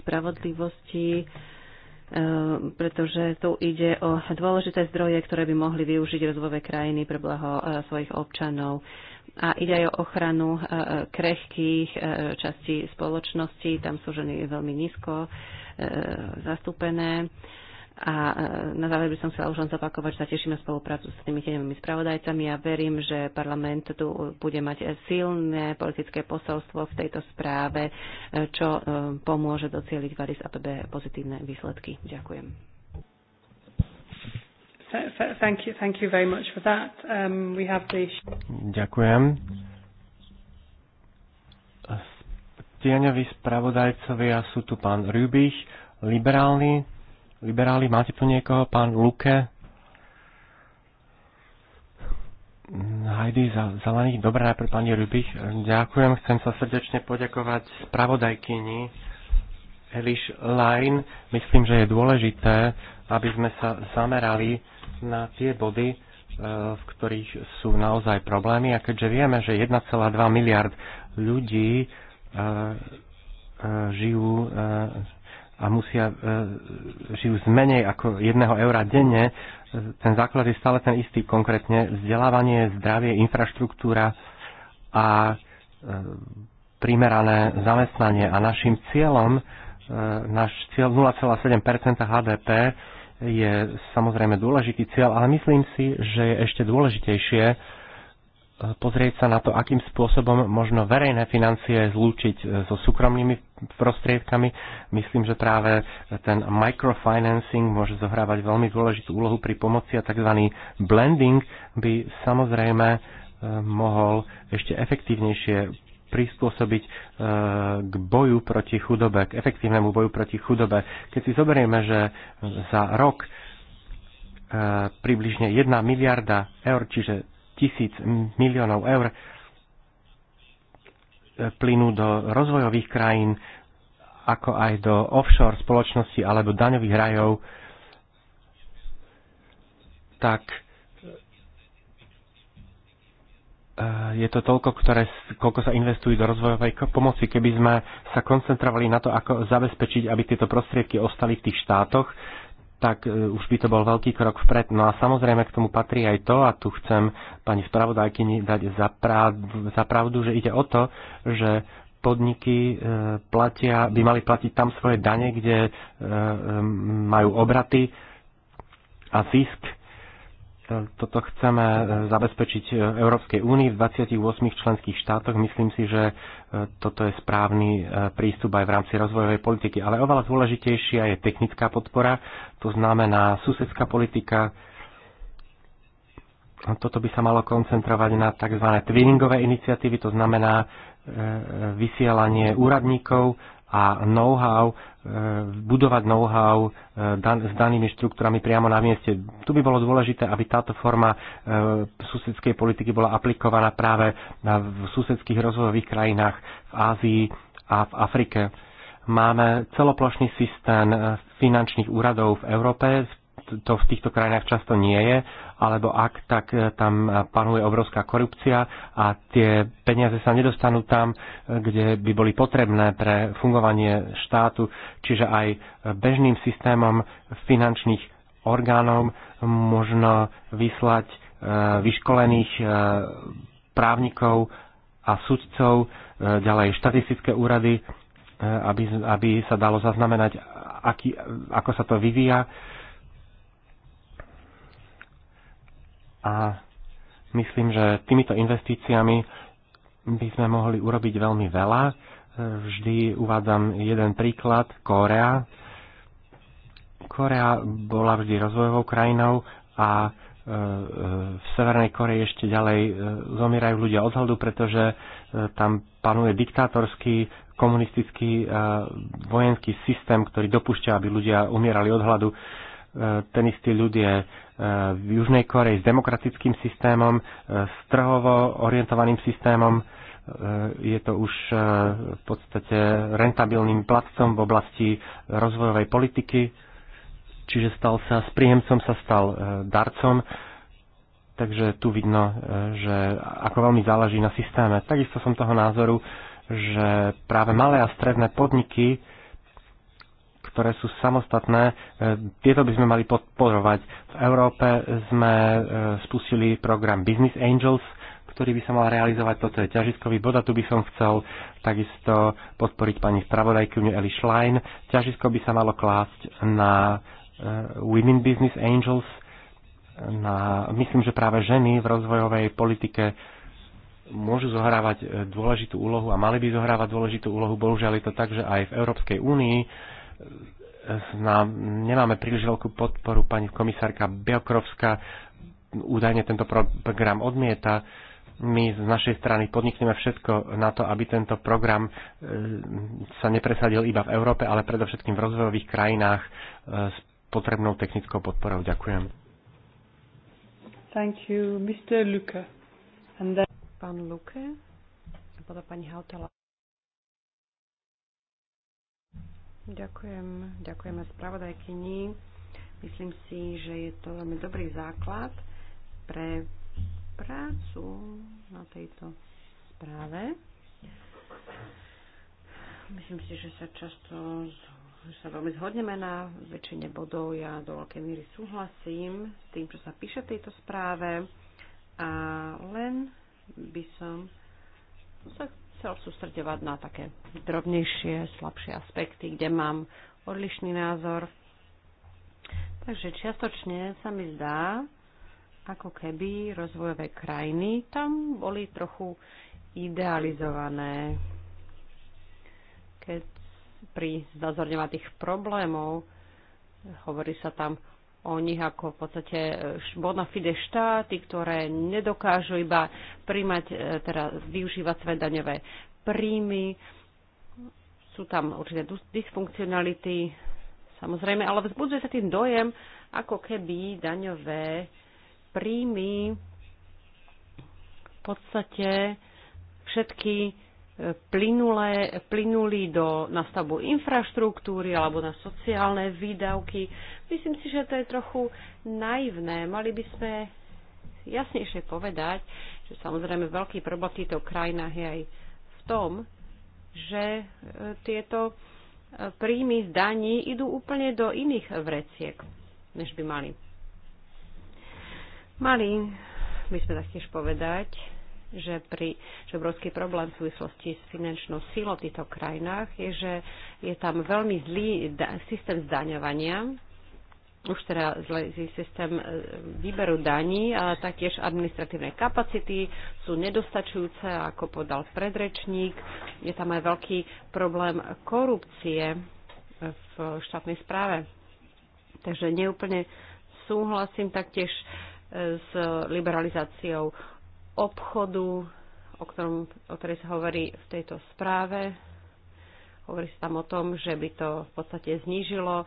spravodlivosti, pretože tu ide o dôležité zdroje, ktoré by mohli využiť rozvojové krajiny pre blaho svojich občanov a ide aj o ochranu e, e, krehkých e, častí spoločnosti. Tam sú ženy veľmi nízko zastúpené. A na záver by som chcela už len zopakovať, že sa tešíme spoluprácu s tými tenovými spravodajcami a verím, že parlament tu bude mať silné politické posolstvo v tejto správe, čo pomôže docieliť Varis APB pozitívne výsledky. Ďakujem. Thank you, thank you very much for that. Um, we have the...
Ďakujem. Tieňoví spravodajcovia sú tu pán Rubich, liberálni. Liberáli, máte tu niekoho? Pán Luke? Heidi za zelených. Dobre, najprv pani Rubich. Ďakujem, chcem sa srdečne poďakovať spravodajkyni Eliš Lein. Myslím, že je dôležité, aby sme sa zamerali na tie body, e, v ktorých sú naozaj problémy. A keďže vieme, že 1,2 miliard ľudí e, e, žijú a musia, žijú z menej ako jedného eura denne, ten základ je stále ten istý, konkrétne vzdelávanie, zdravie, infraštruktúra a primerané zamestnanie. A našim cieľom, náš cieľ 0,7 HDP je samozrejme dôležitý cieľ, ale myslím si, že je ešte dôležitejšie e, pozrieť sa na to, akým spôsobom možno verejné financie zlúčiť e, so súkromnými prostriedkami. Myslím, že práve ten microfinancing môže zohrávať veľmi dôležitú úlohu pri pomoci a tzv. blending by samozrejme e, mohol ešte efektívnejšie prispôsobiť e, k boju proti chudobe, k efektívnemu boju proti chudobe. Keď si zoberieme, že za rok e, približne 1 miliarda eur, čiže tisíc miliónov eur, e, plynú do rozvojových krajín, ako aj do offshore spoločnosti alebo daňových rajov, tak je to toľko, ktoré, koľko sa investujú do rozvojovej pomoci. Keby sme sa koncentrovali na to, ako zabezpečiť, aby tieto prostriedky ostali v tých štátoch, tak e, už by to bol veľký krok vpred. No a samozrejme k tomu patrí aj to, a tu chcem pani spravodajkyni dať za, pravdu, za pravdu, že ide o to, že podniky e, platia, by mali platiť tam svoje dane, kde e, majú obraty a zisk toto chceme e, zabezpečiť e, Európskej únii v 28 členských štátoch. Myslím si, že e, toto je správny prístup aj v rámci rozvojovej politiky. Ale oveľa dôležitejšia je technická podpora, to znamená susedská politika. Toto by sa malo koncentrovať na tzv. twinningové iniciatívy, to znamená vysielanie úradníkov a know-how, e, budovať know-how e, s danými štruktúrami priamo na mieste. Tu by bolo dôležité, aby táto forma e, susedskej politiky bola aplikovaná práve v susedských rozvojových krajinách v Ázii a v Afrike. Máme celoplošný systém finančných úradov v Európe, v to v týchto krajinách často nie je, alebo ak, tak eh, tam panuje obrovská korupcia a tie peniaze sa nedostanú tam, eh, kde by boli potrebné pre fungovanie štátu, čiže aj bežným systémom finančných orgánov možno vyslať eh, vyškolených právnikov a sudcov, ďalej štatistické úrady, aby, aby sa dalo zaznamenať, aký, ako sa to vyvíja a myslím, že týmito investíciami by sme mohli urobiť veľmi veľa. E, vždy uvádzam jeden príklad, Kórea. Korea bola vždy rozvojovou krajinou a e, e, v Severnej Koreji ešte ďalej zomierajú ľudia od hladu, pretože tam panuje diktátorský komunistický vojenský systém, ktorý dopúšťa, aby ľudia umierali od hladu. Ten istý ľud je v Južnej Koreji s demokratickým systémom, e, s trhovo orientovaným systémom. E, je to už e, v podstate rentabilným platcom v oblasti rozvojovej politiky, čiže stal sa, s príjemcom sa stal darcom. Takže tu vidno, že ako veľmi záleží na systéme. Takisto som toho názoru, že práve malé a stredné podniky ktoré sú samostatné. E, tieto by sme mali podporovať. V Európe sme e, spustili program Business Angels, ktorý by sa mal realizovať. Toto je ťažiskový bod a tu by som chcel takisto podporiť pani spravodajkyňu Eli Schlein. Ťažisko by sa malo klásť na e, Women Business Angels, na, myslím, že práve ženy v rozvojovej politike môžu zohrávať dôležitú úlohu a mali by zohrávať dôležitú úlohu. Bohužiaľ je to tak, že aj v Európskej únii Znám, nemáme príliš veľkú podporu. Pani komisárka Biokrovská údajne tento program odmieta. My z našej strany podnikneme všetko na to, aby tento program e, sa nepresadil iba v Európe, ale predovšetkým v rozvojových krajinách e, s potrebnou technickou podporou. Ďakujem.
Thank you, Mr. Luke. And then... Pán Luke, a potom pani Hautala. Ďakujem, ďakujeme spravodajkyni. Myslím si, že je to veľmi dobrý základ pre prácu na tejto správe. Myslím si, že sa často že sa veľmi zhodneme na väčšine bodov. Ja do veľkej míry súhlasím s tým, čo sa píše v tejto správe. A len by som sa chcel sústredovať na také drobnejšie, slabšie aspekty, kde mám odlišný názor. Takže čiastočne sa mi zdá, ako keby rozvojové krajiny tam boli trochu idealizované. Keď pri znázorňovaných problémov hovorí sa tam o nich ako v podstate e, bona fide štáty, ktoré nedokážu iba príjmať, e, teda využívať svoje daňové príjmy. Sú tam určité dysfunkcionality, samozrejme, ale vzbudzuje sa tým dojem, ako keby daňové príjmy v podstate všetky plynuli do, nastavbu infraštruktúry alebo na sociálne výdavky. Myslím si, že to je trochu naivné. Mali by sme jasnejšie povedať, že samozrejme veľký problém v týchto krajinách je aj v tom, že e, tieto e, príjmy z daní idú úplne do iných vreciek, než by mali. Mali by sme tiež povedať, že, pri, že obrovský problém v súvislosti s finančnou sílou v týchto krajinách je, že je tam veľmi zlý da, systém zdaňovania, už teda zlý systém e, výberu daní, ale taktiež administratívne kapacity sú nedostačujúce, ako podal predrečník. Je tam aj veľký problém korupcie e, v štátnej správe. Takže neúplne súhlasím taktiež e, s liberalizáciou obchodu, o, ktorom, o ktorej sa hovorí v tejto správe. Hovorí sa tam o tom, že by to v podstate znížilo e,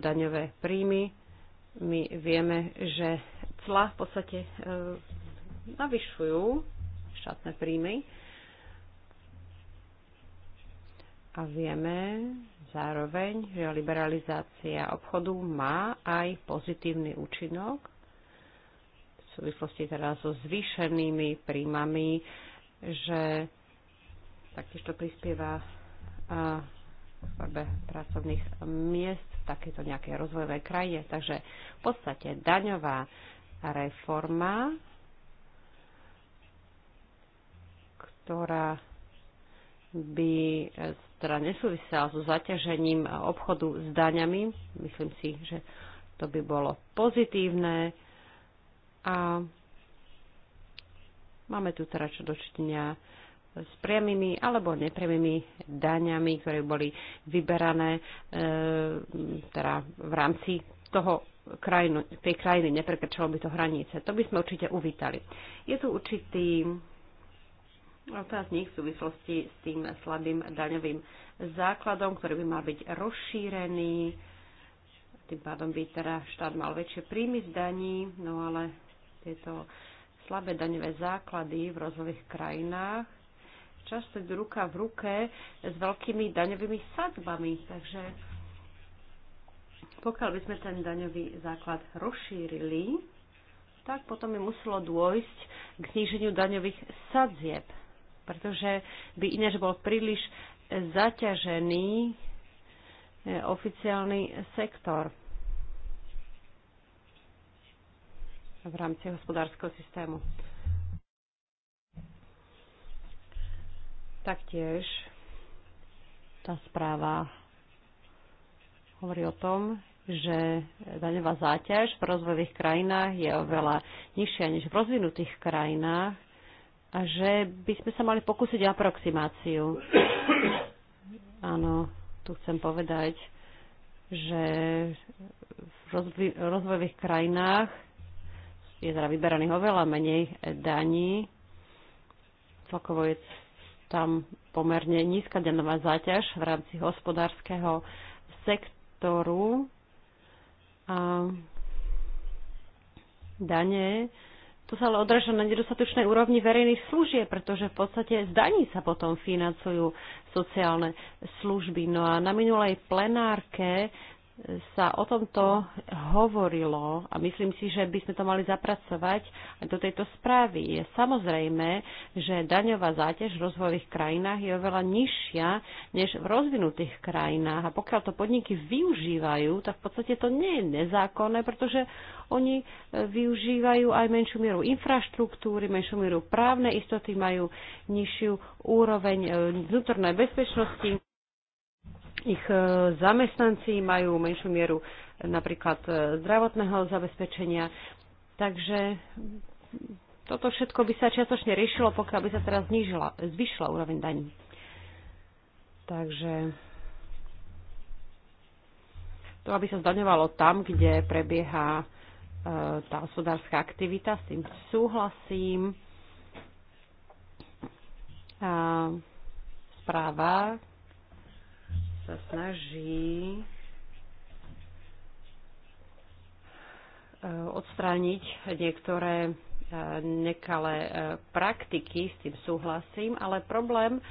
daňové príjmy. My vieme, že cla v podstate e, navyšujú štátne príjmy. A vieme zároveň, že liberalizácia obchodu má aj pozitívny účinok v súvislosti teda so zvýšenými príjmami, že taktiež to prispieva v tvorbe pracovných miest v takéto nejakej rozvojovej krajine. Takže v podstate daňová reforma, ktorá by teda nesúvisela so zaťažením obchodu s daňami. Myslím si, že to by bolo pozitívne a máme tu teda čo dočinenia s priamými alebo nepriamými daňami, ktoré boli vyberané e, teda v rámci toho krajinu, tej krajiny, neprekračalo by to hranice. To by sme určite uvítali. Je tu určitý otáznik v súvislosti s tým slabým daňovým základom, ktorý by mal byť rozšírený. Tým pádom by teda štát mal väčšie príjmy z daní, no ale tieto slabé daňové základy v rozvojových krajinách často idú ruka v ruke s veľkými daňovými sadbami, Takže pokiaľ by sme ten daňový základ rozšírili, tak potom by muselo dôjsť k zníženiu daňových sadzieb, pretože by ináč bol príliš zaťažený eh, oficiálny sektor. v rámci hospodárskeho systému. Taktiež tá správa hovorí o tom, že daňová záťaž v rozvojových krajinách je oveľa nižšia než v rozvinutých krajinách a že by sme sa mali pokúsiť aproximáciu. Áno, tu chcem povedať, že v rozvojových krajinách je teda vyberaných oveľa menej daní. Celkovo je tam pomerne nízka denová záťaž v rámci hospodárskeho sektoru. A dane, to sa ale odráža na nedostatočnej úrovni verejných služieb, pretože v podstate z daní sa potom financujú sociálne služby. No a na minulej plenárke sa o tomto hovorilo a myslím si, že by sme to mali zapracovať aj do tejto správy. Je samozrejme, že daňová záťaž v rozvojových krajinách je oveľa nižšia než v rozvinutých krajinách a pokiaľ to podniky využívajú, tak v podstate to nie je nezákonné, pretože oni využívajú aj menšiu mieru infraštruktúry, menšiu mieru právnej istoty, majú nižšiu úroveň e, vnútornej bezpečnosti ich e, zamestnanci majú menšiu mieru e, napríklad e, zdravotného zabezpečenia. Takže toto všetko by sa čiastočne riešilo, pokiaľ by sa teraz znižila, zvyšila úroveň daní. Takže to, aby sa zdaňovalo tam, kde prebieha tá hospodárska aktivita, s tým súhlasím. A správa, sa snaží e, odstrániť niektoré e, nekalé e, praktiky, s tým súhlasím, ale problém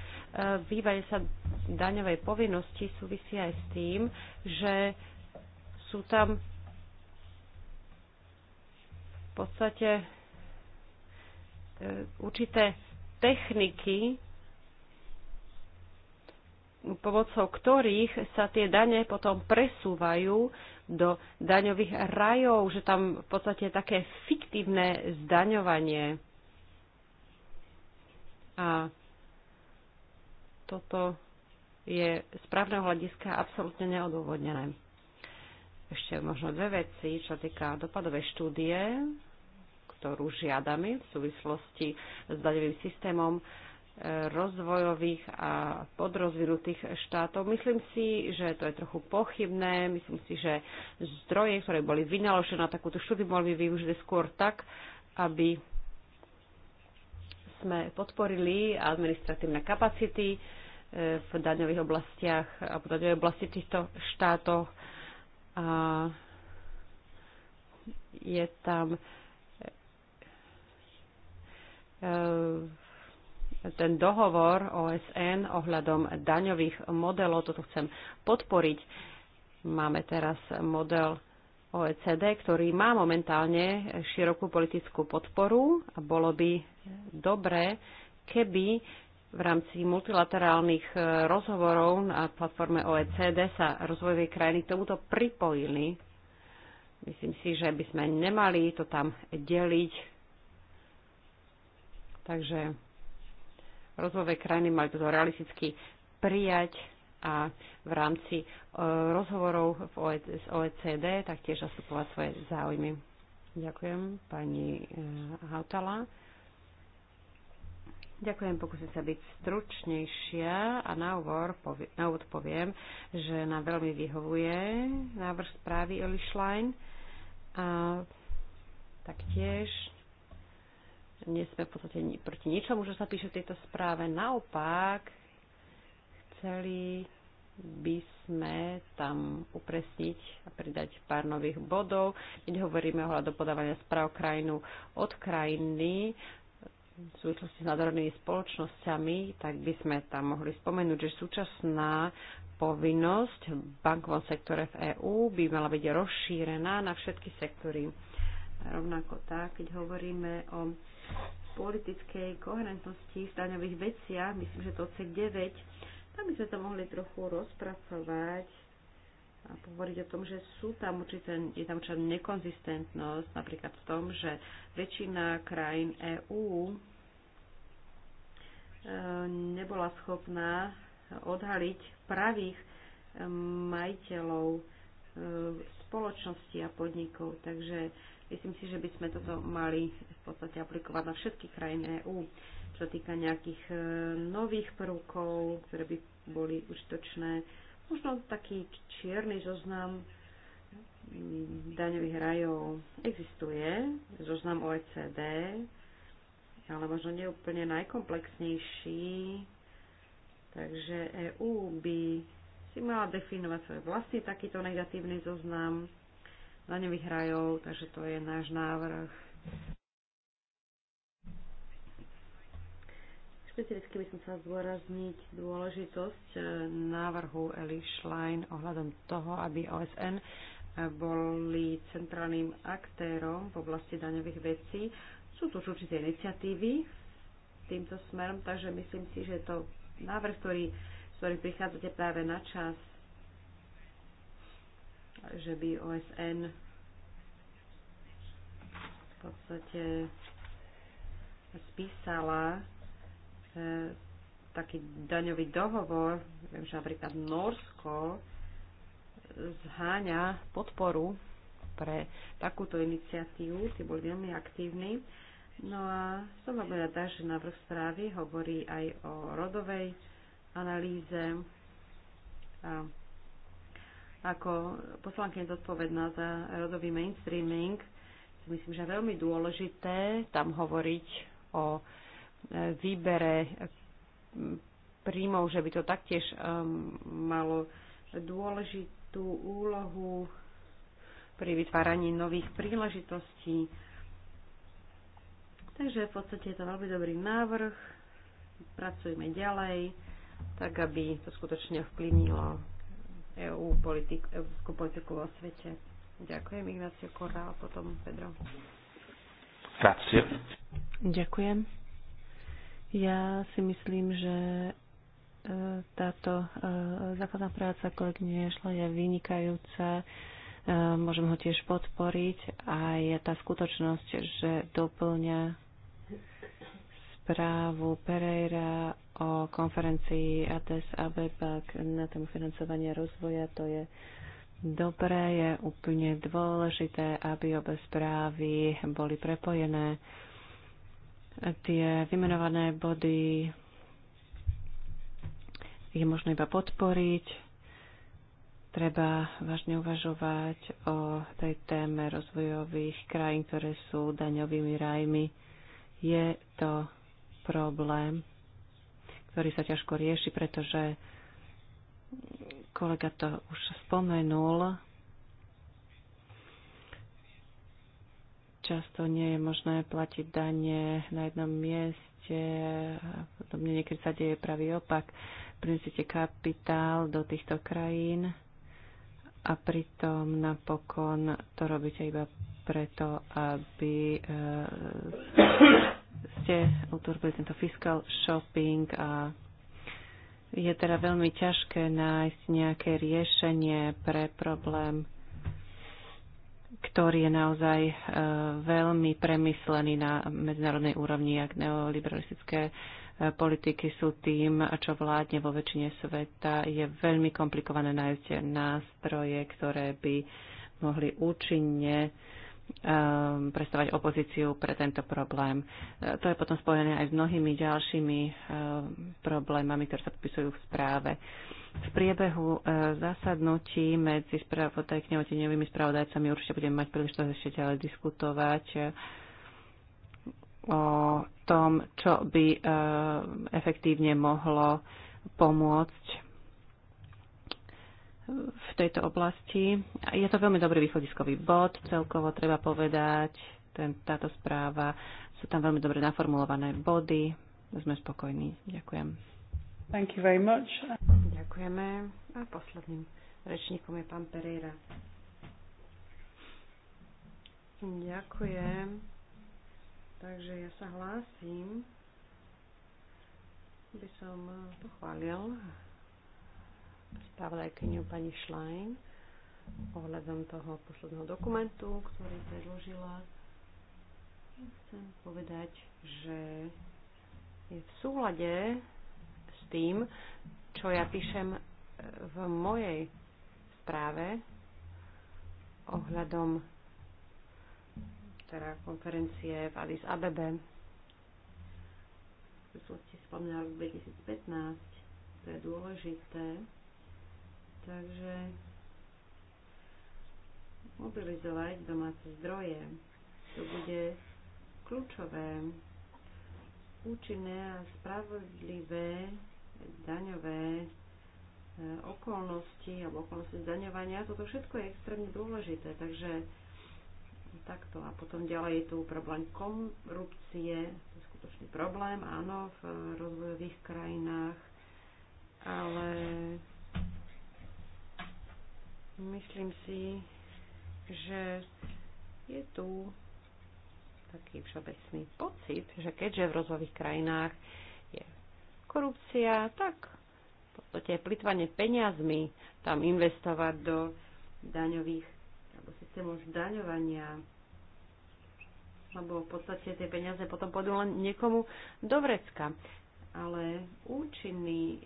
vývaje sa daňovej povinnosti súvisí aj s tým, že sú tam v podstate určité techniky, pomocou ktorých sa tie dane potom presúvajú do daňových rajov, že tam v podstate je také fiktívne zdaňovanie. A toto je z právneho hľadiska absolútne neodôvodnené. Ešte možno dve veci, čo týka dopadovej štúdie, ktorú žiadame v súvislosti s daňovým systémom rozvojových a podrozvinutých štátov. Myslím si, že to je trochu pochybné. Myslím si, že zdroje, ktoré boli vynaložené na takúto štúdiu, boli by využiť skôr tak, aby sme podporili administratívne kapacity eh, v daňových oblastiach a v daňových oblasti týchto štátov A je tam eh, eh, ten dohovor OSN ohľadom daňových modelov. Toto chcem podporiť. Máme teraz model OECD, ktorý má momentálne širokú politickú podporu a bolo by dobré, keby v rámci multilaterálnych rozhovorov na platforme OECD sa rozvojové krajiny k tomuto pripojili. Myslím si, že by sme nemali to tam deliť. Takže rozvojové krajiny mali toto realisticky prijať a v rámci e, rozhovorov z OECD e taktiež zastupovať svoje záujmy. Ďakujem pani e, Hautala. Ďakujem, pokúsim sa byť stručnejšia a na úvod, povie, na úvod poviem, že nám veľmi vyhovuje návrh správy Elišlein a taktiež nie sme v podstate proti ničomu, že sa píše v tejto správe. Naopak, chceli by sme tam upresniť a pridať pár nových bodov. Keď hovoríme hľadu podávania správ krajinu od krajiny v súvislosti s nadrodnými spoločnosťami, tak by sme tam mohli spomenúť, že súčasná povinnosť v bankovom sektore v EÚ by mala byť rozšírená na všetky sektory. Rovnako tak, keď hovoríme o politickej koherentnosti v daňových veciach, myslím, že to c 9, tam by sme to mohli trochu rozpracovať a hovoriť o tom, že sú tam určite, je tam určitá nekonzistentnosť, napríklad v tom, že väčšina krajín EÚ e, nebola schopná odhaliť pravých e, majiteľov e, spoločnosti a podnikov. Takže Myslím si, že by sme toto mali v podstate aplikovať na všetky krajiny EÚ, čo týka nejakých e, nových prvkov, ktoré by boli užitočné. Možno taký čierny zoznam mm, daňových rajov existuje, zoznam OECD, ale možno nie úplne najkomplexnejší. Takže EÚ by si mala definovať svoj vlastný takýto negatívny zoznam daňových rajov, takže to je náš návrh. Špecificky by som chcela zdôrazniť dôležitosť eh, návrhu Eli Schlein ohľadom toho, aby OSN eh, boli centrálnym aktérom v oblasti daňových vecí. Sú tu už určité iniciatívy týmto smerom, takže myslím si, že to návrh, ktorý, ktorý prichádzate práve na čas, že by OSN v podstate spísala e, taký daňový dohovor. Viem, že napríklad Norsko zháňa podporu pre takúto iniciatívu. Tí boli veľmi aktívni. No a som veľmi rada, že návrh správy hovorí aj o rodovej analýze a ako poslankyň zodpovedná za rodový mainstreaming, si myslím, že je veľmi dôležité tam hovoriť o e, výbere e, príjmov, že by to taktiež e, malo dôležitú úlohu pri vytváraní nových príležitostí. Takže v podstate je to veľmi dobrý návrh. Pracujeme ďalej, tak aby to skutočne vplyvnilo EU politik, európsku politiku vo svete. Ďakujem Ignacio Korda a potom Pedro. Grazie. Ďakujem. Ja si myslím, že e, táto e, základná práca kolegyne Šla je vynikajúca. E, môžem ho tiež podporiť a je tá skutočnosť, že doplňa správu Pereira o konferencii ATS ABPAC na tému financovania rozvoja. To je dobré, je úplne dôležité, aby obe správy boli prepojené. Tie vymenované body je možno iba podporiť. Treba vážne uvažovať o tej téme rozvojových krajín, ktoré sú daňovými rajmi. Je to problém, ktorý sa ťažko rieši, pretože kolega to už spomenul, často nie je možné platiť dane na jednom mieste a mne niekedy sa deje pravý opak. Prinesete kapitál do týchto krajín a pritom napokon to robíte iba preto, aby eh, ste uturbili tento fiscal shopping a je teda veľmi ťažké nájsť nejaké riešenie pre problém, ktorý je naozaj e, veľmi premyslený na medzinárodnej úrovni, ak neoliberalistické e, politiky sú tým, čo vládne vo väčšine sveta. Je veľmi komplikované nájsť nástroje, ktoré by mohli účinne um, predstavať opozíciu pre tento problém. E, to je potom spojené aj s mnohými ďalšími um, problémami, ktoré sa popisujú v správe. V priebehu uh, zasadnutí medzi spravodajkňou a spravodajcami určite budeme mať príležitosť ešte ďalej diskutovať o tom, čo by efektívne mohlo pomôcť v tejto oblasti. Je to veľmi dobrý východiskový bod, celkovo treba povedať, ten, táto správa, sú tam veľmi dobre naformulované body, sme spokojní. Ďakujem. Thank you very much. Ďakujeme. A posledným rečníkom je pán Pereira. Ďakujem. Takže ja sa hlásim. By som pochválil spravodajkyňu pani Schlein ohľadom toho posledného dokumentu, ktorý predložila. Chcem povedať, že je v súlade s tým, čo ja píšem e, v mojej správe ohľadom teda konferencie v Addis Abebe. Som si spomínala v 2015, to je dôležité, Takže mobilizovať domáce zdroje. To bude kľúčové, účinné a spravodlivé daňové e, okolnosti alebo okolnosti zdaňovania. Toto všetko je extrémne dôležité, takže takto. A potom ďalej je tu problém korupcie, to je skutočný problém, áno, v rozvojových krajinách, ale Myslím si, že je tu taký všeobecný pocit, že keďže v rozvojových krajinách je korupcia, tak v podstate plitvanie peniazmi tam investovať do daňových alebo systémov zdaňovania lebo v podstate tie peniaze potom pôjdu len niekomu do vrecka. Ale účinný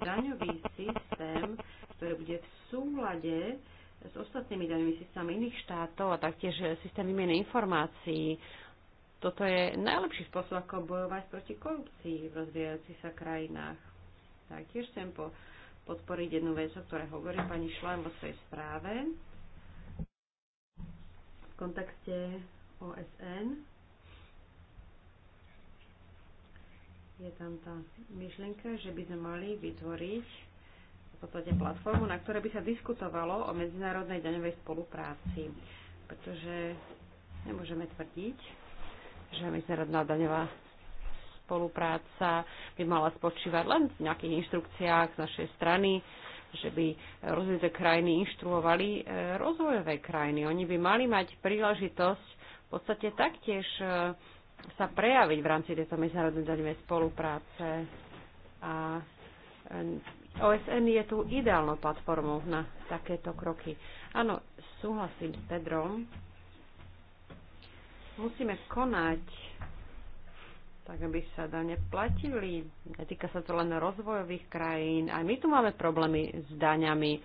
daňový systém, ktorý bude v súlade s ostatnými danými systémami iných štátov a taktiež systém výmeny informácií. Toto je najlepší spôsob, ako bojovať proti korupcii v rozvíjajúcich sa krajinách. Taktiež chcem po, podporiť jednu vec, o ktorej hovorí pani Šlem vo svojej správe v kontakte OSN. Je tam tá myšlienka, že by sme mali vytvoriť podstate platformu, na ktorej by sa diskutovalo o medzinárodnej daňovej spolupráci. Pretože nemôžeme tvrdiť, že medzinárodná daňová spolupráca by mala spočívať len v nejakých inštrukciách z našej strany, že by rozvojové krajiny inštruovali e, rozvojové krajiny. Oni by mali mať príležitosť v podstate taktiež e, sa prejaviť v rámci tejto medzinárodnej daňovej spolupráce. A e, OSN je tu ideálnou platformou na takéto kroky. Áno, súhlasím s Pedrom. Musíme konať, tak aby sa dane platili. Týka sa to len rozvojových krajín. Aj my tu máme problémy s daňami.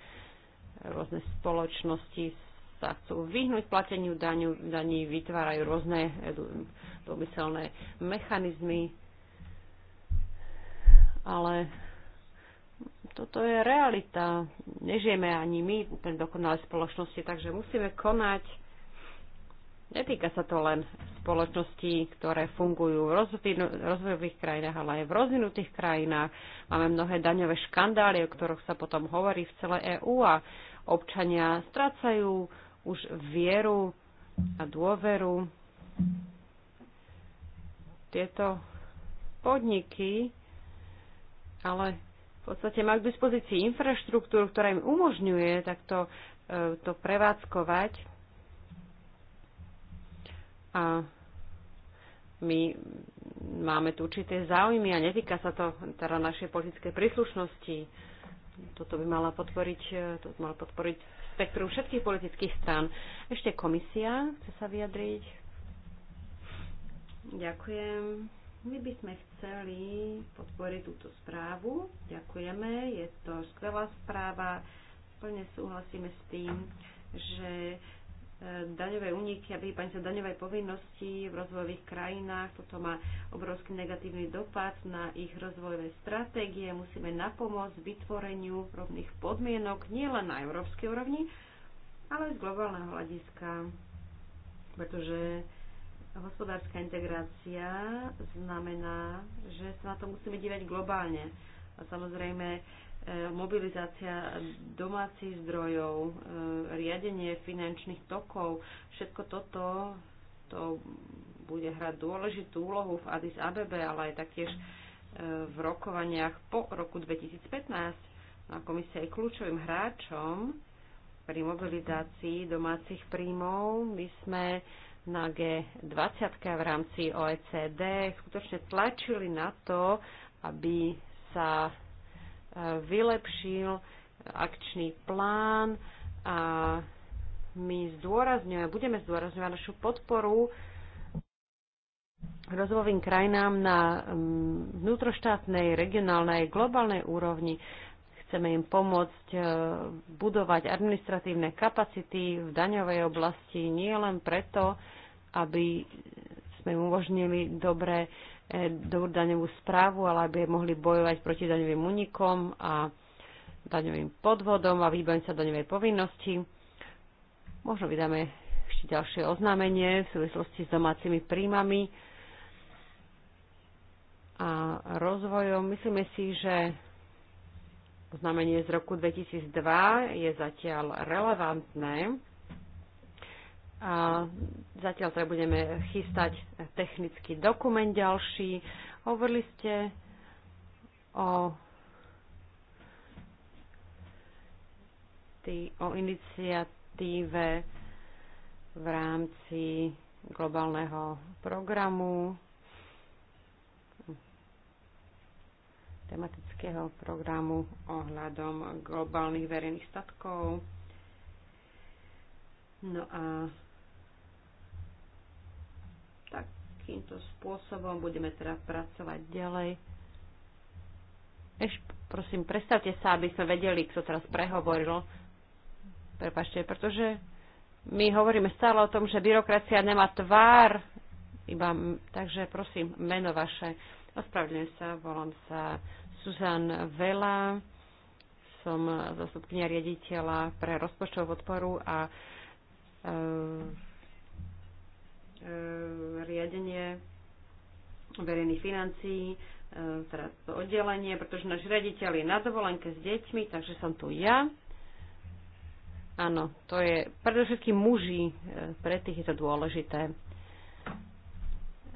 Rôzne spoločnosti sa chcú vyhnúť plateniu daňu, daní, vytvárajú rôzne domyselné mechanizmy. Ale toto je realita. Nežijeme ani my úplne dokonalé spoločnosti, takže musíme konať. Netýka sa to len spoločností, ktoré fungujú v rozvojových krajinách, ale aj v rozvinutých krajinách. Máme mnohé daňové škandály, o ktorých sa potom hovorí v celej EÚ a občania strácajú už vieru a dôveru. Tieto podniky ale v podstate majú k dispozícii infraštruktúru, ktorá im umožňuje takto e, to prevádzkovať. A my máme tu určité záujmy a netýka sa to teda našej politické príslušnosti. Toto by mala podporiť, e, to by mala podporiť spektrum všetkých politických strán. Ešte komisia chce sa vyjadriť. Ďakujem. My by sme chceli podporiť túto správu. Ďakujeme, je to skvelá správa. Plne súhlasíme s tým, že e, daňové úniky a vyhýbanie sa daňovej povinnosti v rozvojových krajinách. Toto má obrovský negatívny dopad na ich rozvojové stratégie. Musíme napomôcť vytvoreniu rovných podmienok nielen na európskej úrovni, ale aj z globálneho hľadiska, pretože hospodárska integrácia znamená, že sa na to musíme dívať globálne. A samozrejme, e, mobilizácia domácich zdrojov, e, riadenie finančných tokov, všetko toto to bude hrať dôležitú úlohu v Addis Abebe, ale aj taktiež e, v rokovaniach po roku 2015. A komisia je kľúčovým hráčom pri mobilizácii domácich príjmov. My sme na G20 v rámci OECD skutočne tlačili na to, aby sa e, vylepšil akčný plán a my zdôrazňujeme, budeme zdôrazňovať našu podporu rozvojovým krajinám na mm, vnútroštátnej, regionálnej, globálnej úrovni. Chceme im pomôcť e, budovať administratívne kapacity v daňovej oblasti nie len preto, aby sme im umožnili dobré, e, dobrú daňovú správu, ale aby mohli bojovať proti daňovým únikom a daňovým podvodom a výbaviť sa daňovej povinnosti. Možno vydáme ešte ďalšie oznámenie v súvislosti s domácimi príjmami a rozvojom. Myslíme si, že oznámenie z roku 2002 je zatiaľ relevantné. A zatiaľ teda budeme chystať technický dokument ďalší. Hovorili ste o, tý, o iniciatíve v rámci globálneho programu Európskeho programu ohľadom globálnych verejných statkov. No a takýmto spôsobom budeme teda pracovať ďalej. Eš, prosím, predstavte sa, aby sme vedeli, kto teraz prehovoril. Prepašte, pretože my hovoríme stále o tom, že byrokracia nemá tvár, iba, takže prosím, meno vaše. Ospravedlňujem sa, volám sa Susan Vela, som zastupkynia riaditeľa pre rozpočtovú podporu a e, e, riadenie verejných financií, e, teraz to oddelenie, pretože náš riaditeľ je na dovolenke s deťmi, takže som tu ja. Áno, to je predovšetkým muži, e, pre tých je to dôležité.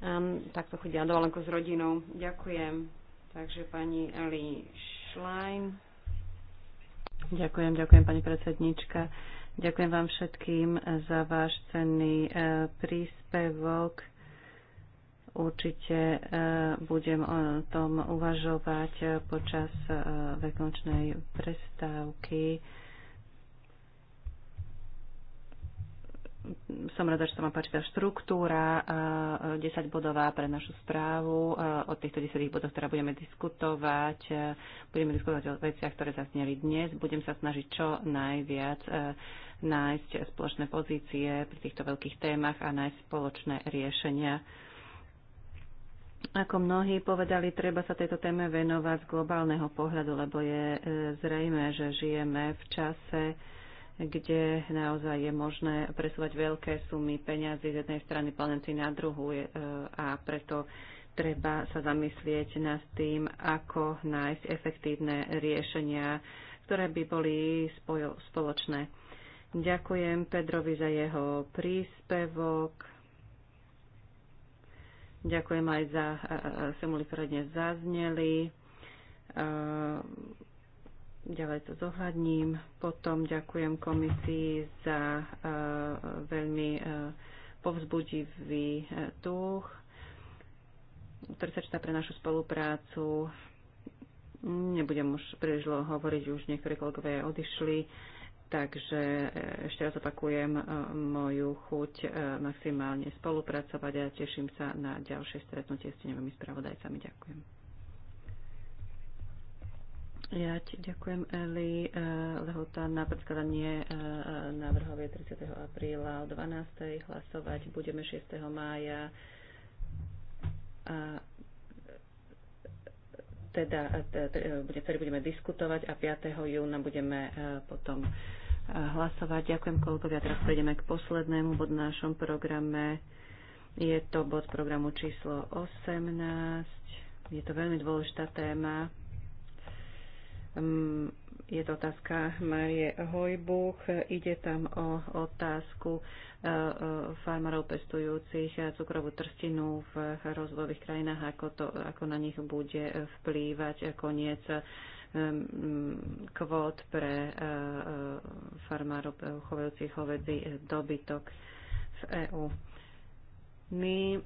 Um, takto chodí na dovolenku s rodinou. Ďakujem. Takže pani Eli Schlein. Ďakujem, ďakujem pani predsednička. Ďakujem vám všetkým za váš cenný e, príspevok. Určite e, budem o tom uvažovať e, počas vekončnej prestávky. som rada, že sa vám páči tá štruktúra 10-bodová pre našu správu. O týchto 10 bodoch, ktoré budeme diskutovať, budeme diskutovať o veciach, ktoré zazneli dnes. Budem sa snažiť čo najviac nájsť spoločné pozície pri týchto veľkých témach a nájsť spoločné riešenia. Ako mnohí povedali, treba sa tejto téme venovať z globálneho pohľadu, lebo je e, zrejme, že žijeme v čase, kde naozaj je možné presúvať veľké sumy peňazí z jednej strany planety na druhú e, a preto treba sa zamyslieť nad tým, ako nájsť efektívne riešenia, ktoré by boli spoločné. Ďakujem Pedrovi za jeho príspevok. Ďakujem aj za e, e, simuly, ktoré dnes zazneli ďalej to zohľadním. Potom ďakujem komisii za e, veľmi e, povzbudivý e, duch, ktorý sa číta pre našu spoluprácu. Nebudem už príliš dlho hovoriť, už niektorí kolegovia odišli, takže ešte raz opakujem moju chuť maximálne spolupracovať a teším sa na ďalšie stretnutie s tenovými spravodajcami. Ďakujem prijať. Ďakujem, Eli. E, lehota na predkladanie e, návrhov je 30. apríla o 12. Hlasovať budeme 6. mája. A teda, e, vtedy budeme diskutovať a 5. júna budeme potom hlasovať. Ďakujem kolegovia. Teraz prejdeme k poslednému bod v našom programe. Je to bod programu číslo 18. Je to veľmi dôležitá téma je to otázka Marie Hojbuch. Ide tam o otázku e, e, farmárov pestujúcich cukrovú trstinu v rozvojových krajinách, ako, to, ako na nich bude vplývať koniec kvót pre e, farmárov chovajúcich hovedzi dobytok v EÚ. My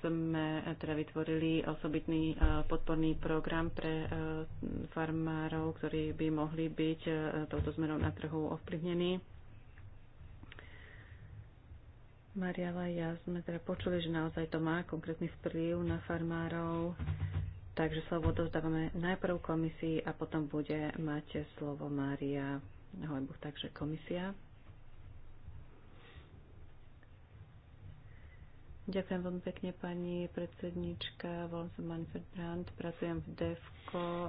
sme teda vytvorili osobitný e, podporný program pre e, farmárov, ktorí by mohli byť e, touto zmenou na trhu ovplyvnení. Mariala, ja sme teda počuli, že naozaj to má konkrétny vplyv na farmárov, takže slovo dozdávame najprv komisii a potom bude mať slovo Mária Hojbuch, takže komisia. Ďakujem veľmi pekne, pani predsednička. Volám sa Manfred Brandt, pracujem v DEFCO eh,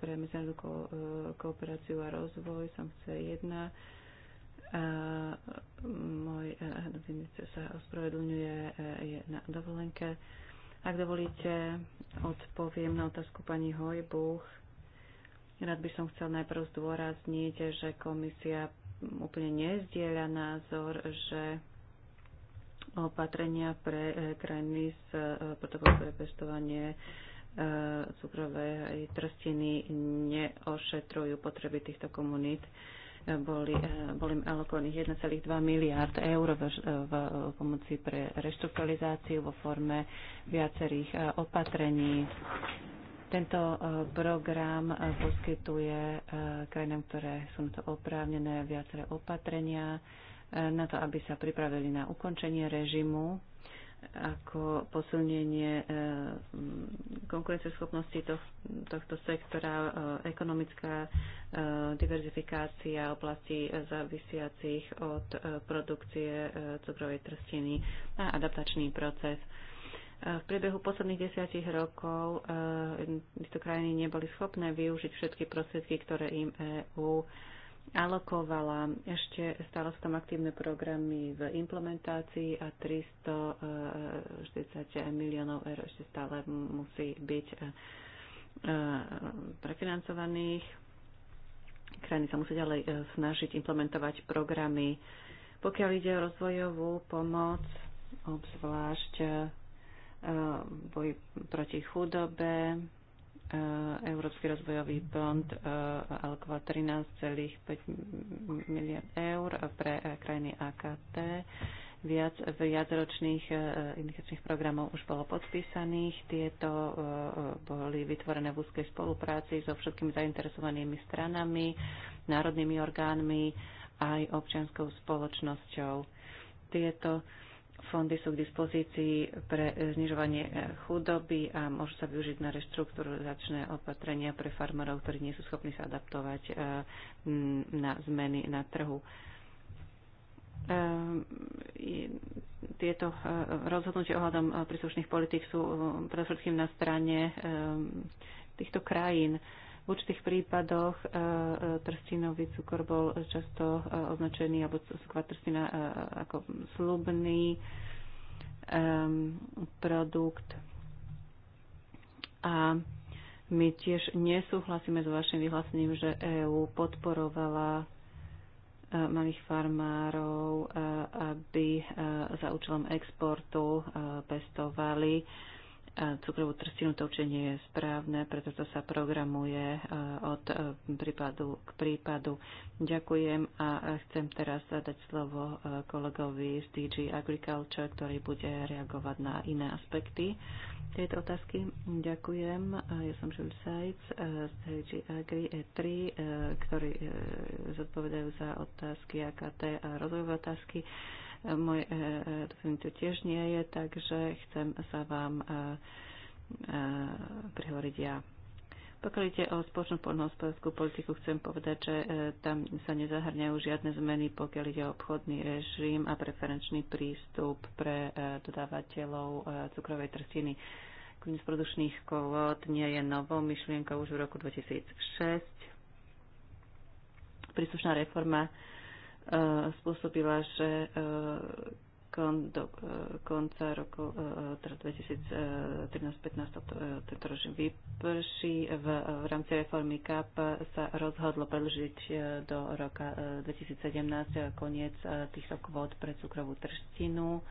pre medzinárodnú ko- eh, kooperáciu a rozvoj, som C1. A môj minister eh, sa ospravedlňuje, je na dovolenke. Ak dovolíte, odpoviem na otázku pani Hojbuch. Rád by som chcel najprv zdôrazniť, že komisia úplne nezdieľa názor, že opatrenia pre e, krajiny s e, protokolom pre pestovanie e, cukrovej aj trstiny neošetrujú potreby týchto komunít. Boli, boli alokovaných 1,2 miliard eur v, v pomoci pre reštrukturalizáciu vo forme viacerých opatrení. Tento program poskytuje krajinám, ktoré sú na to oprávnené, viaceré opatrenia na to, aby sa pripravili na ukončenie režimu ako posilnenie e, konkurenceschopnosti tohto sektora, e, ekonomická e, diverzifikácia oblastí závisiacich od produkcie cukrovej trstiny a adaptačný proces. V priebehu posledných desiatich rokov tieto krajiny neboli schopné využiť všetky prostriedky, ktoré im EÚ alokovala. Ešte stále sú tam aktívne programy v implementácii a 340 miliónov eur ešte stále musí byť e, e, prefinancovaných. Krajiny sa musí ďalej e, snažiť implementovať programy. Pokiaľ ide o rozvojovú pomoc, obzvlášť boj proti chudobe, E, Európsky rozvojový fond e, alokoval 13,5 miliard eur pre e, krajiny AKT. Viac viacročných indikačných programov už bolo podpísaných. Tieto boli vytvorené v úzkej spolupráci so všetkými zainteresovanými stranami, národnými orgánmi aj občianskou spoločnosťou. Tieto Fondy sú k dispozícii pre e, znižovanie e, chudoby a môžu sa využiť na reštrukturizačné opatrenia pre farmárov, ktorí nie sú schopní sa adaptovať e, na zmeny na trhu tieto rozhodnutie ohľadom príslušných politik sú predovšetkým na strane týchto krajín. V určitých prípadoch e, e, trstinový cukor bol často e, označený, alebo cukrová trstina ako slubný produkt. A my tiež nesúhlasíme s vašim vyhlásením, že EÚ podporovala malých farmárov, aby za účelom exportu pestovali cukrovú trstinu to určite nie je správne, preto to sa programuje e, od e, prípadu k prípadu. Ďakujem a e, chcem teraz dať slovo kolegovi z DG Agriculture, ktorý bude reagovať na iné aspekty tejto otázky. Ďakujem. Ja som Jules Sajc z DG Agri E3, ktorí zodpovedajú za otázky AKT a rozvojové otázky. Môj e, dokument tu tiež nie je, takže chcem sa vám e, e, prihovoriť ja. Pokiaľ ide o spoločnú poľnohospodárskú politiku, chcem povedať, že tam sa nezahrňajú žiadne zmeny, pokiaľ ide o obchodný režim a preferenčný prístup pre dodávateľov cukrovej trstiny. Koniec produčných kvót nie je novou myšlienkou už v roku 2006. Príslušná reforma E, spôsobila, že e, kon, do e, konca roku teda 2013-15 tento režim vyprší. V, v rámci reformy KAP sa rozhodlo predlžiť do roka 2017 koniec týchto kvót pre cukrovú trštinu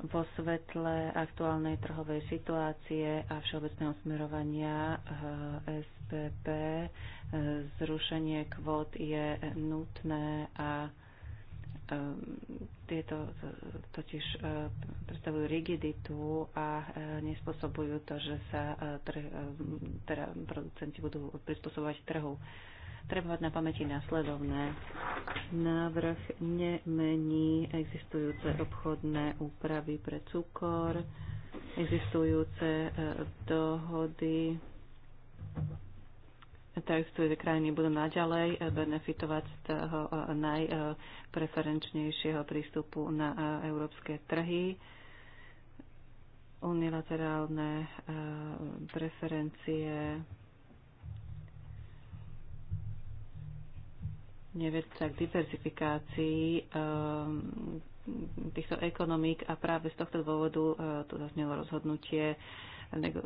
vo svetle aktuálnej trhovej situácie a všeobecného smerovania eh, SPP eh, zrušenie kvót je nutné a eh, tieto totiž predstavujú rigiditu a nespôsobujú to, že sa teda producenti budú prispôsobovať trhu treba mať na pamäti následovné. Návrh nemení existujúce obchodné úpravy pre cukor, existujúce e, dohody takisto tie krajiny budú naďalej e, benefitovať z toho e, najpreferenčnejšieho prístupu na európske trhy. Unilaterálne preferencie nevedú sa k diverzifikácii ehm, týchto ekonomík a práve z tohto dôvodu e, tu zaznelo rozhodnutie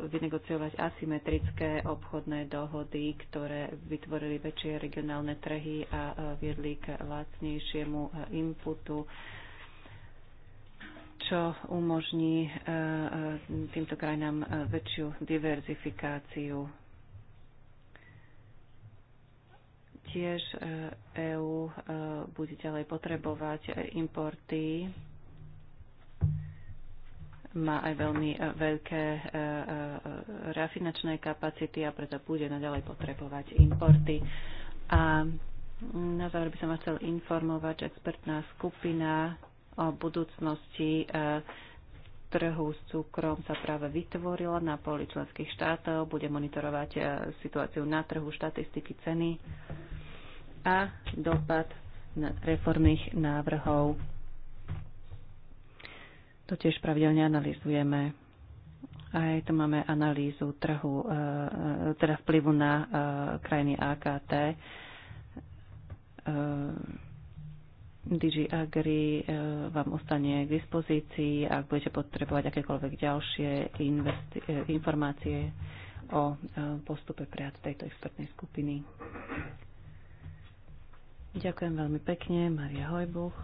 vynegociovať asymetrické obchodné dohody, ktoré vytvorili väčšie regionálne trhy a e, viedli k lacnejšiemu e, inputu čo umožní týmto krajinám väčšiu diverzifikáciu Tiež e, EÚ e, bude ďalej potrebovať importy. Má aj veľmi e, veľké rafinačné kapacity a preto bude naďalej potrebovať importy. A na záver by som vás chcel informovať, že expertná skupina o budúcnosti trhu s cukrom sa práve vytvorila na poli členských štátov, bude monitorovať situáciu na trhu, štatistiky, ceny a dopad reformných návrhov. To tiež pravidelne analýzujeme. Aj tu máme analýzu trhu, e, e, teda vplyvu na e, krajiny AKT. Digi Agri vám ostane k dispozícii, ak budete potrebovať akékoľvek ďalšie informácie o postupe prác tejto expertnej skupiny. Ďakujem veľmi pekne, Maria Hojbuch.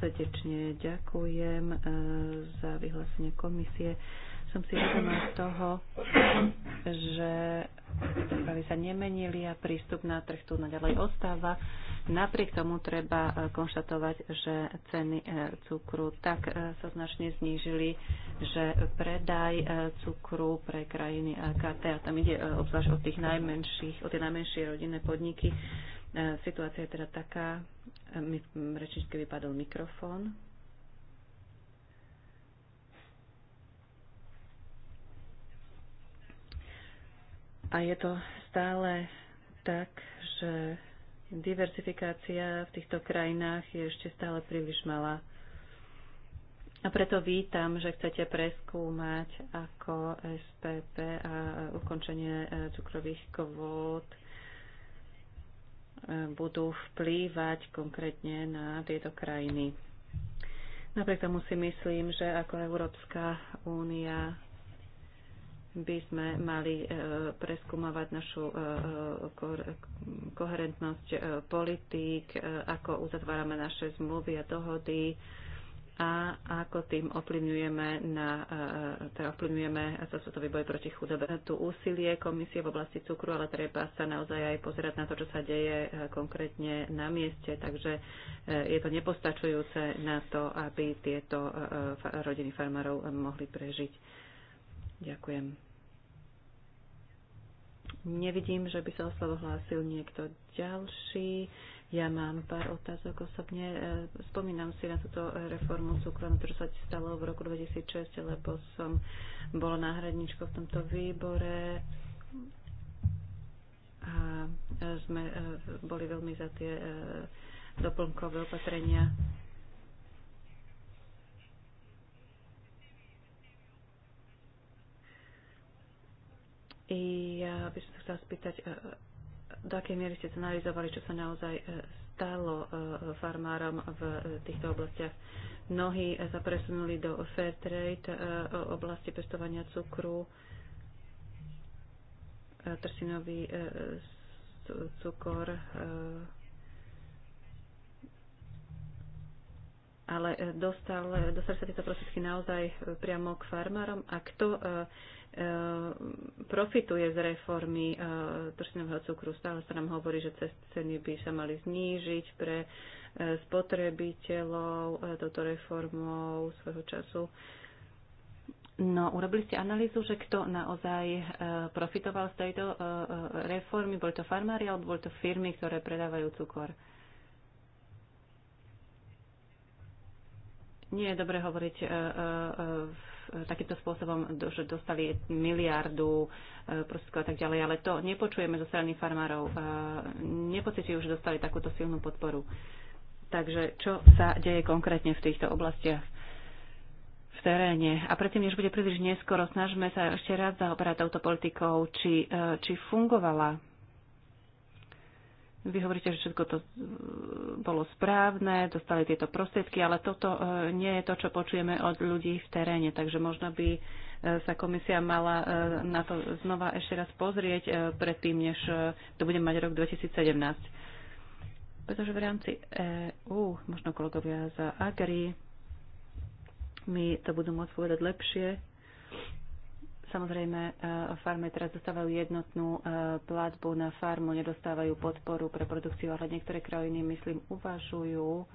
Srdečne ďakujem eh, za vyhlásenie komisie. Som si vedomá toho, že aby sa nemenili a prístup na trh tu naďalej ostáva. Napriek tomu treba eh, konštatovať, že ceny eh, cukru tak sa značne znížili, že predaj cukru pre krajiny AKT, a tam ide obzvlášť o tých najmenších, o tie najmenšie rodinné podniky, E, situácia je teda taká, e, rečničke vypadol mikrofón. A je to stále tak, že diversifikácia v týchto krajinách je ešte stále príliš malá. A preto vítam, že chcete preskúmať, ako SPP a ukončenie e, cukrových kvót budú vplývať konkrétne na tieto krajiny. Napriek tomu si myslím, že ako Európska únia by sme mali e, preskúmavať našu e, e, koherentnosť politík, ako uzatvárame naše zmluvy a dohody, a ako tým ovplyvňujeme, na, e, e, teda ovplyvňujeme svetový boj proti chudobe. Tu úsilie komisie v oblasti cukru, ale treba sa naozaj aj pozerať na to, čo sa deje e, konkrétne na mieste, takže je to nepostačujúce na to, aby tieto rodiny farmárov mohli prežiť. Ďakujem. Nevidím, že by sa o slovo hlásil niekto ďalší. Ja mám pár otázok osobne. E, spomínam si na túto reformu súkromnú, ktorú sa stalo v roku 2006, lebo som bola náhradničkou v tomto výbore a e, sme e, boli veľmi za tie doplnkové opatrenia. I ja by som chcela spýtať, do akej miery ste scenarizovali, čo sa naozaj e, stalo e, farmárom v e, týchto oblastiach. Mnohí sa presunuli do fair trade oblasti pestovania cukru, trsinový cukor, ale dostal, dostali sa tieto prostriedky naozaj priamo k farmárom a kto E, profituje z reformy e, trstinového cukru. Stále sa nám hovorí, že ceny by sa mali znížiť pre e, spotrebiteľov touto reformou svojho času. No, urobili ste analýzu, že kto naozaj profitoval z tejto reformy? Boli to farmári alebo boli to firmy, ktoré predávajú cukor? Nie je dobre hovoriť E, takýmto spôsobom, že dostali miliardu e, prostriedkov a tak ďalej, ale to nepočujeme zo strany farmárov. E, nepocitujú, že dostali takúto silnú podporu. Takže čo sa deje konkrétne v týchto oblastiach? v teréne. A predtým, než bude príliš neskoro, snažme sa ešte raz zaoberať touto politikou, či, či fungovala vy hovoríte, že všetko to e, bolo správne, dostali tieto prostriedky, ale toto e, nie je to, čo počujeme od ľudí v teréne. Takže možno by e, sa komisia mala na to znova ešte raz pozrieť predtým, než to bude mať rok 2017. Pretože v rámci EU, možno kolegovia za Agri, mi to budú môcť povedať lepšie, Samozrejme, e, farme teraz dostávajú jednotnú e, platbu na farmu, nedostávajú podporu pre produkciu, ale niektoré krajiny, myslím, uvažujú e,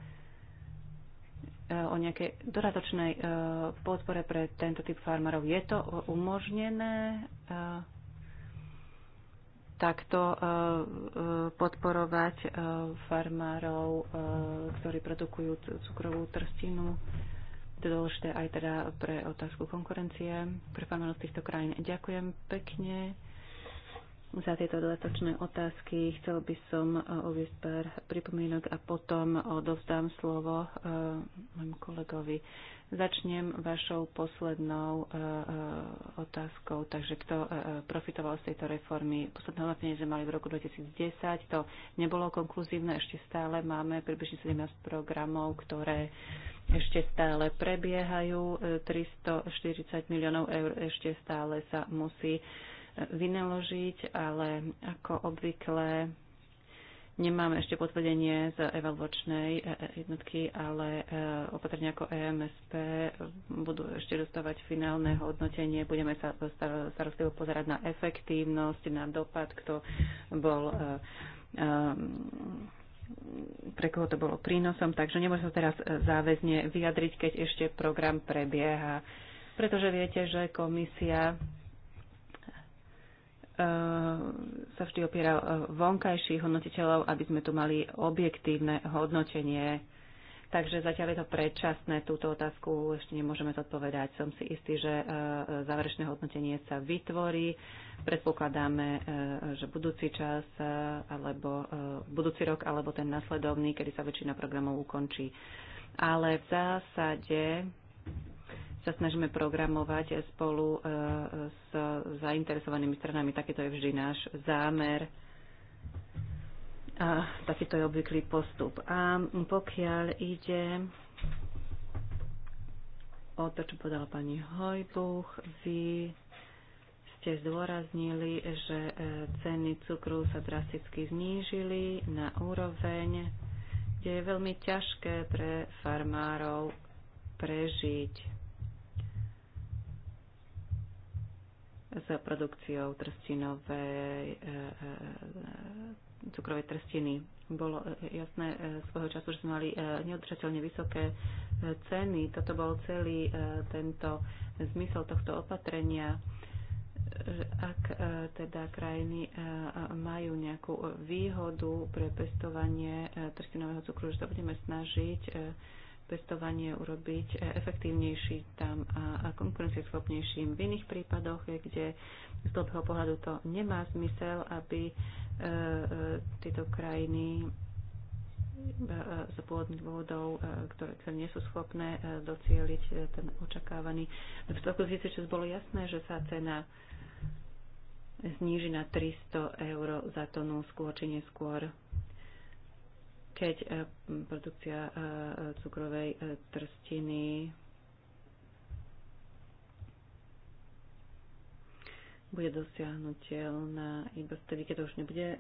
o nejakej dodatočnej podpore pre tento typ farmárov. Je to umožnené takto podporovať farmárov, ktorí produkujú cukrovú trstinu? To je dôležité aj teda pre otázku konkurencie, pre farmárov týchto krajín. Ďakujem pekne za tieto dodatočné otázky. Chcel by som e, uviezť pár pripomienok a potom odovzdám slovo e, môjmu kolegovi. Začnem vašou poslednou e, otázkou. Takže kto profitoval z tejto reformy? Posledné hodnotenie sme mali v roku 2010. To nebolo konkluzívne. Ešte stále máme približne 17 programov, ktoré ešte stále prebiehajú. 340 e, miliónov eur ešte stále sa musí e, vynaložiť, ale ako obvykle nemáme ešte potvrdenie z evaluačnej e, jednotky, ale opatrne ako EMSP budú ešte dostávať finálne hodnotenie. Budeme sa starostlivo pozerať na efektívnosť, na dopad, kto bol um, pre koho to bolo prínosom, takže nemôžem sa teraz e, záväzne vyjadriť, keď ešte program prebieha. Pretože viete, že komisia e, sa vždy opiera vonkajších hodnotiteľov, aby sme tu mali objektívne hodnotenie Takže zatiaľ je to predčasné, túto otázku ešte nemôžeme zodpovedať. Som si istý, že e, záverečné hodnotenie sa vytvorí. Predpokladáme, e, že budúci čas, e, alebo budúci rok, alebo ten nasledovný, kedy sa väčšina programov ukončí. Ale v zásade sa snažíme programovať spolu s zainteresovanými stranami. Takýto je vždy náš zámer a takýto je obvyklý postup. A pokiaľ ide o to, čo podala pani Hojbuch, vy ste zdôraznili, že e, ceny cukru sa drasticky znížili na úroveň, kde je veľmi ťažké pre farmárov prežiť s produkciou trstinovej e, e, cukrovej trstiny. Bolo e, e, jasné e, svojho času, že sme mali neodržateľne vysoké ceny. Toto bol celý tento zmysel tohto opatrenia ak teda krajiny majú nejakú výhodu pre pestovanie trstinového cukru, že sa budeme snažiť pestovanie urobiť efektívnejší tam a konkurencieschopnejším. V iných prípadoch, kde z dlhého pohľadu to nemá zmysel, aby E, e, tieto krajiny e, z pôvodných dôvodov, ktoré sa teda nie sú schopné docieliť ten očakávaný. V roku 2006 bolo jasné, že sa cena zníži na 300 eur za tonu skôr či neskôr, keď produkcia cukrovej trstiny bude dosiahnutelná iba vtedy, keď to už nebude e,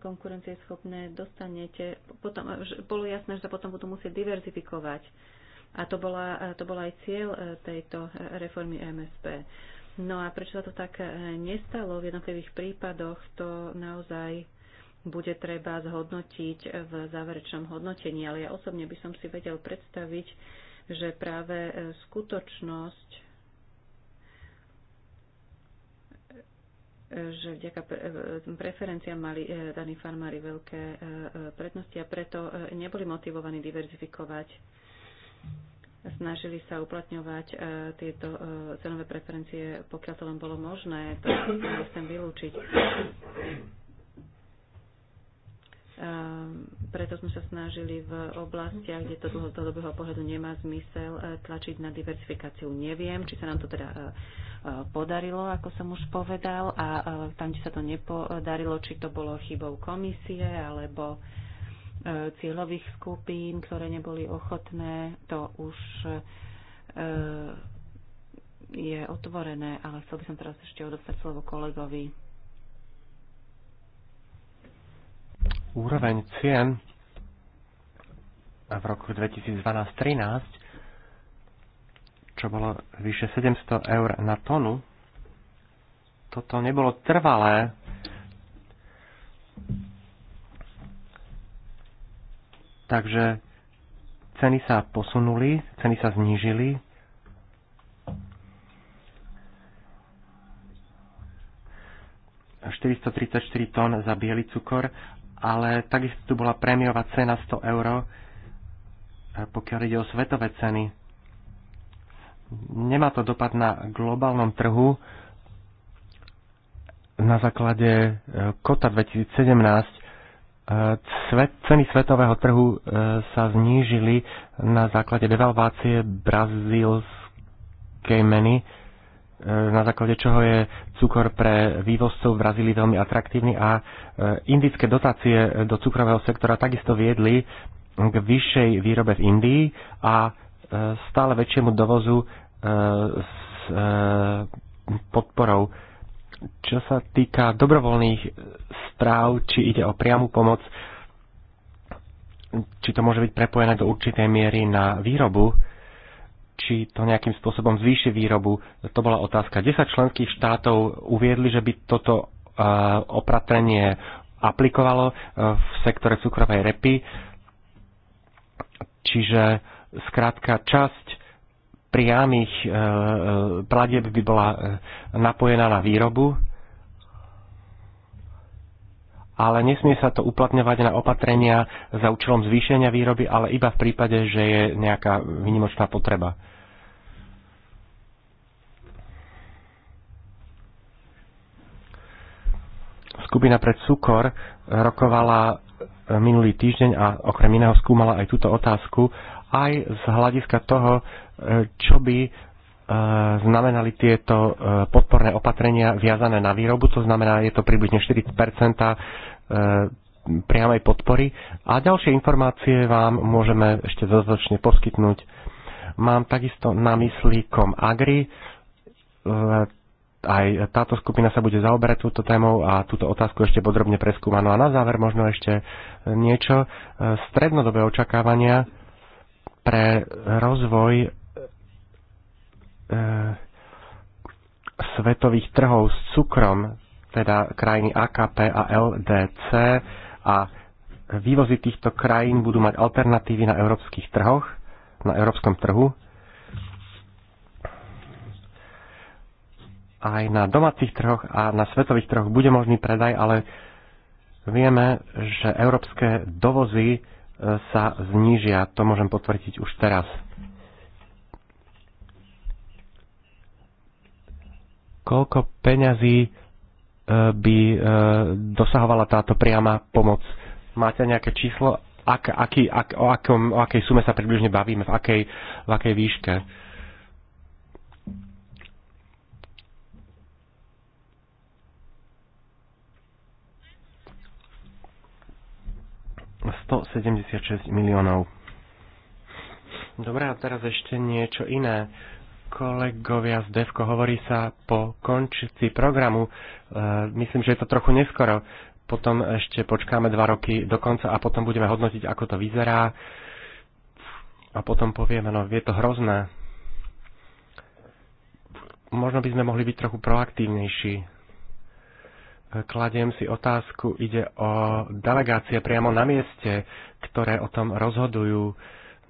konkurencieschopné, dostanete, potom, bolo jasné, že sa potom budú musieť diverzifikovať. A to, bola, e, to bola aj cieľ e, tejto reformy MSP. No a prečo sa to tak nestalo v jednotlivých prípadoch, to naozaj bude treba zhodnotiť v záverečnom hodnotení. Ale ja osobne by som si vedel predstaviť, že práve skutočnosť, že vďaka e, e, preferenciám mali e, daní farmári veľké prednosti a preto neboli motivovaní diverzifikovať. Snažili sa uplatňovať tieto cenové preferencie, pokiaľ to len bolo možné. To chcem vylúčiť. Ehm, preto sme sa snažili v oblastiach, kde to dlhodobého pohľadu nemá zmysel, e, tlačiť na diversifikáciu. Neviem, či sa nám to teda e, e, podarilo, ako som už povedal, a tam, kde sa to nepodarilo, či to bolo chybou komisie alebo cieľových skupín, ktoré neboli ochotné, to už je otvorené, ale chcel by som teraz ešte odostať slovo kolegovi.
Úroveň cien v roku 2012-13, čo bolo vyše 700 eur na tonu, toto nebolo trvalé. Takže ceny sa posunuli, ceny sa znížili. ...434 tón za biely cukor ale takisto tu bola prémiová cena 100 eur, e, pokiaľ ide o svetové ceny. Nemá to dopad na globálnom trhu na základe e, kota 2017 e, Svet, ceny svetového trhu sa znížili na základe devalvácie brazílskej meny E, na základe čoho je cukor pre vývozcov v Brazílii veľmi atraktívny a e, indické dotácie do cukrového sektora takisto viedli k vyššej výrobe v Indii a e, stále väčšiemu dovozu s podporou. Čo sa týka dobrovoľných správ, či ide o priamu pomoc, či to môže byť prepojené do určitej miery na výrobu, či to nejakým spôsobom zvýši výrobu. To bola otázka. 10 členských štátov uviedli, že by toto e, opratrenie aplikovalo e, v sektore cukrovej repy. Čiže skrátka časť priamých e, platieb by bola napojená na výrobu ale nesmie sa to uplatňovať na opatrenia za účelom zvýšenia výroby, ale iba v prípade, že je nejaká výnimočná potreba. Skupina pred Cukor rokovala e, minulý týždeň a okrem iného skúmala aj túto otázku aj z hľadiska toho, e, čo by E, znamenali tieto e, podporné opatrenia viazané na výrobu, to znamená, je to približne 40 e, priamej podpory. A ďalšie informácie vám môžeme ešte dodatočne poskytnúť. Mám takisto na mysli kom Agri. Aj táto skupina sa bude zaoberať túto témou a túto otázku ešte podrobne preskúma. No a na záver možno ešte niečo. Strednodobé očakávania pre rozvoj Eh, svetových trhov s cukrom, teda krajiny AKP a LDC a vývozy týchto krajín budú mať alternatívy na európskych trhoch, na európskom trhu, aj na domácich trhoch a na svetových trhoch bude možný predaj, ale vieme, že európske dovozy eh, sa znížia. To môžem potvrdiť už teraz. koľko peňazí e, by e, dosahovala táto priama pomoc. Máte nejaké číslo, ak, aký, ak, o, akom, o akej sume sa približne bavíme, v akej, v akej výške? ...176 miliónov. Dobre, a teraz ešte niečo iné. Uh, kolegovia z DEVKO, hovorí sa po končici programu. E, myslím, že je to trochu neskoro. Potom ešte počkáme dva roky do konca a potom budeme hodnotiť, ako to vyzerá. A potom povieme, no je to hrozné. Možno by sme mohli byť trochu proaktívnejší. E, kladiem si otázku, ide o delegácie priamo na mieste, ktoré o tom rozhodujú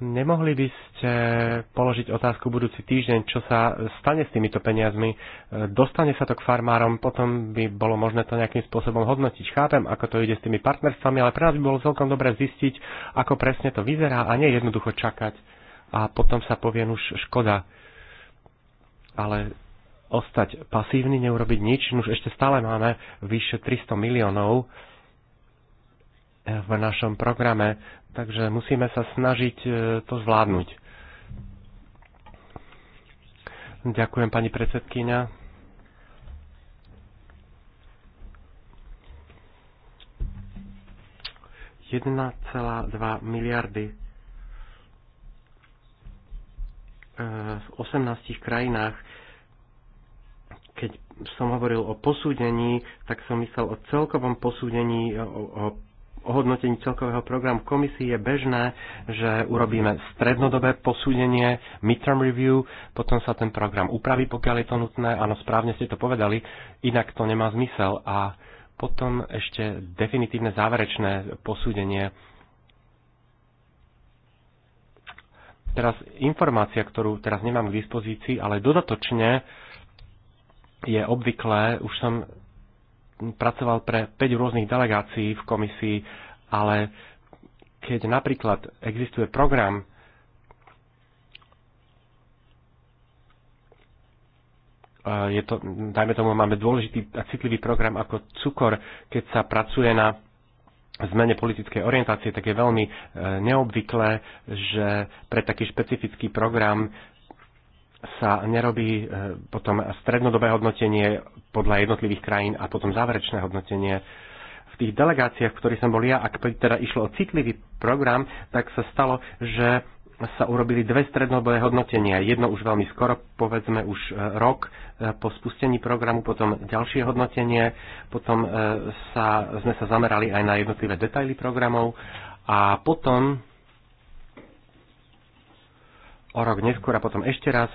Nemohli by ste položiť otázku budúci týždeň, čo sa stane s týmito peniazmi? Dostane sa to k farmárom, potom by bolo možné to nejakým spôsobom hodnotiť. Chápem, ako to ide s tými partnerstvami, ale pre nás by bolo celkom dobre zistiť, ako presne to vyzerá a nie jednoducho čakať. A potom sa povie už škoda. Ale ostať pasívny, neurobiť nič, už ešte stále máme vyše 300 miliónov v našom programe, takže musíme sa snažiť e, to zvládnuť. Ďakujem pani predsedkyňa. ,2 miliardy e, v 18 krajinách. Keď som hovoril o posúdení, tak som myslel o celkovom posúdení, o, o hodnotení celkového programu komisie je bežné, že urobíme strednodobé posúdenie, midterm review, potom sa ten program upraví, pokiaľ je to nutné. Áno, správne ste to povedali, inak to nemá zmysel. A potom ešte definitívne záverečné posúdenie. Teraz informácia, ktorú teraz nemám k dispozícii, ale dodatočne je obvyklé, už som pracoval pre 5 rôznych delegácií v komisii, ale keď napríklad existuje program, eh, je to, dajme tomu, máme dôležitý a citlivý program ako cukor, keď sa pracuje na zmene politickej orientácie, tak je veľmi eh, neobvyklé, že pre taký špecifický program sa nerobí e, potom strednodobé hodnotenie podľa jednotlivých krajín a potom záverečné hodnotenie. V tých delegáciách, v ktorých som bol ja, ak teda išlo o citlivý program, tak sa stalo, že sa urobili dve strednodobé hodnotenia. Jedno už veľmi skoro, povedzme už e, rok e, po spustení programu, potom ďalšie hodnotenie, potom sa, sme sa zamerali aj na jednotlivé detaily programov a potom o rok neskôr a potom ešte raz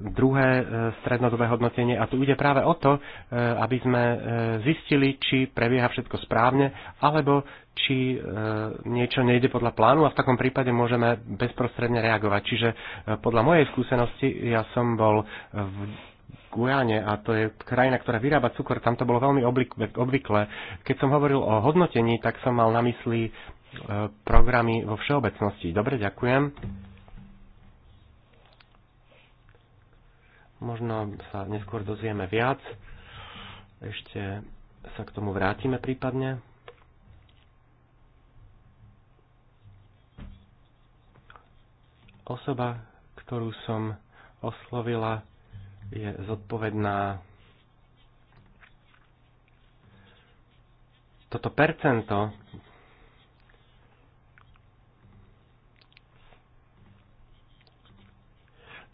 druhé e, strednodobé hodnotenie a tu ide práve o to, e, aby sme e, zistili, či prebieha všetko správne, alebo či niečo nejde podľa plánu a v takom prípade môžeme bezprostredne reagovať. Čiže podľa mojej skúsenosti ja som bol v Guyane a to je krajina, ktorá vyrába cukor, tam to bolo veľmi obvyklé. Keď som hovoril o hodnotení, tak som mal na mysli programy vo všeobecnosti. Dobre, ďakujem. Možno sa neskôr dozvieme viac. Ešte sa k tomu vrátime prípadne. Osoba, ktorú som oslovila, je zodpovedná toto percento,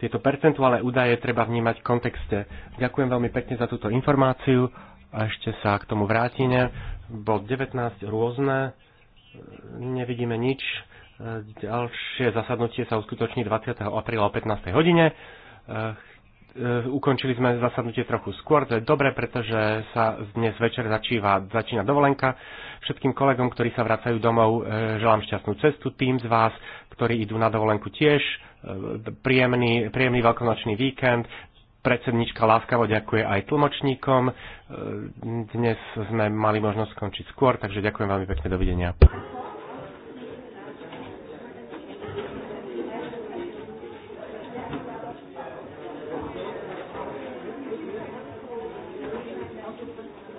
tieto percentuálne údaje treba vnímať v kontexte. Ďakujem veľmi pekne za túto informáciu a ešte sa k tomu vrátime. Bod 19 rôzne, nevidíme nič. Ďalšie zasadnutie sa uskutoční 20. apríla o 15. hodine. Eh, ukončili sme zasadnutie trochu skôr, to je dobre, pretože sa dnes večer začíva, začína dovolenka. Všetkým kolegom, ktorí sa vracajú domov, eh, želám šťastnú cestu. Tým z vás, ktorí idú na dovolenku tiež, príjemný, príjemný veľkonočný víkend. Predsednička láskavo ďakuje aj tlmočníkom. Dnes sme mali možnosť skončiť skôr, takže ďakujem veľmi pekne. Dovidenia.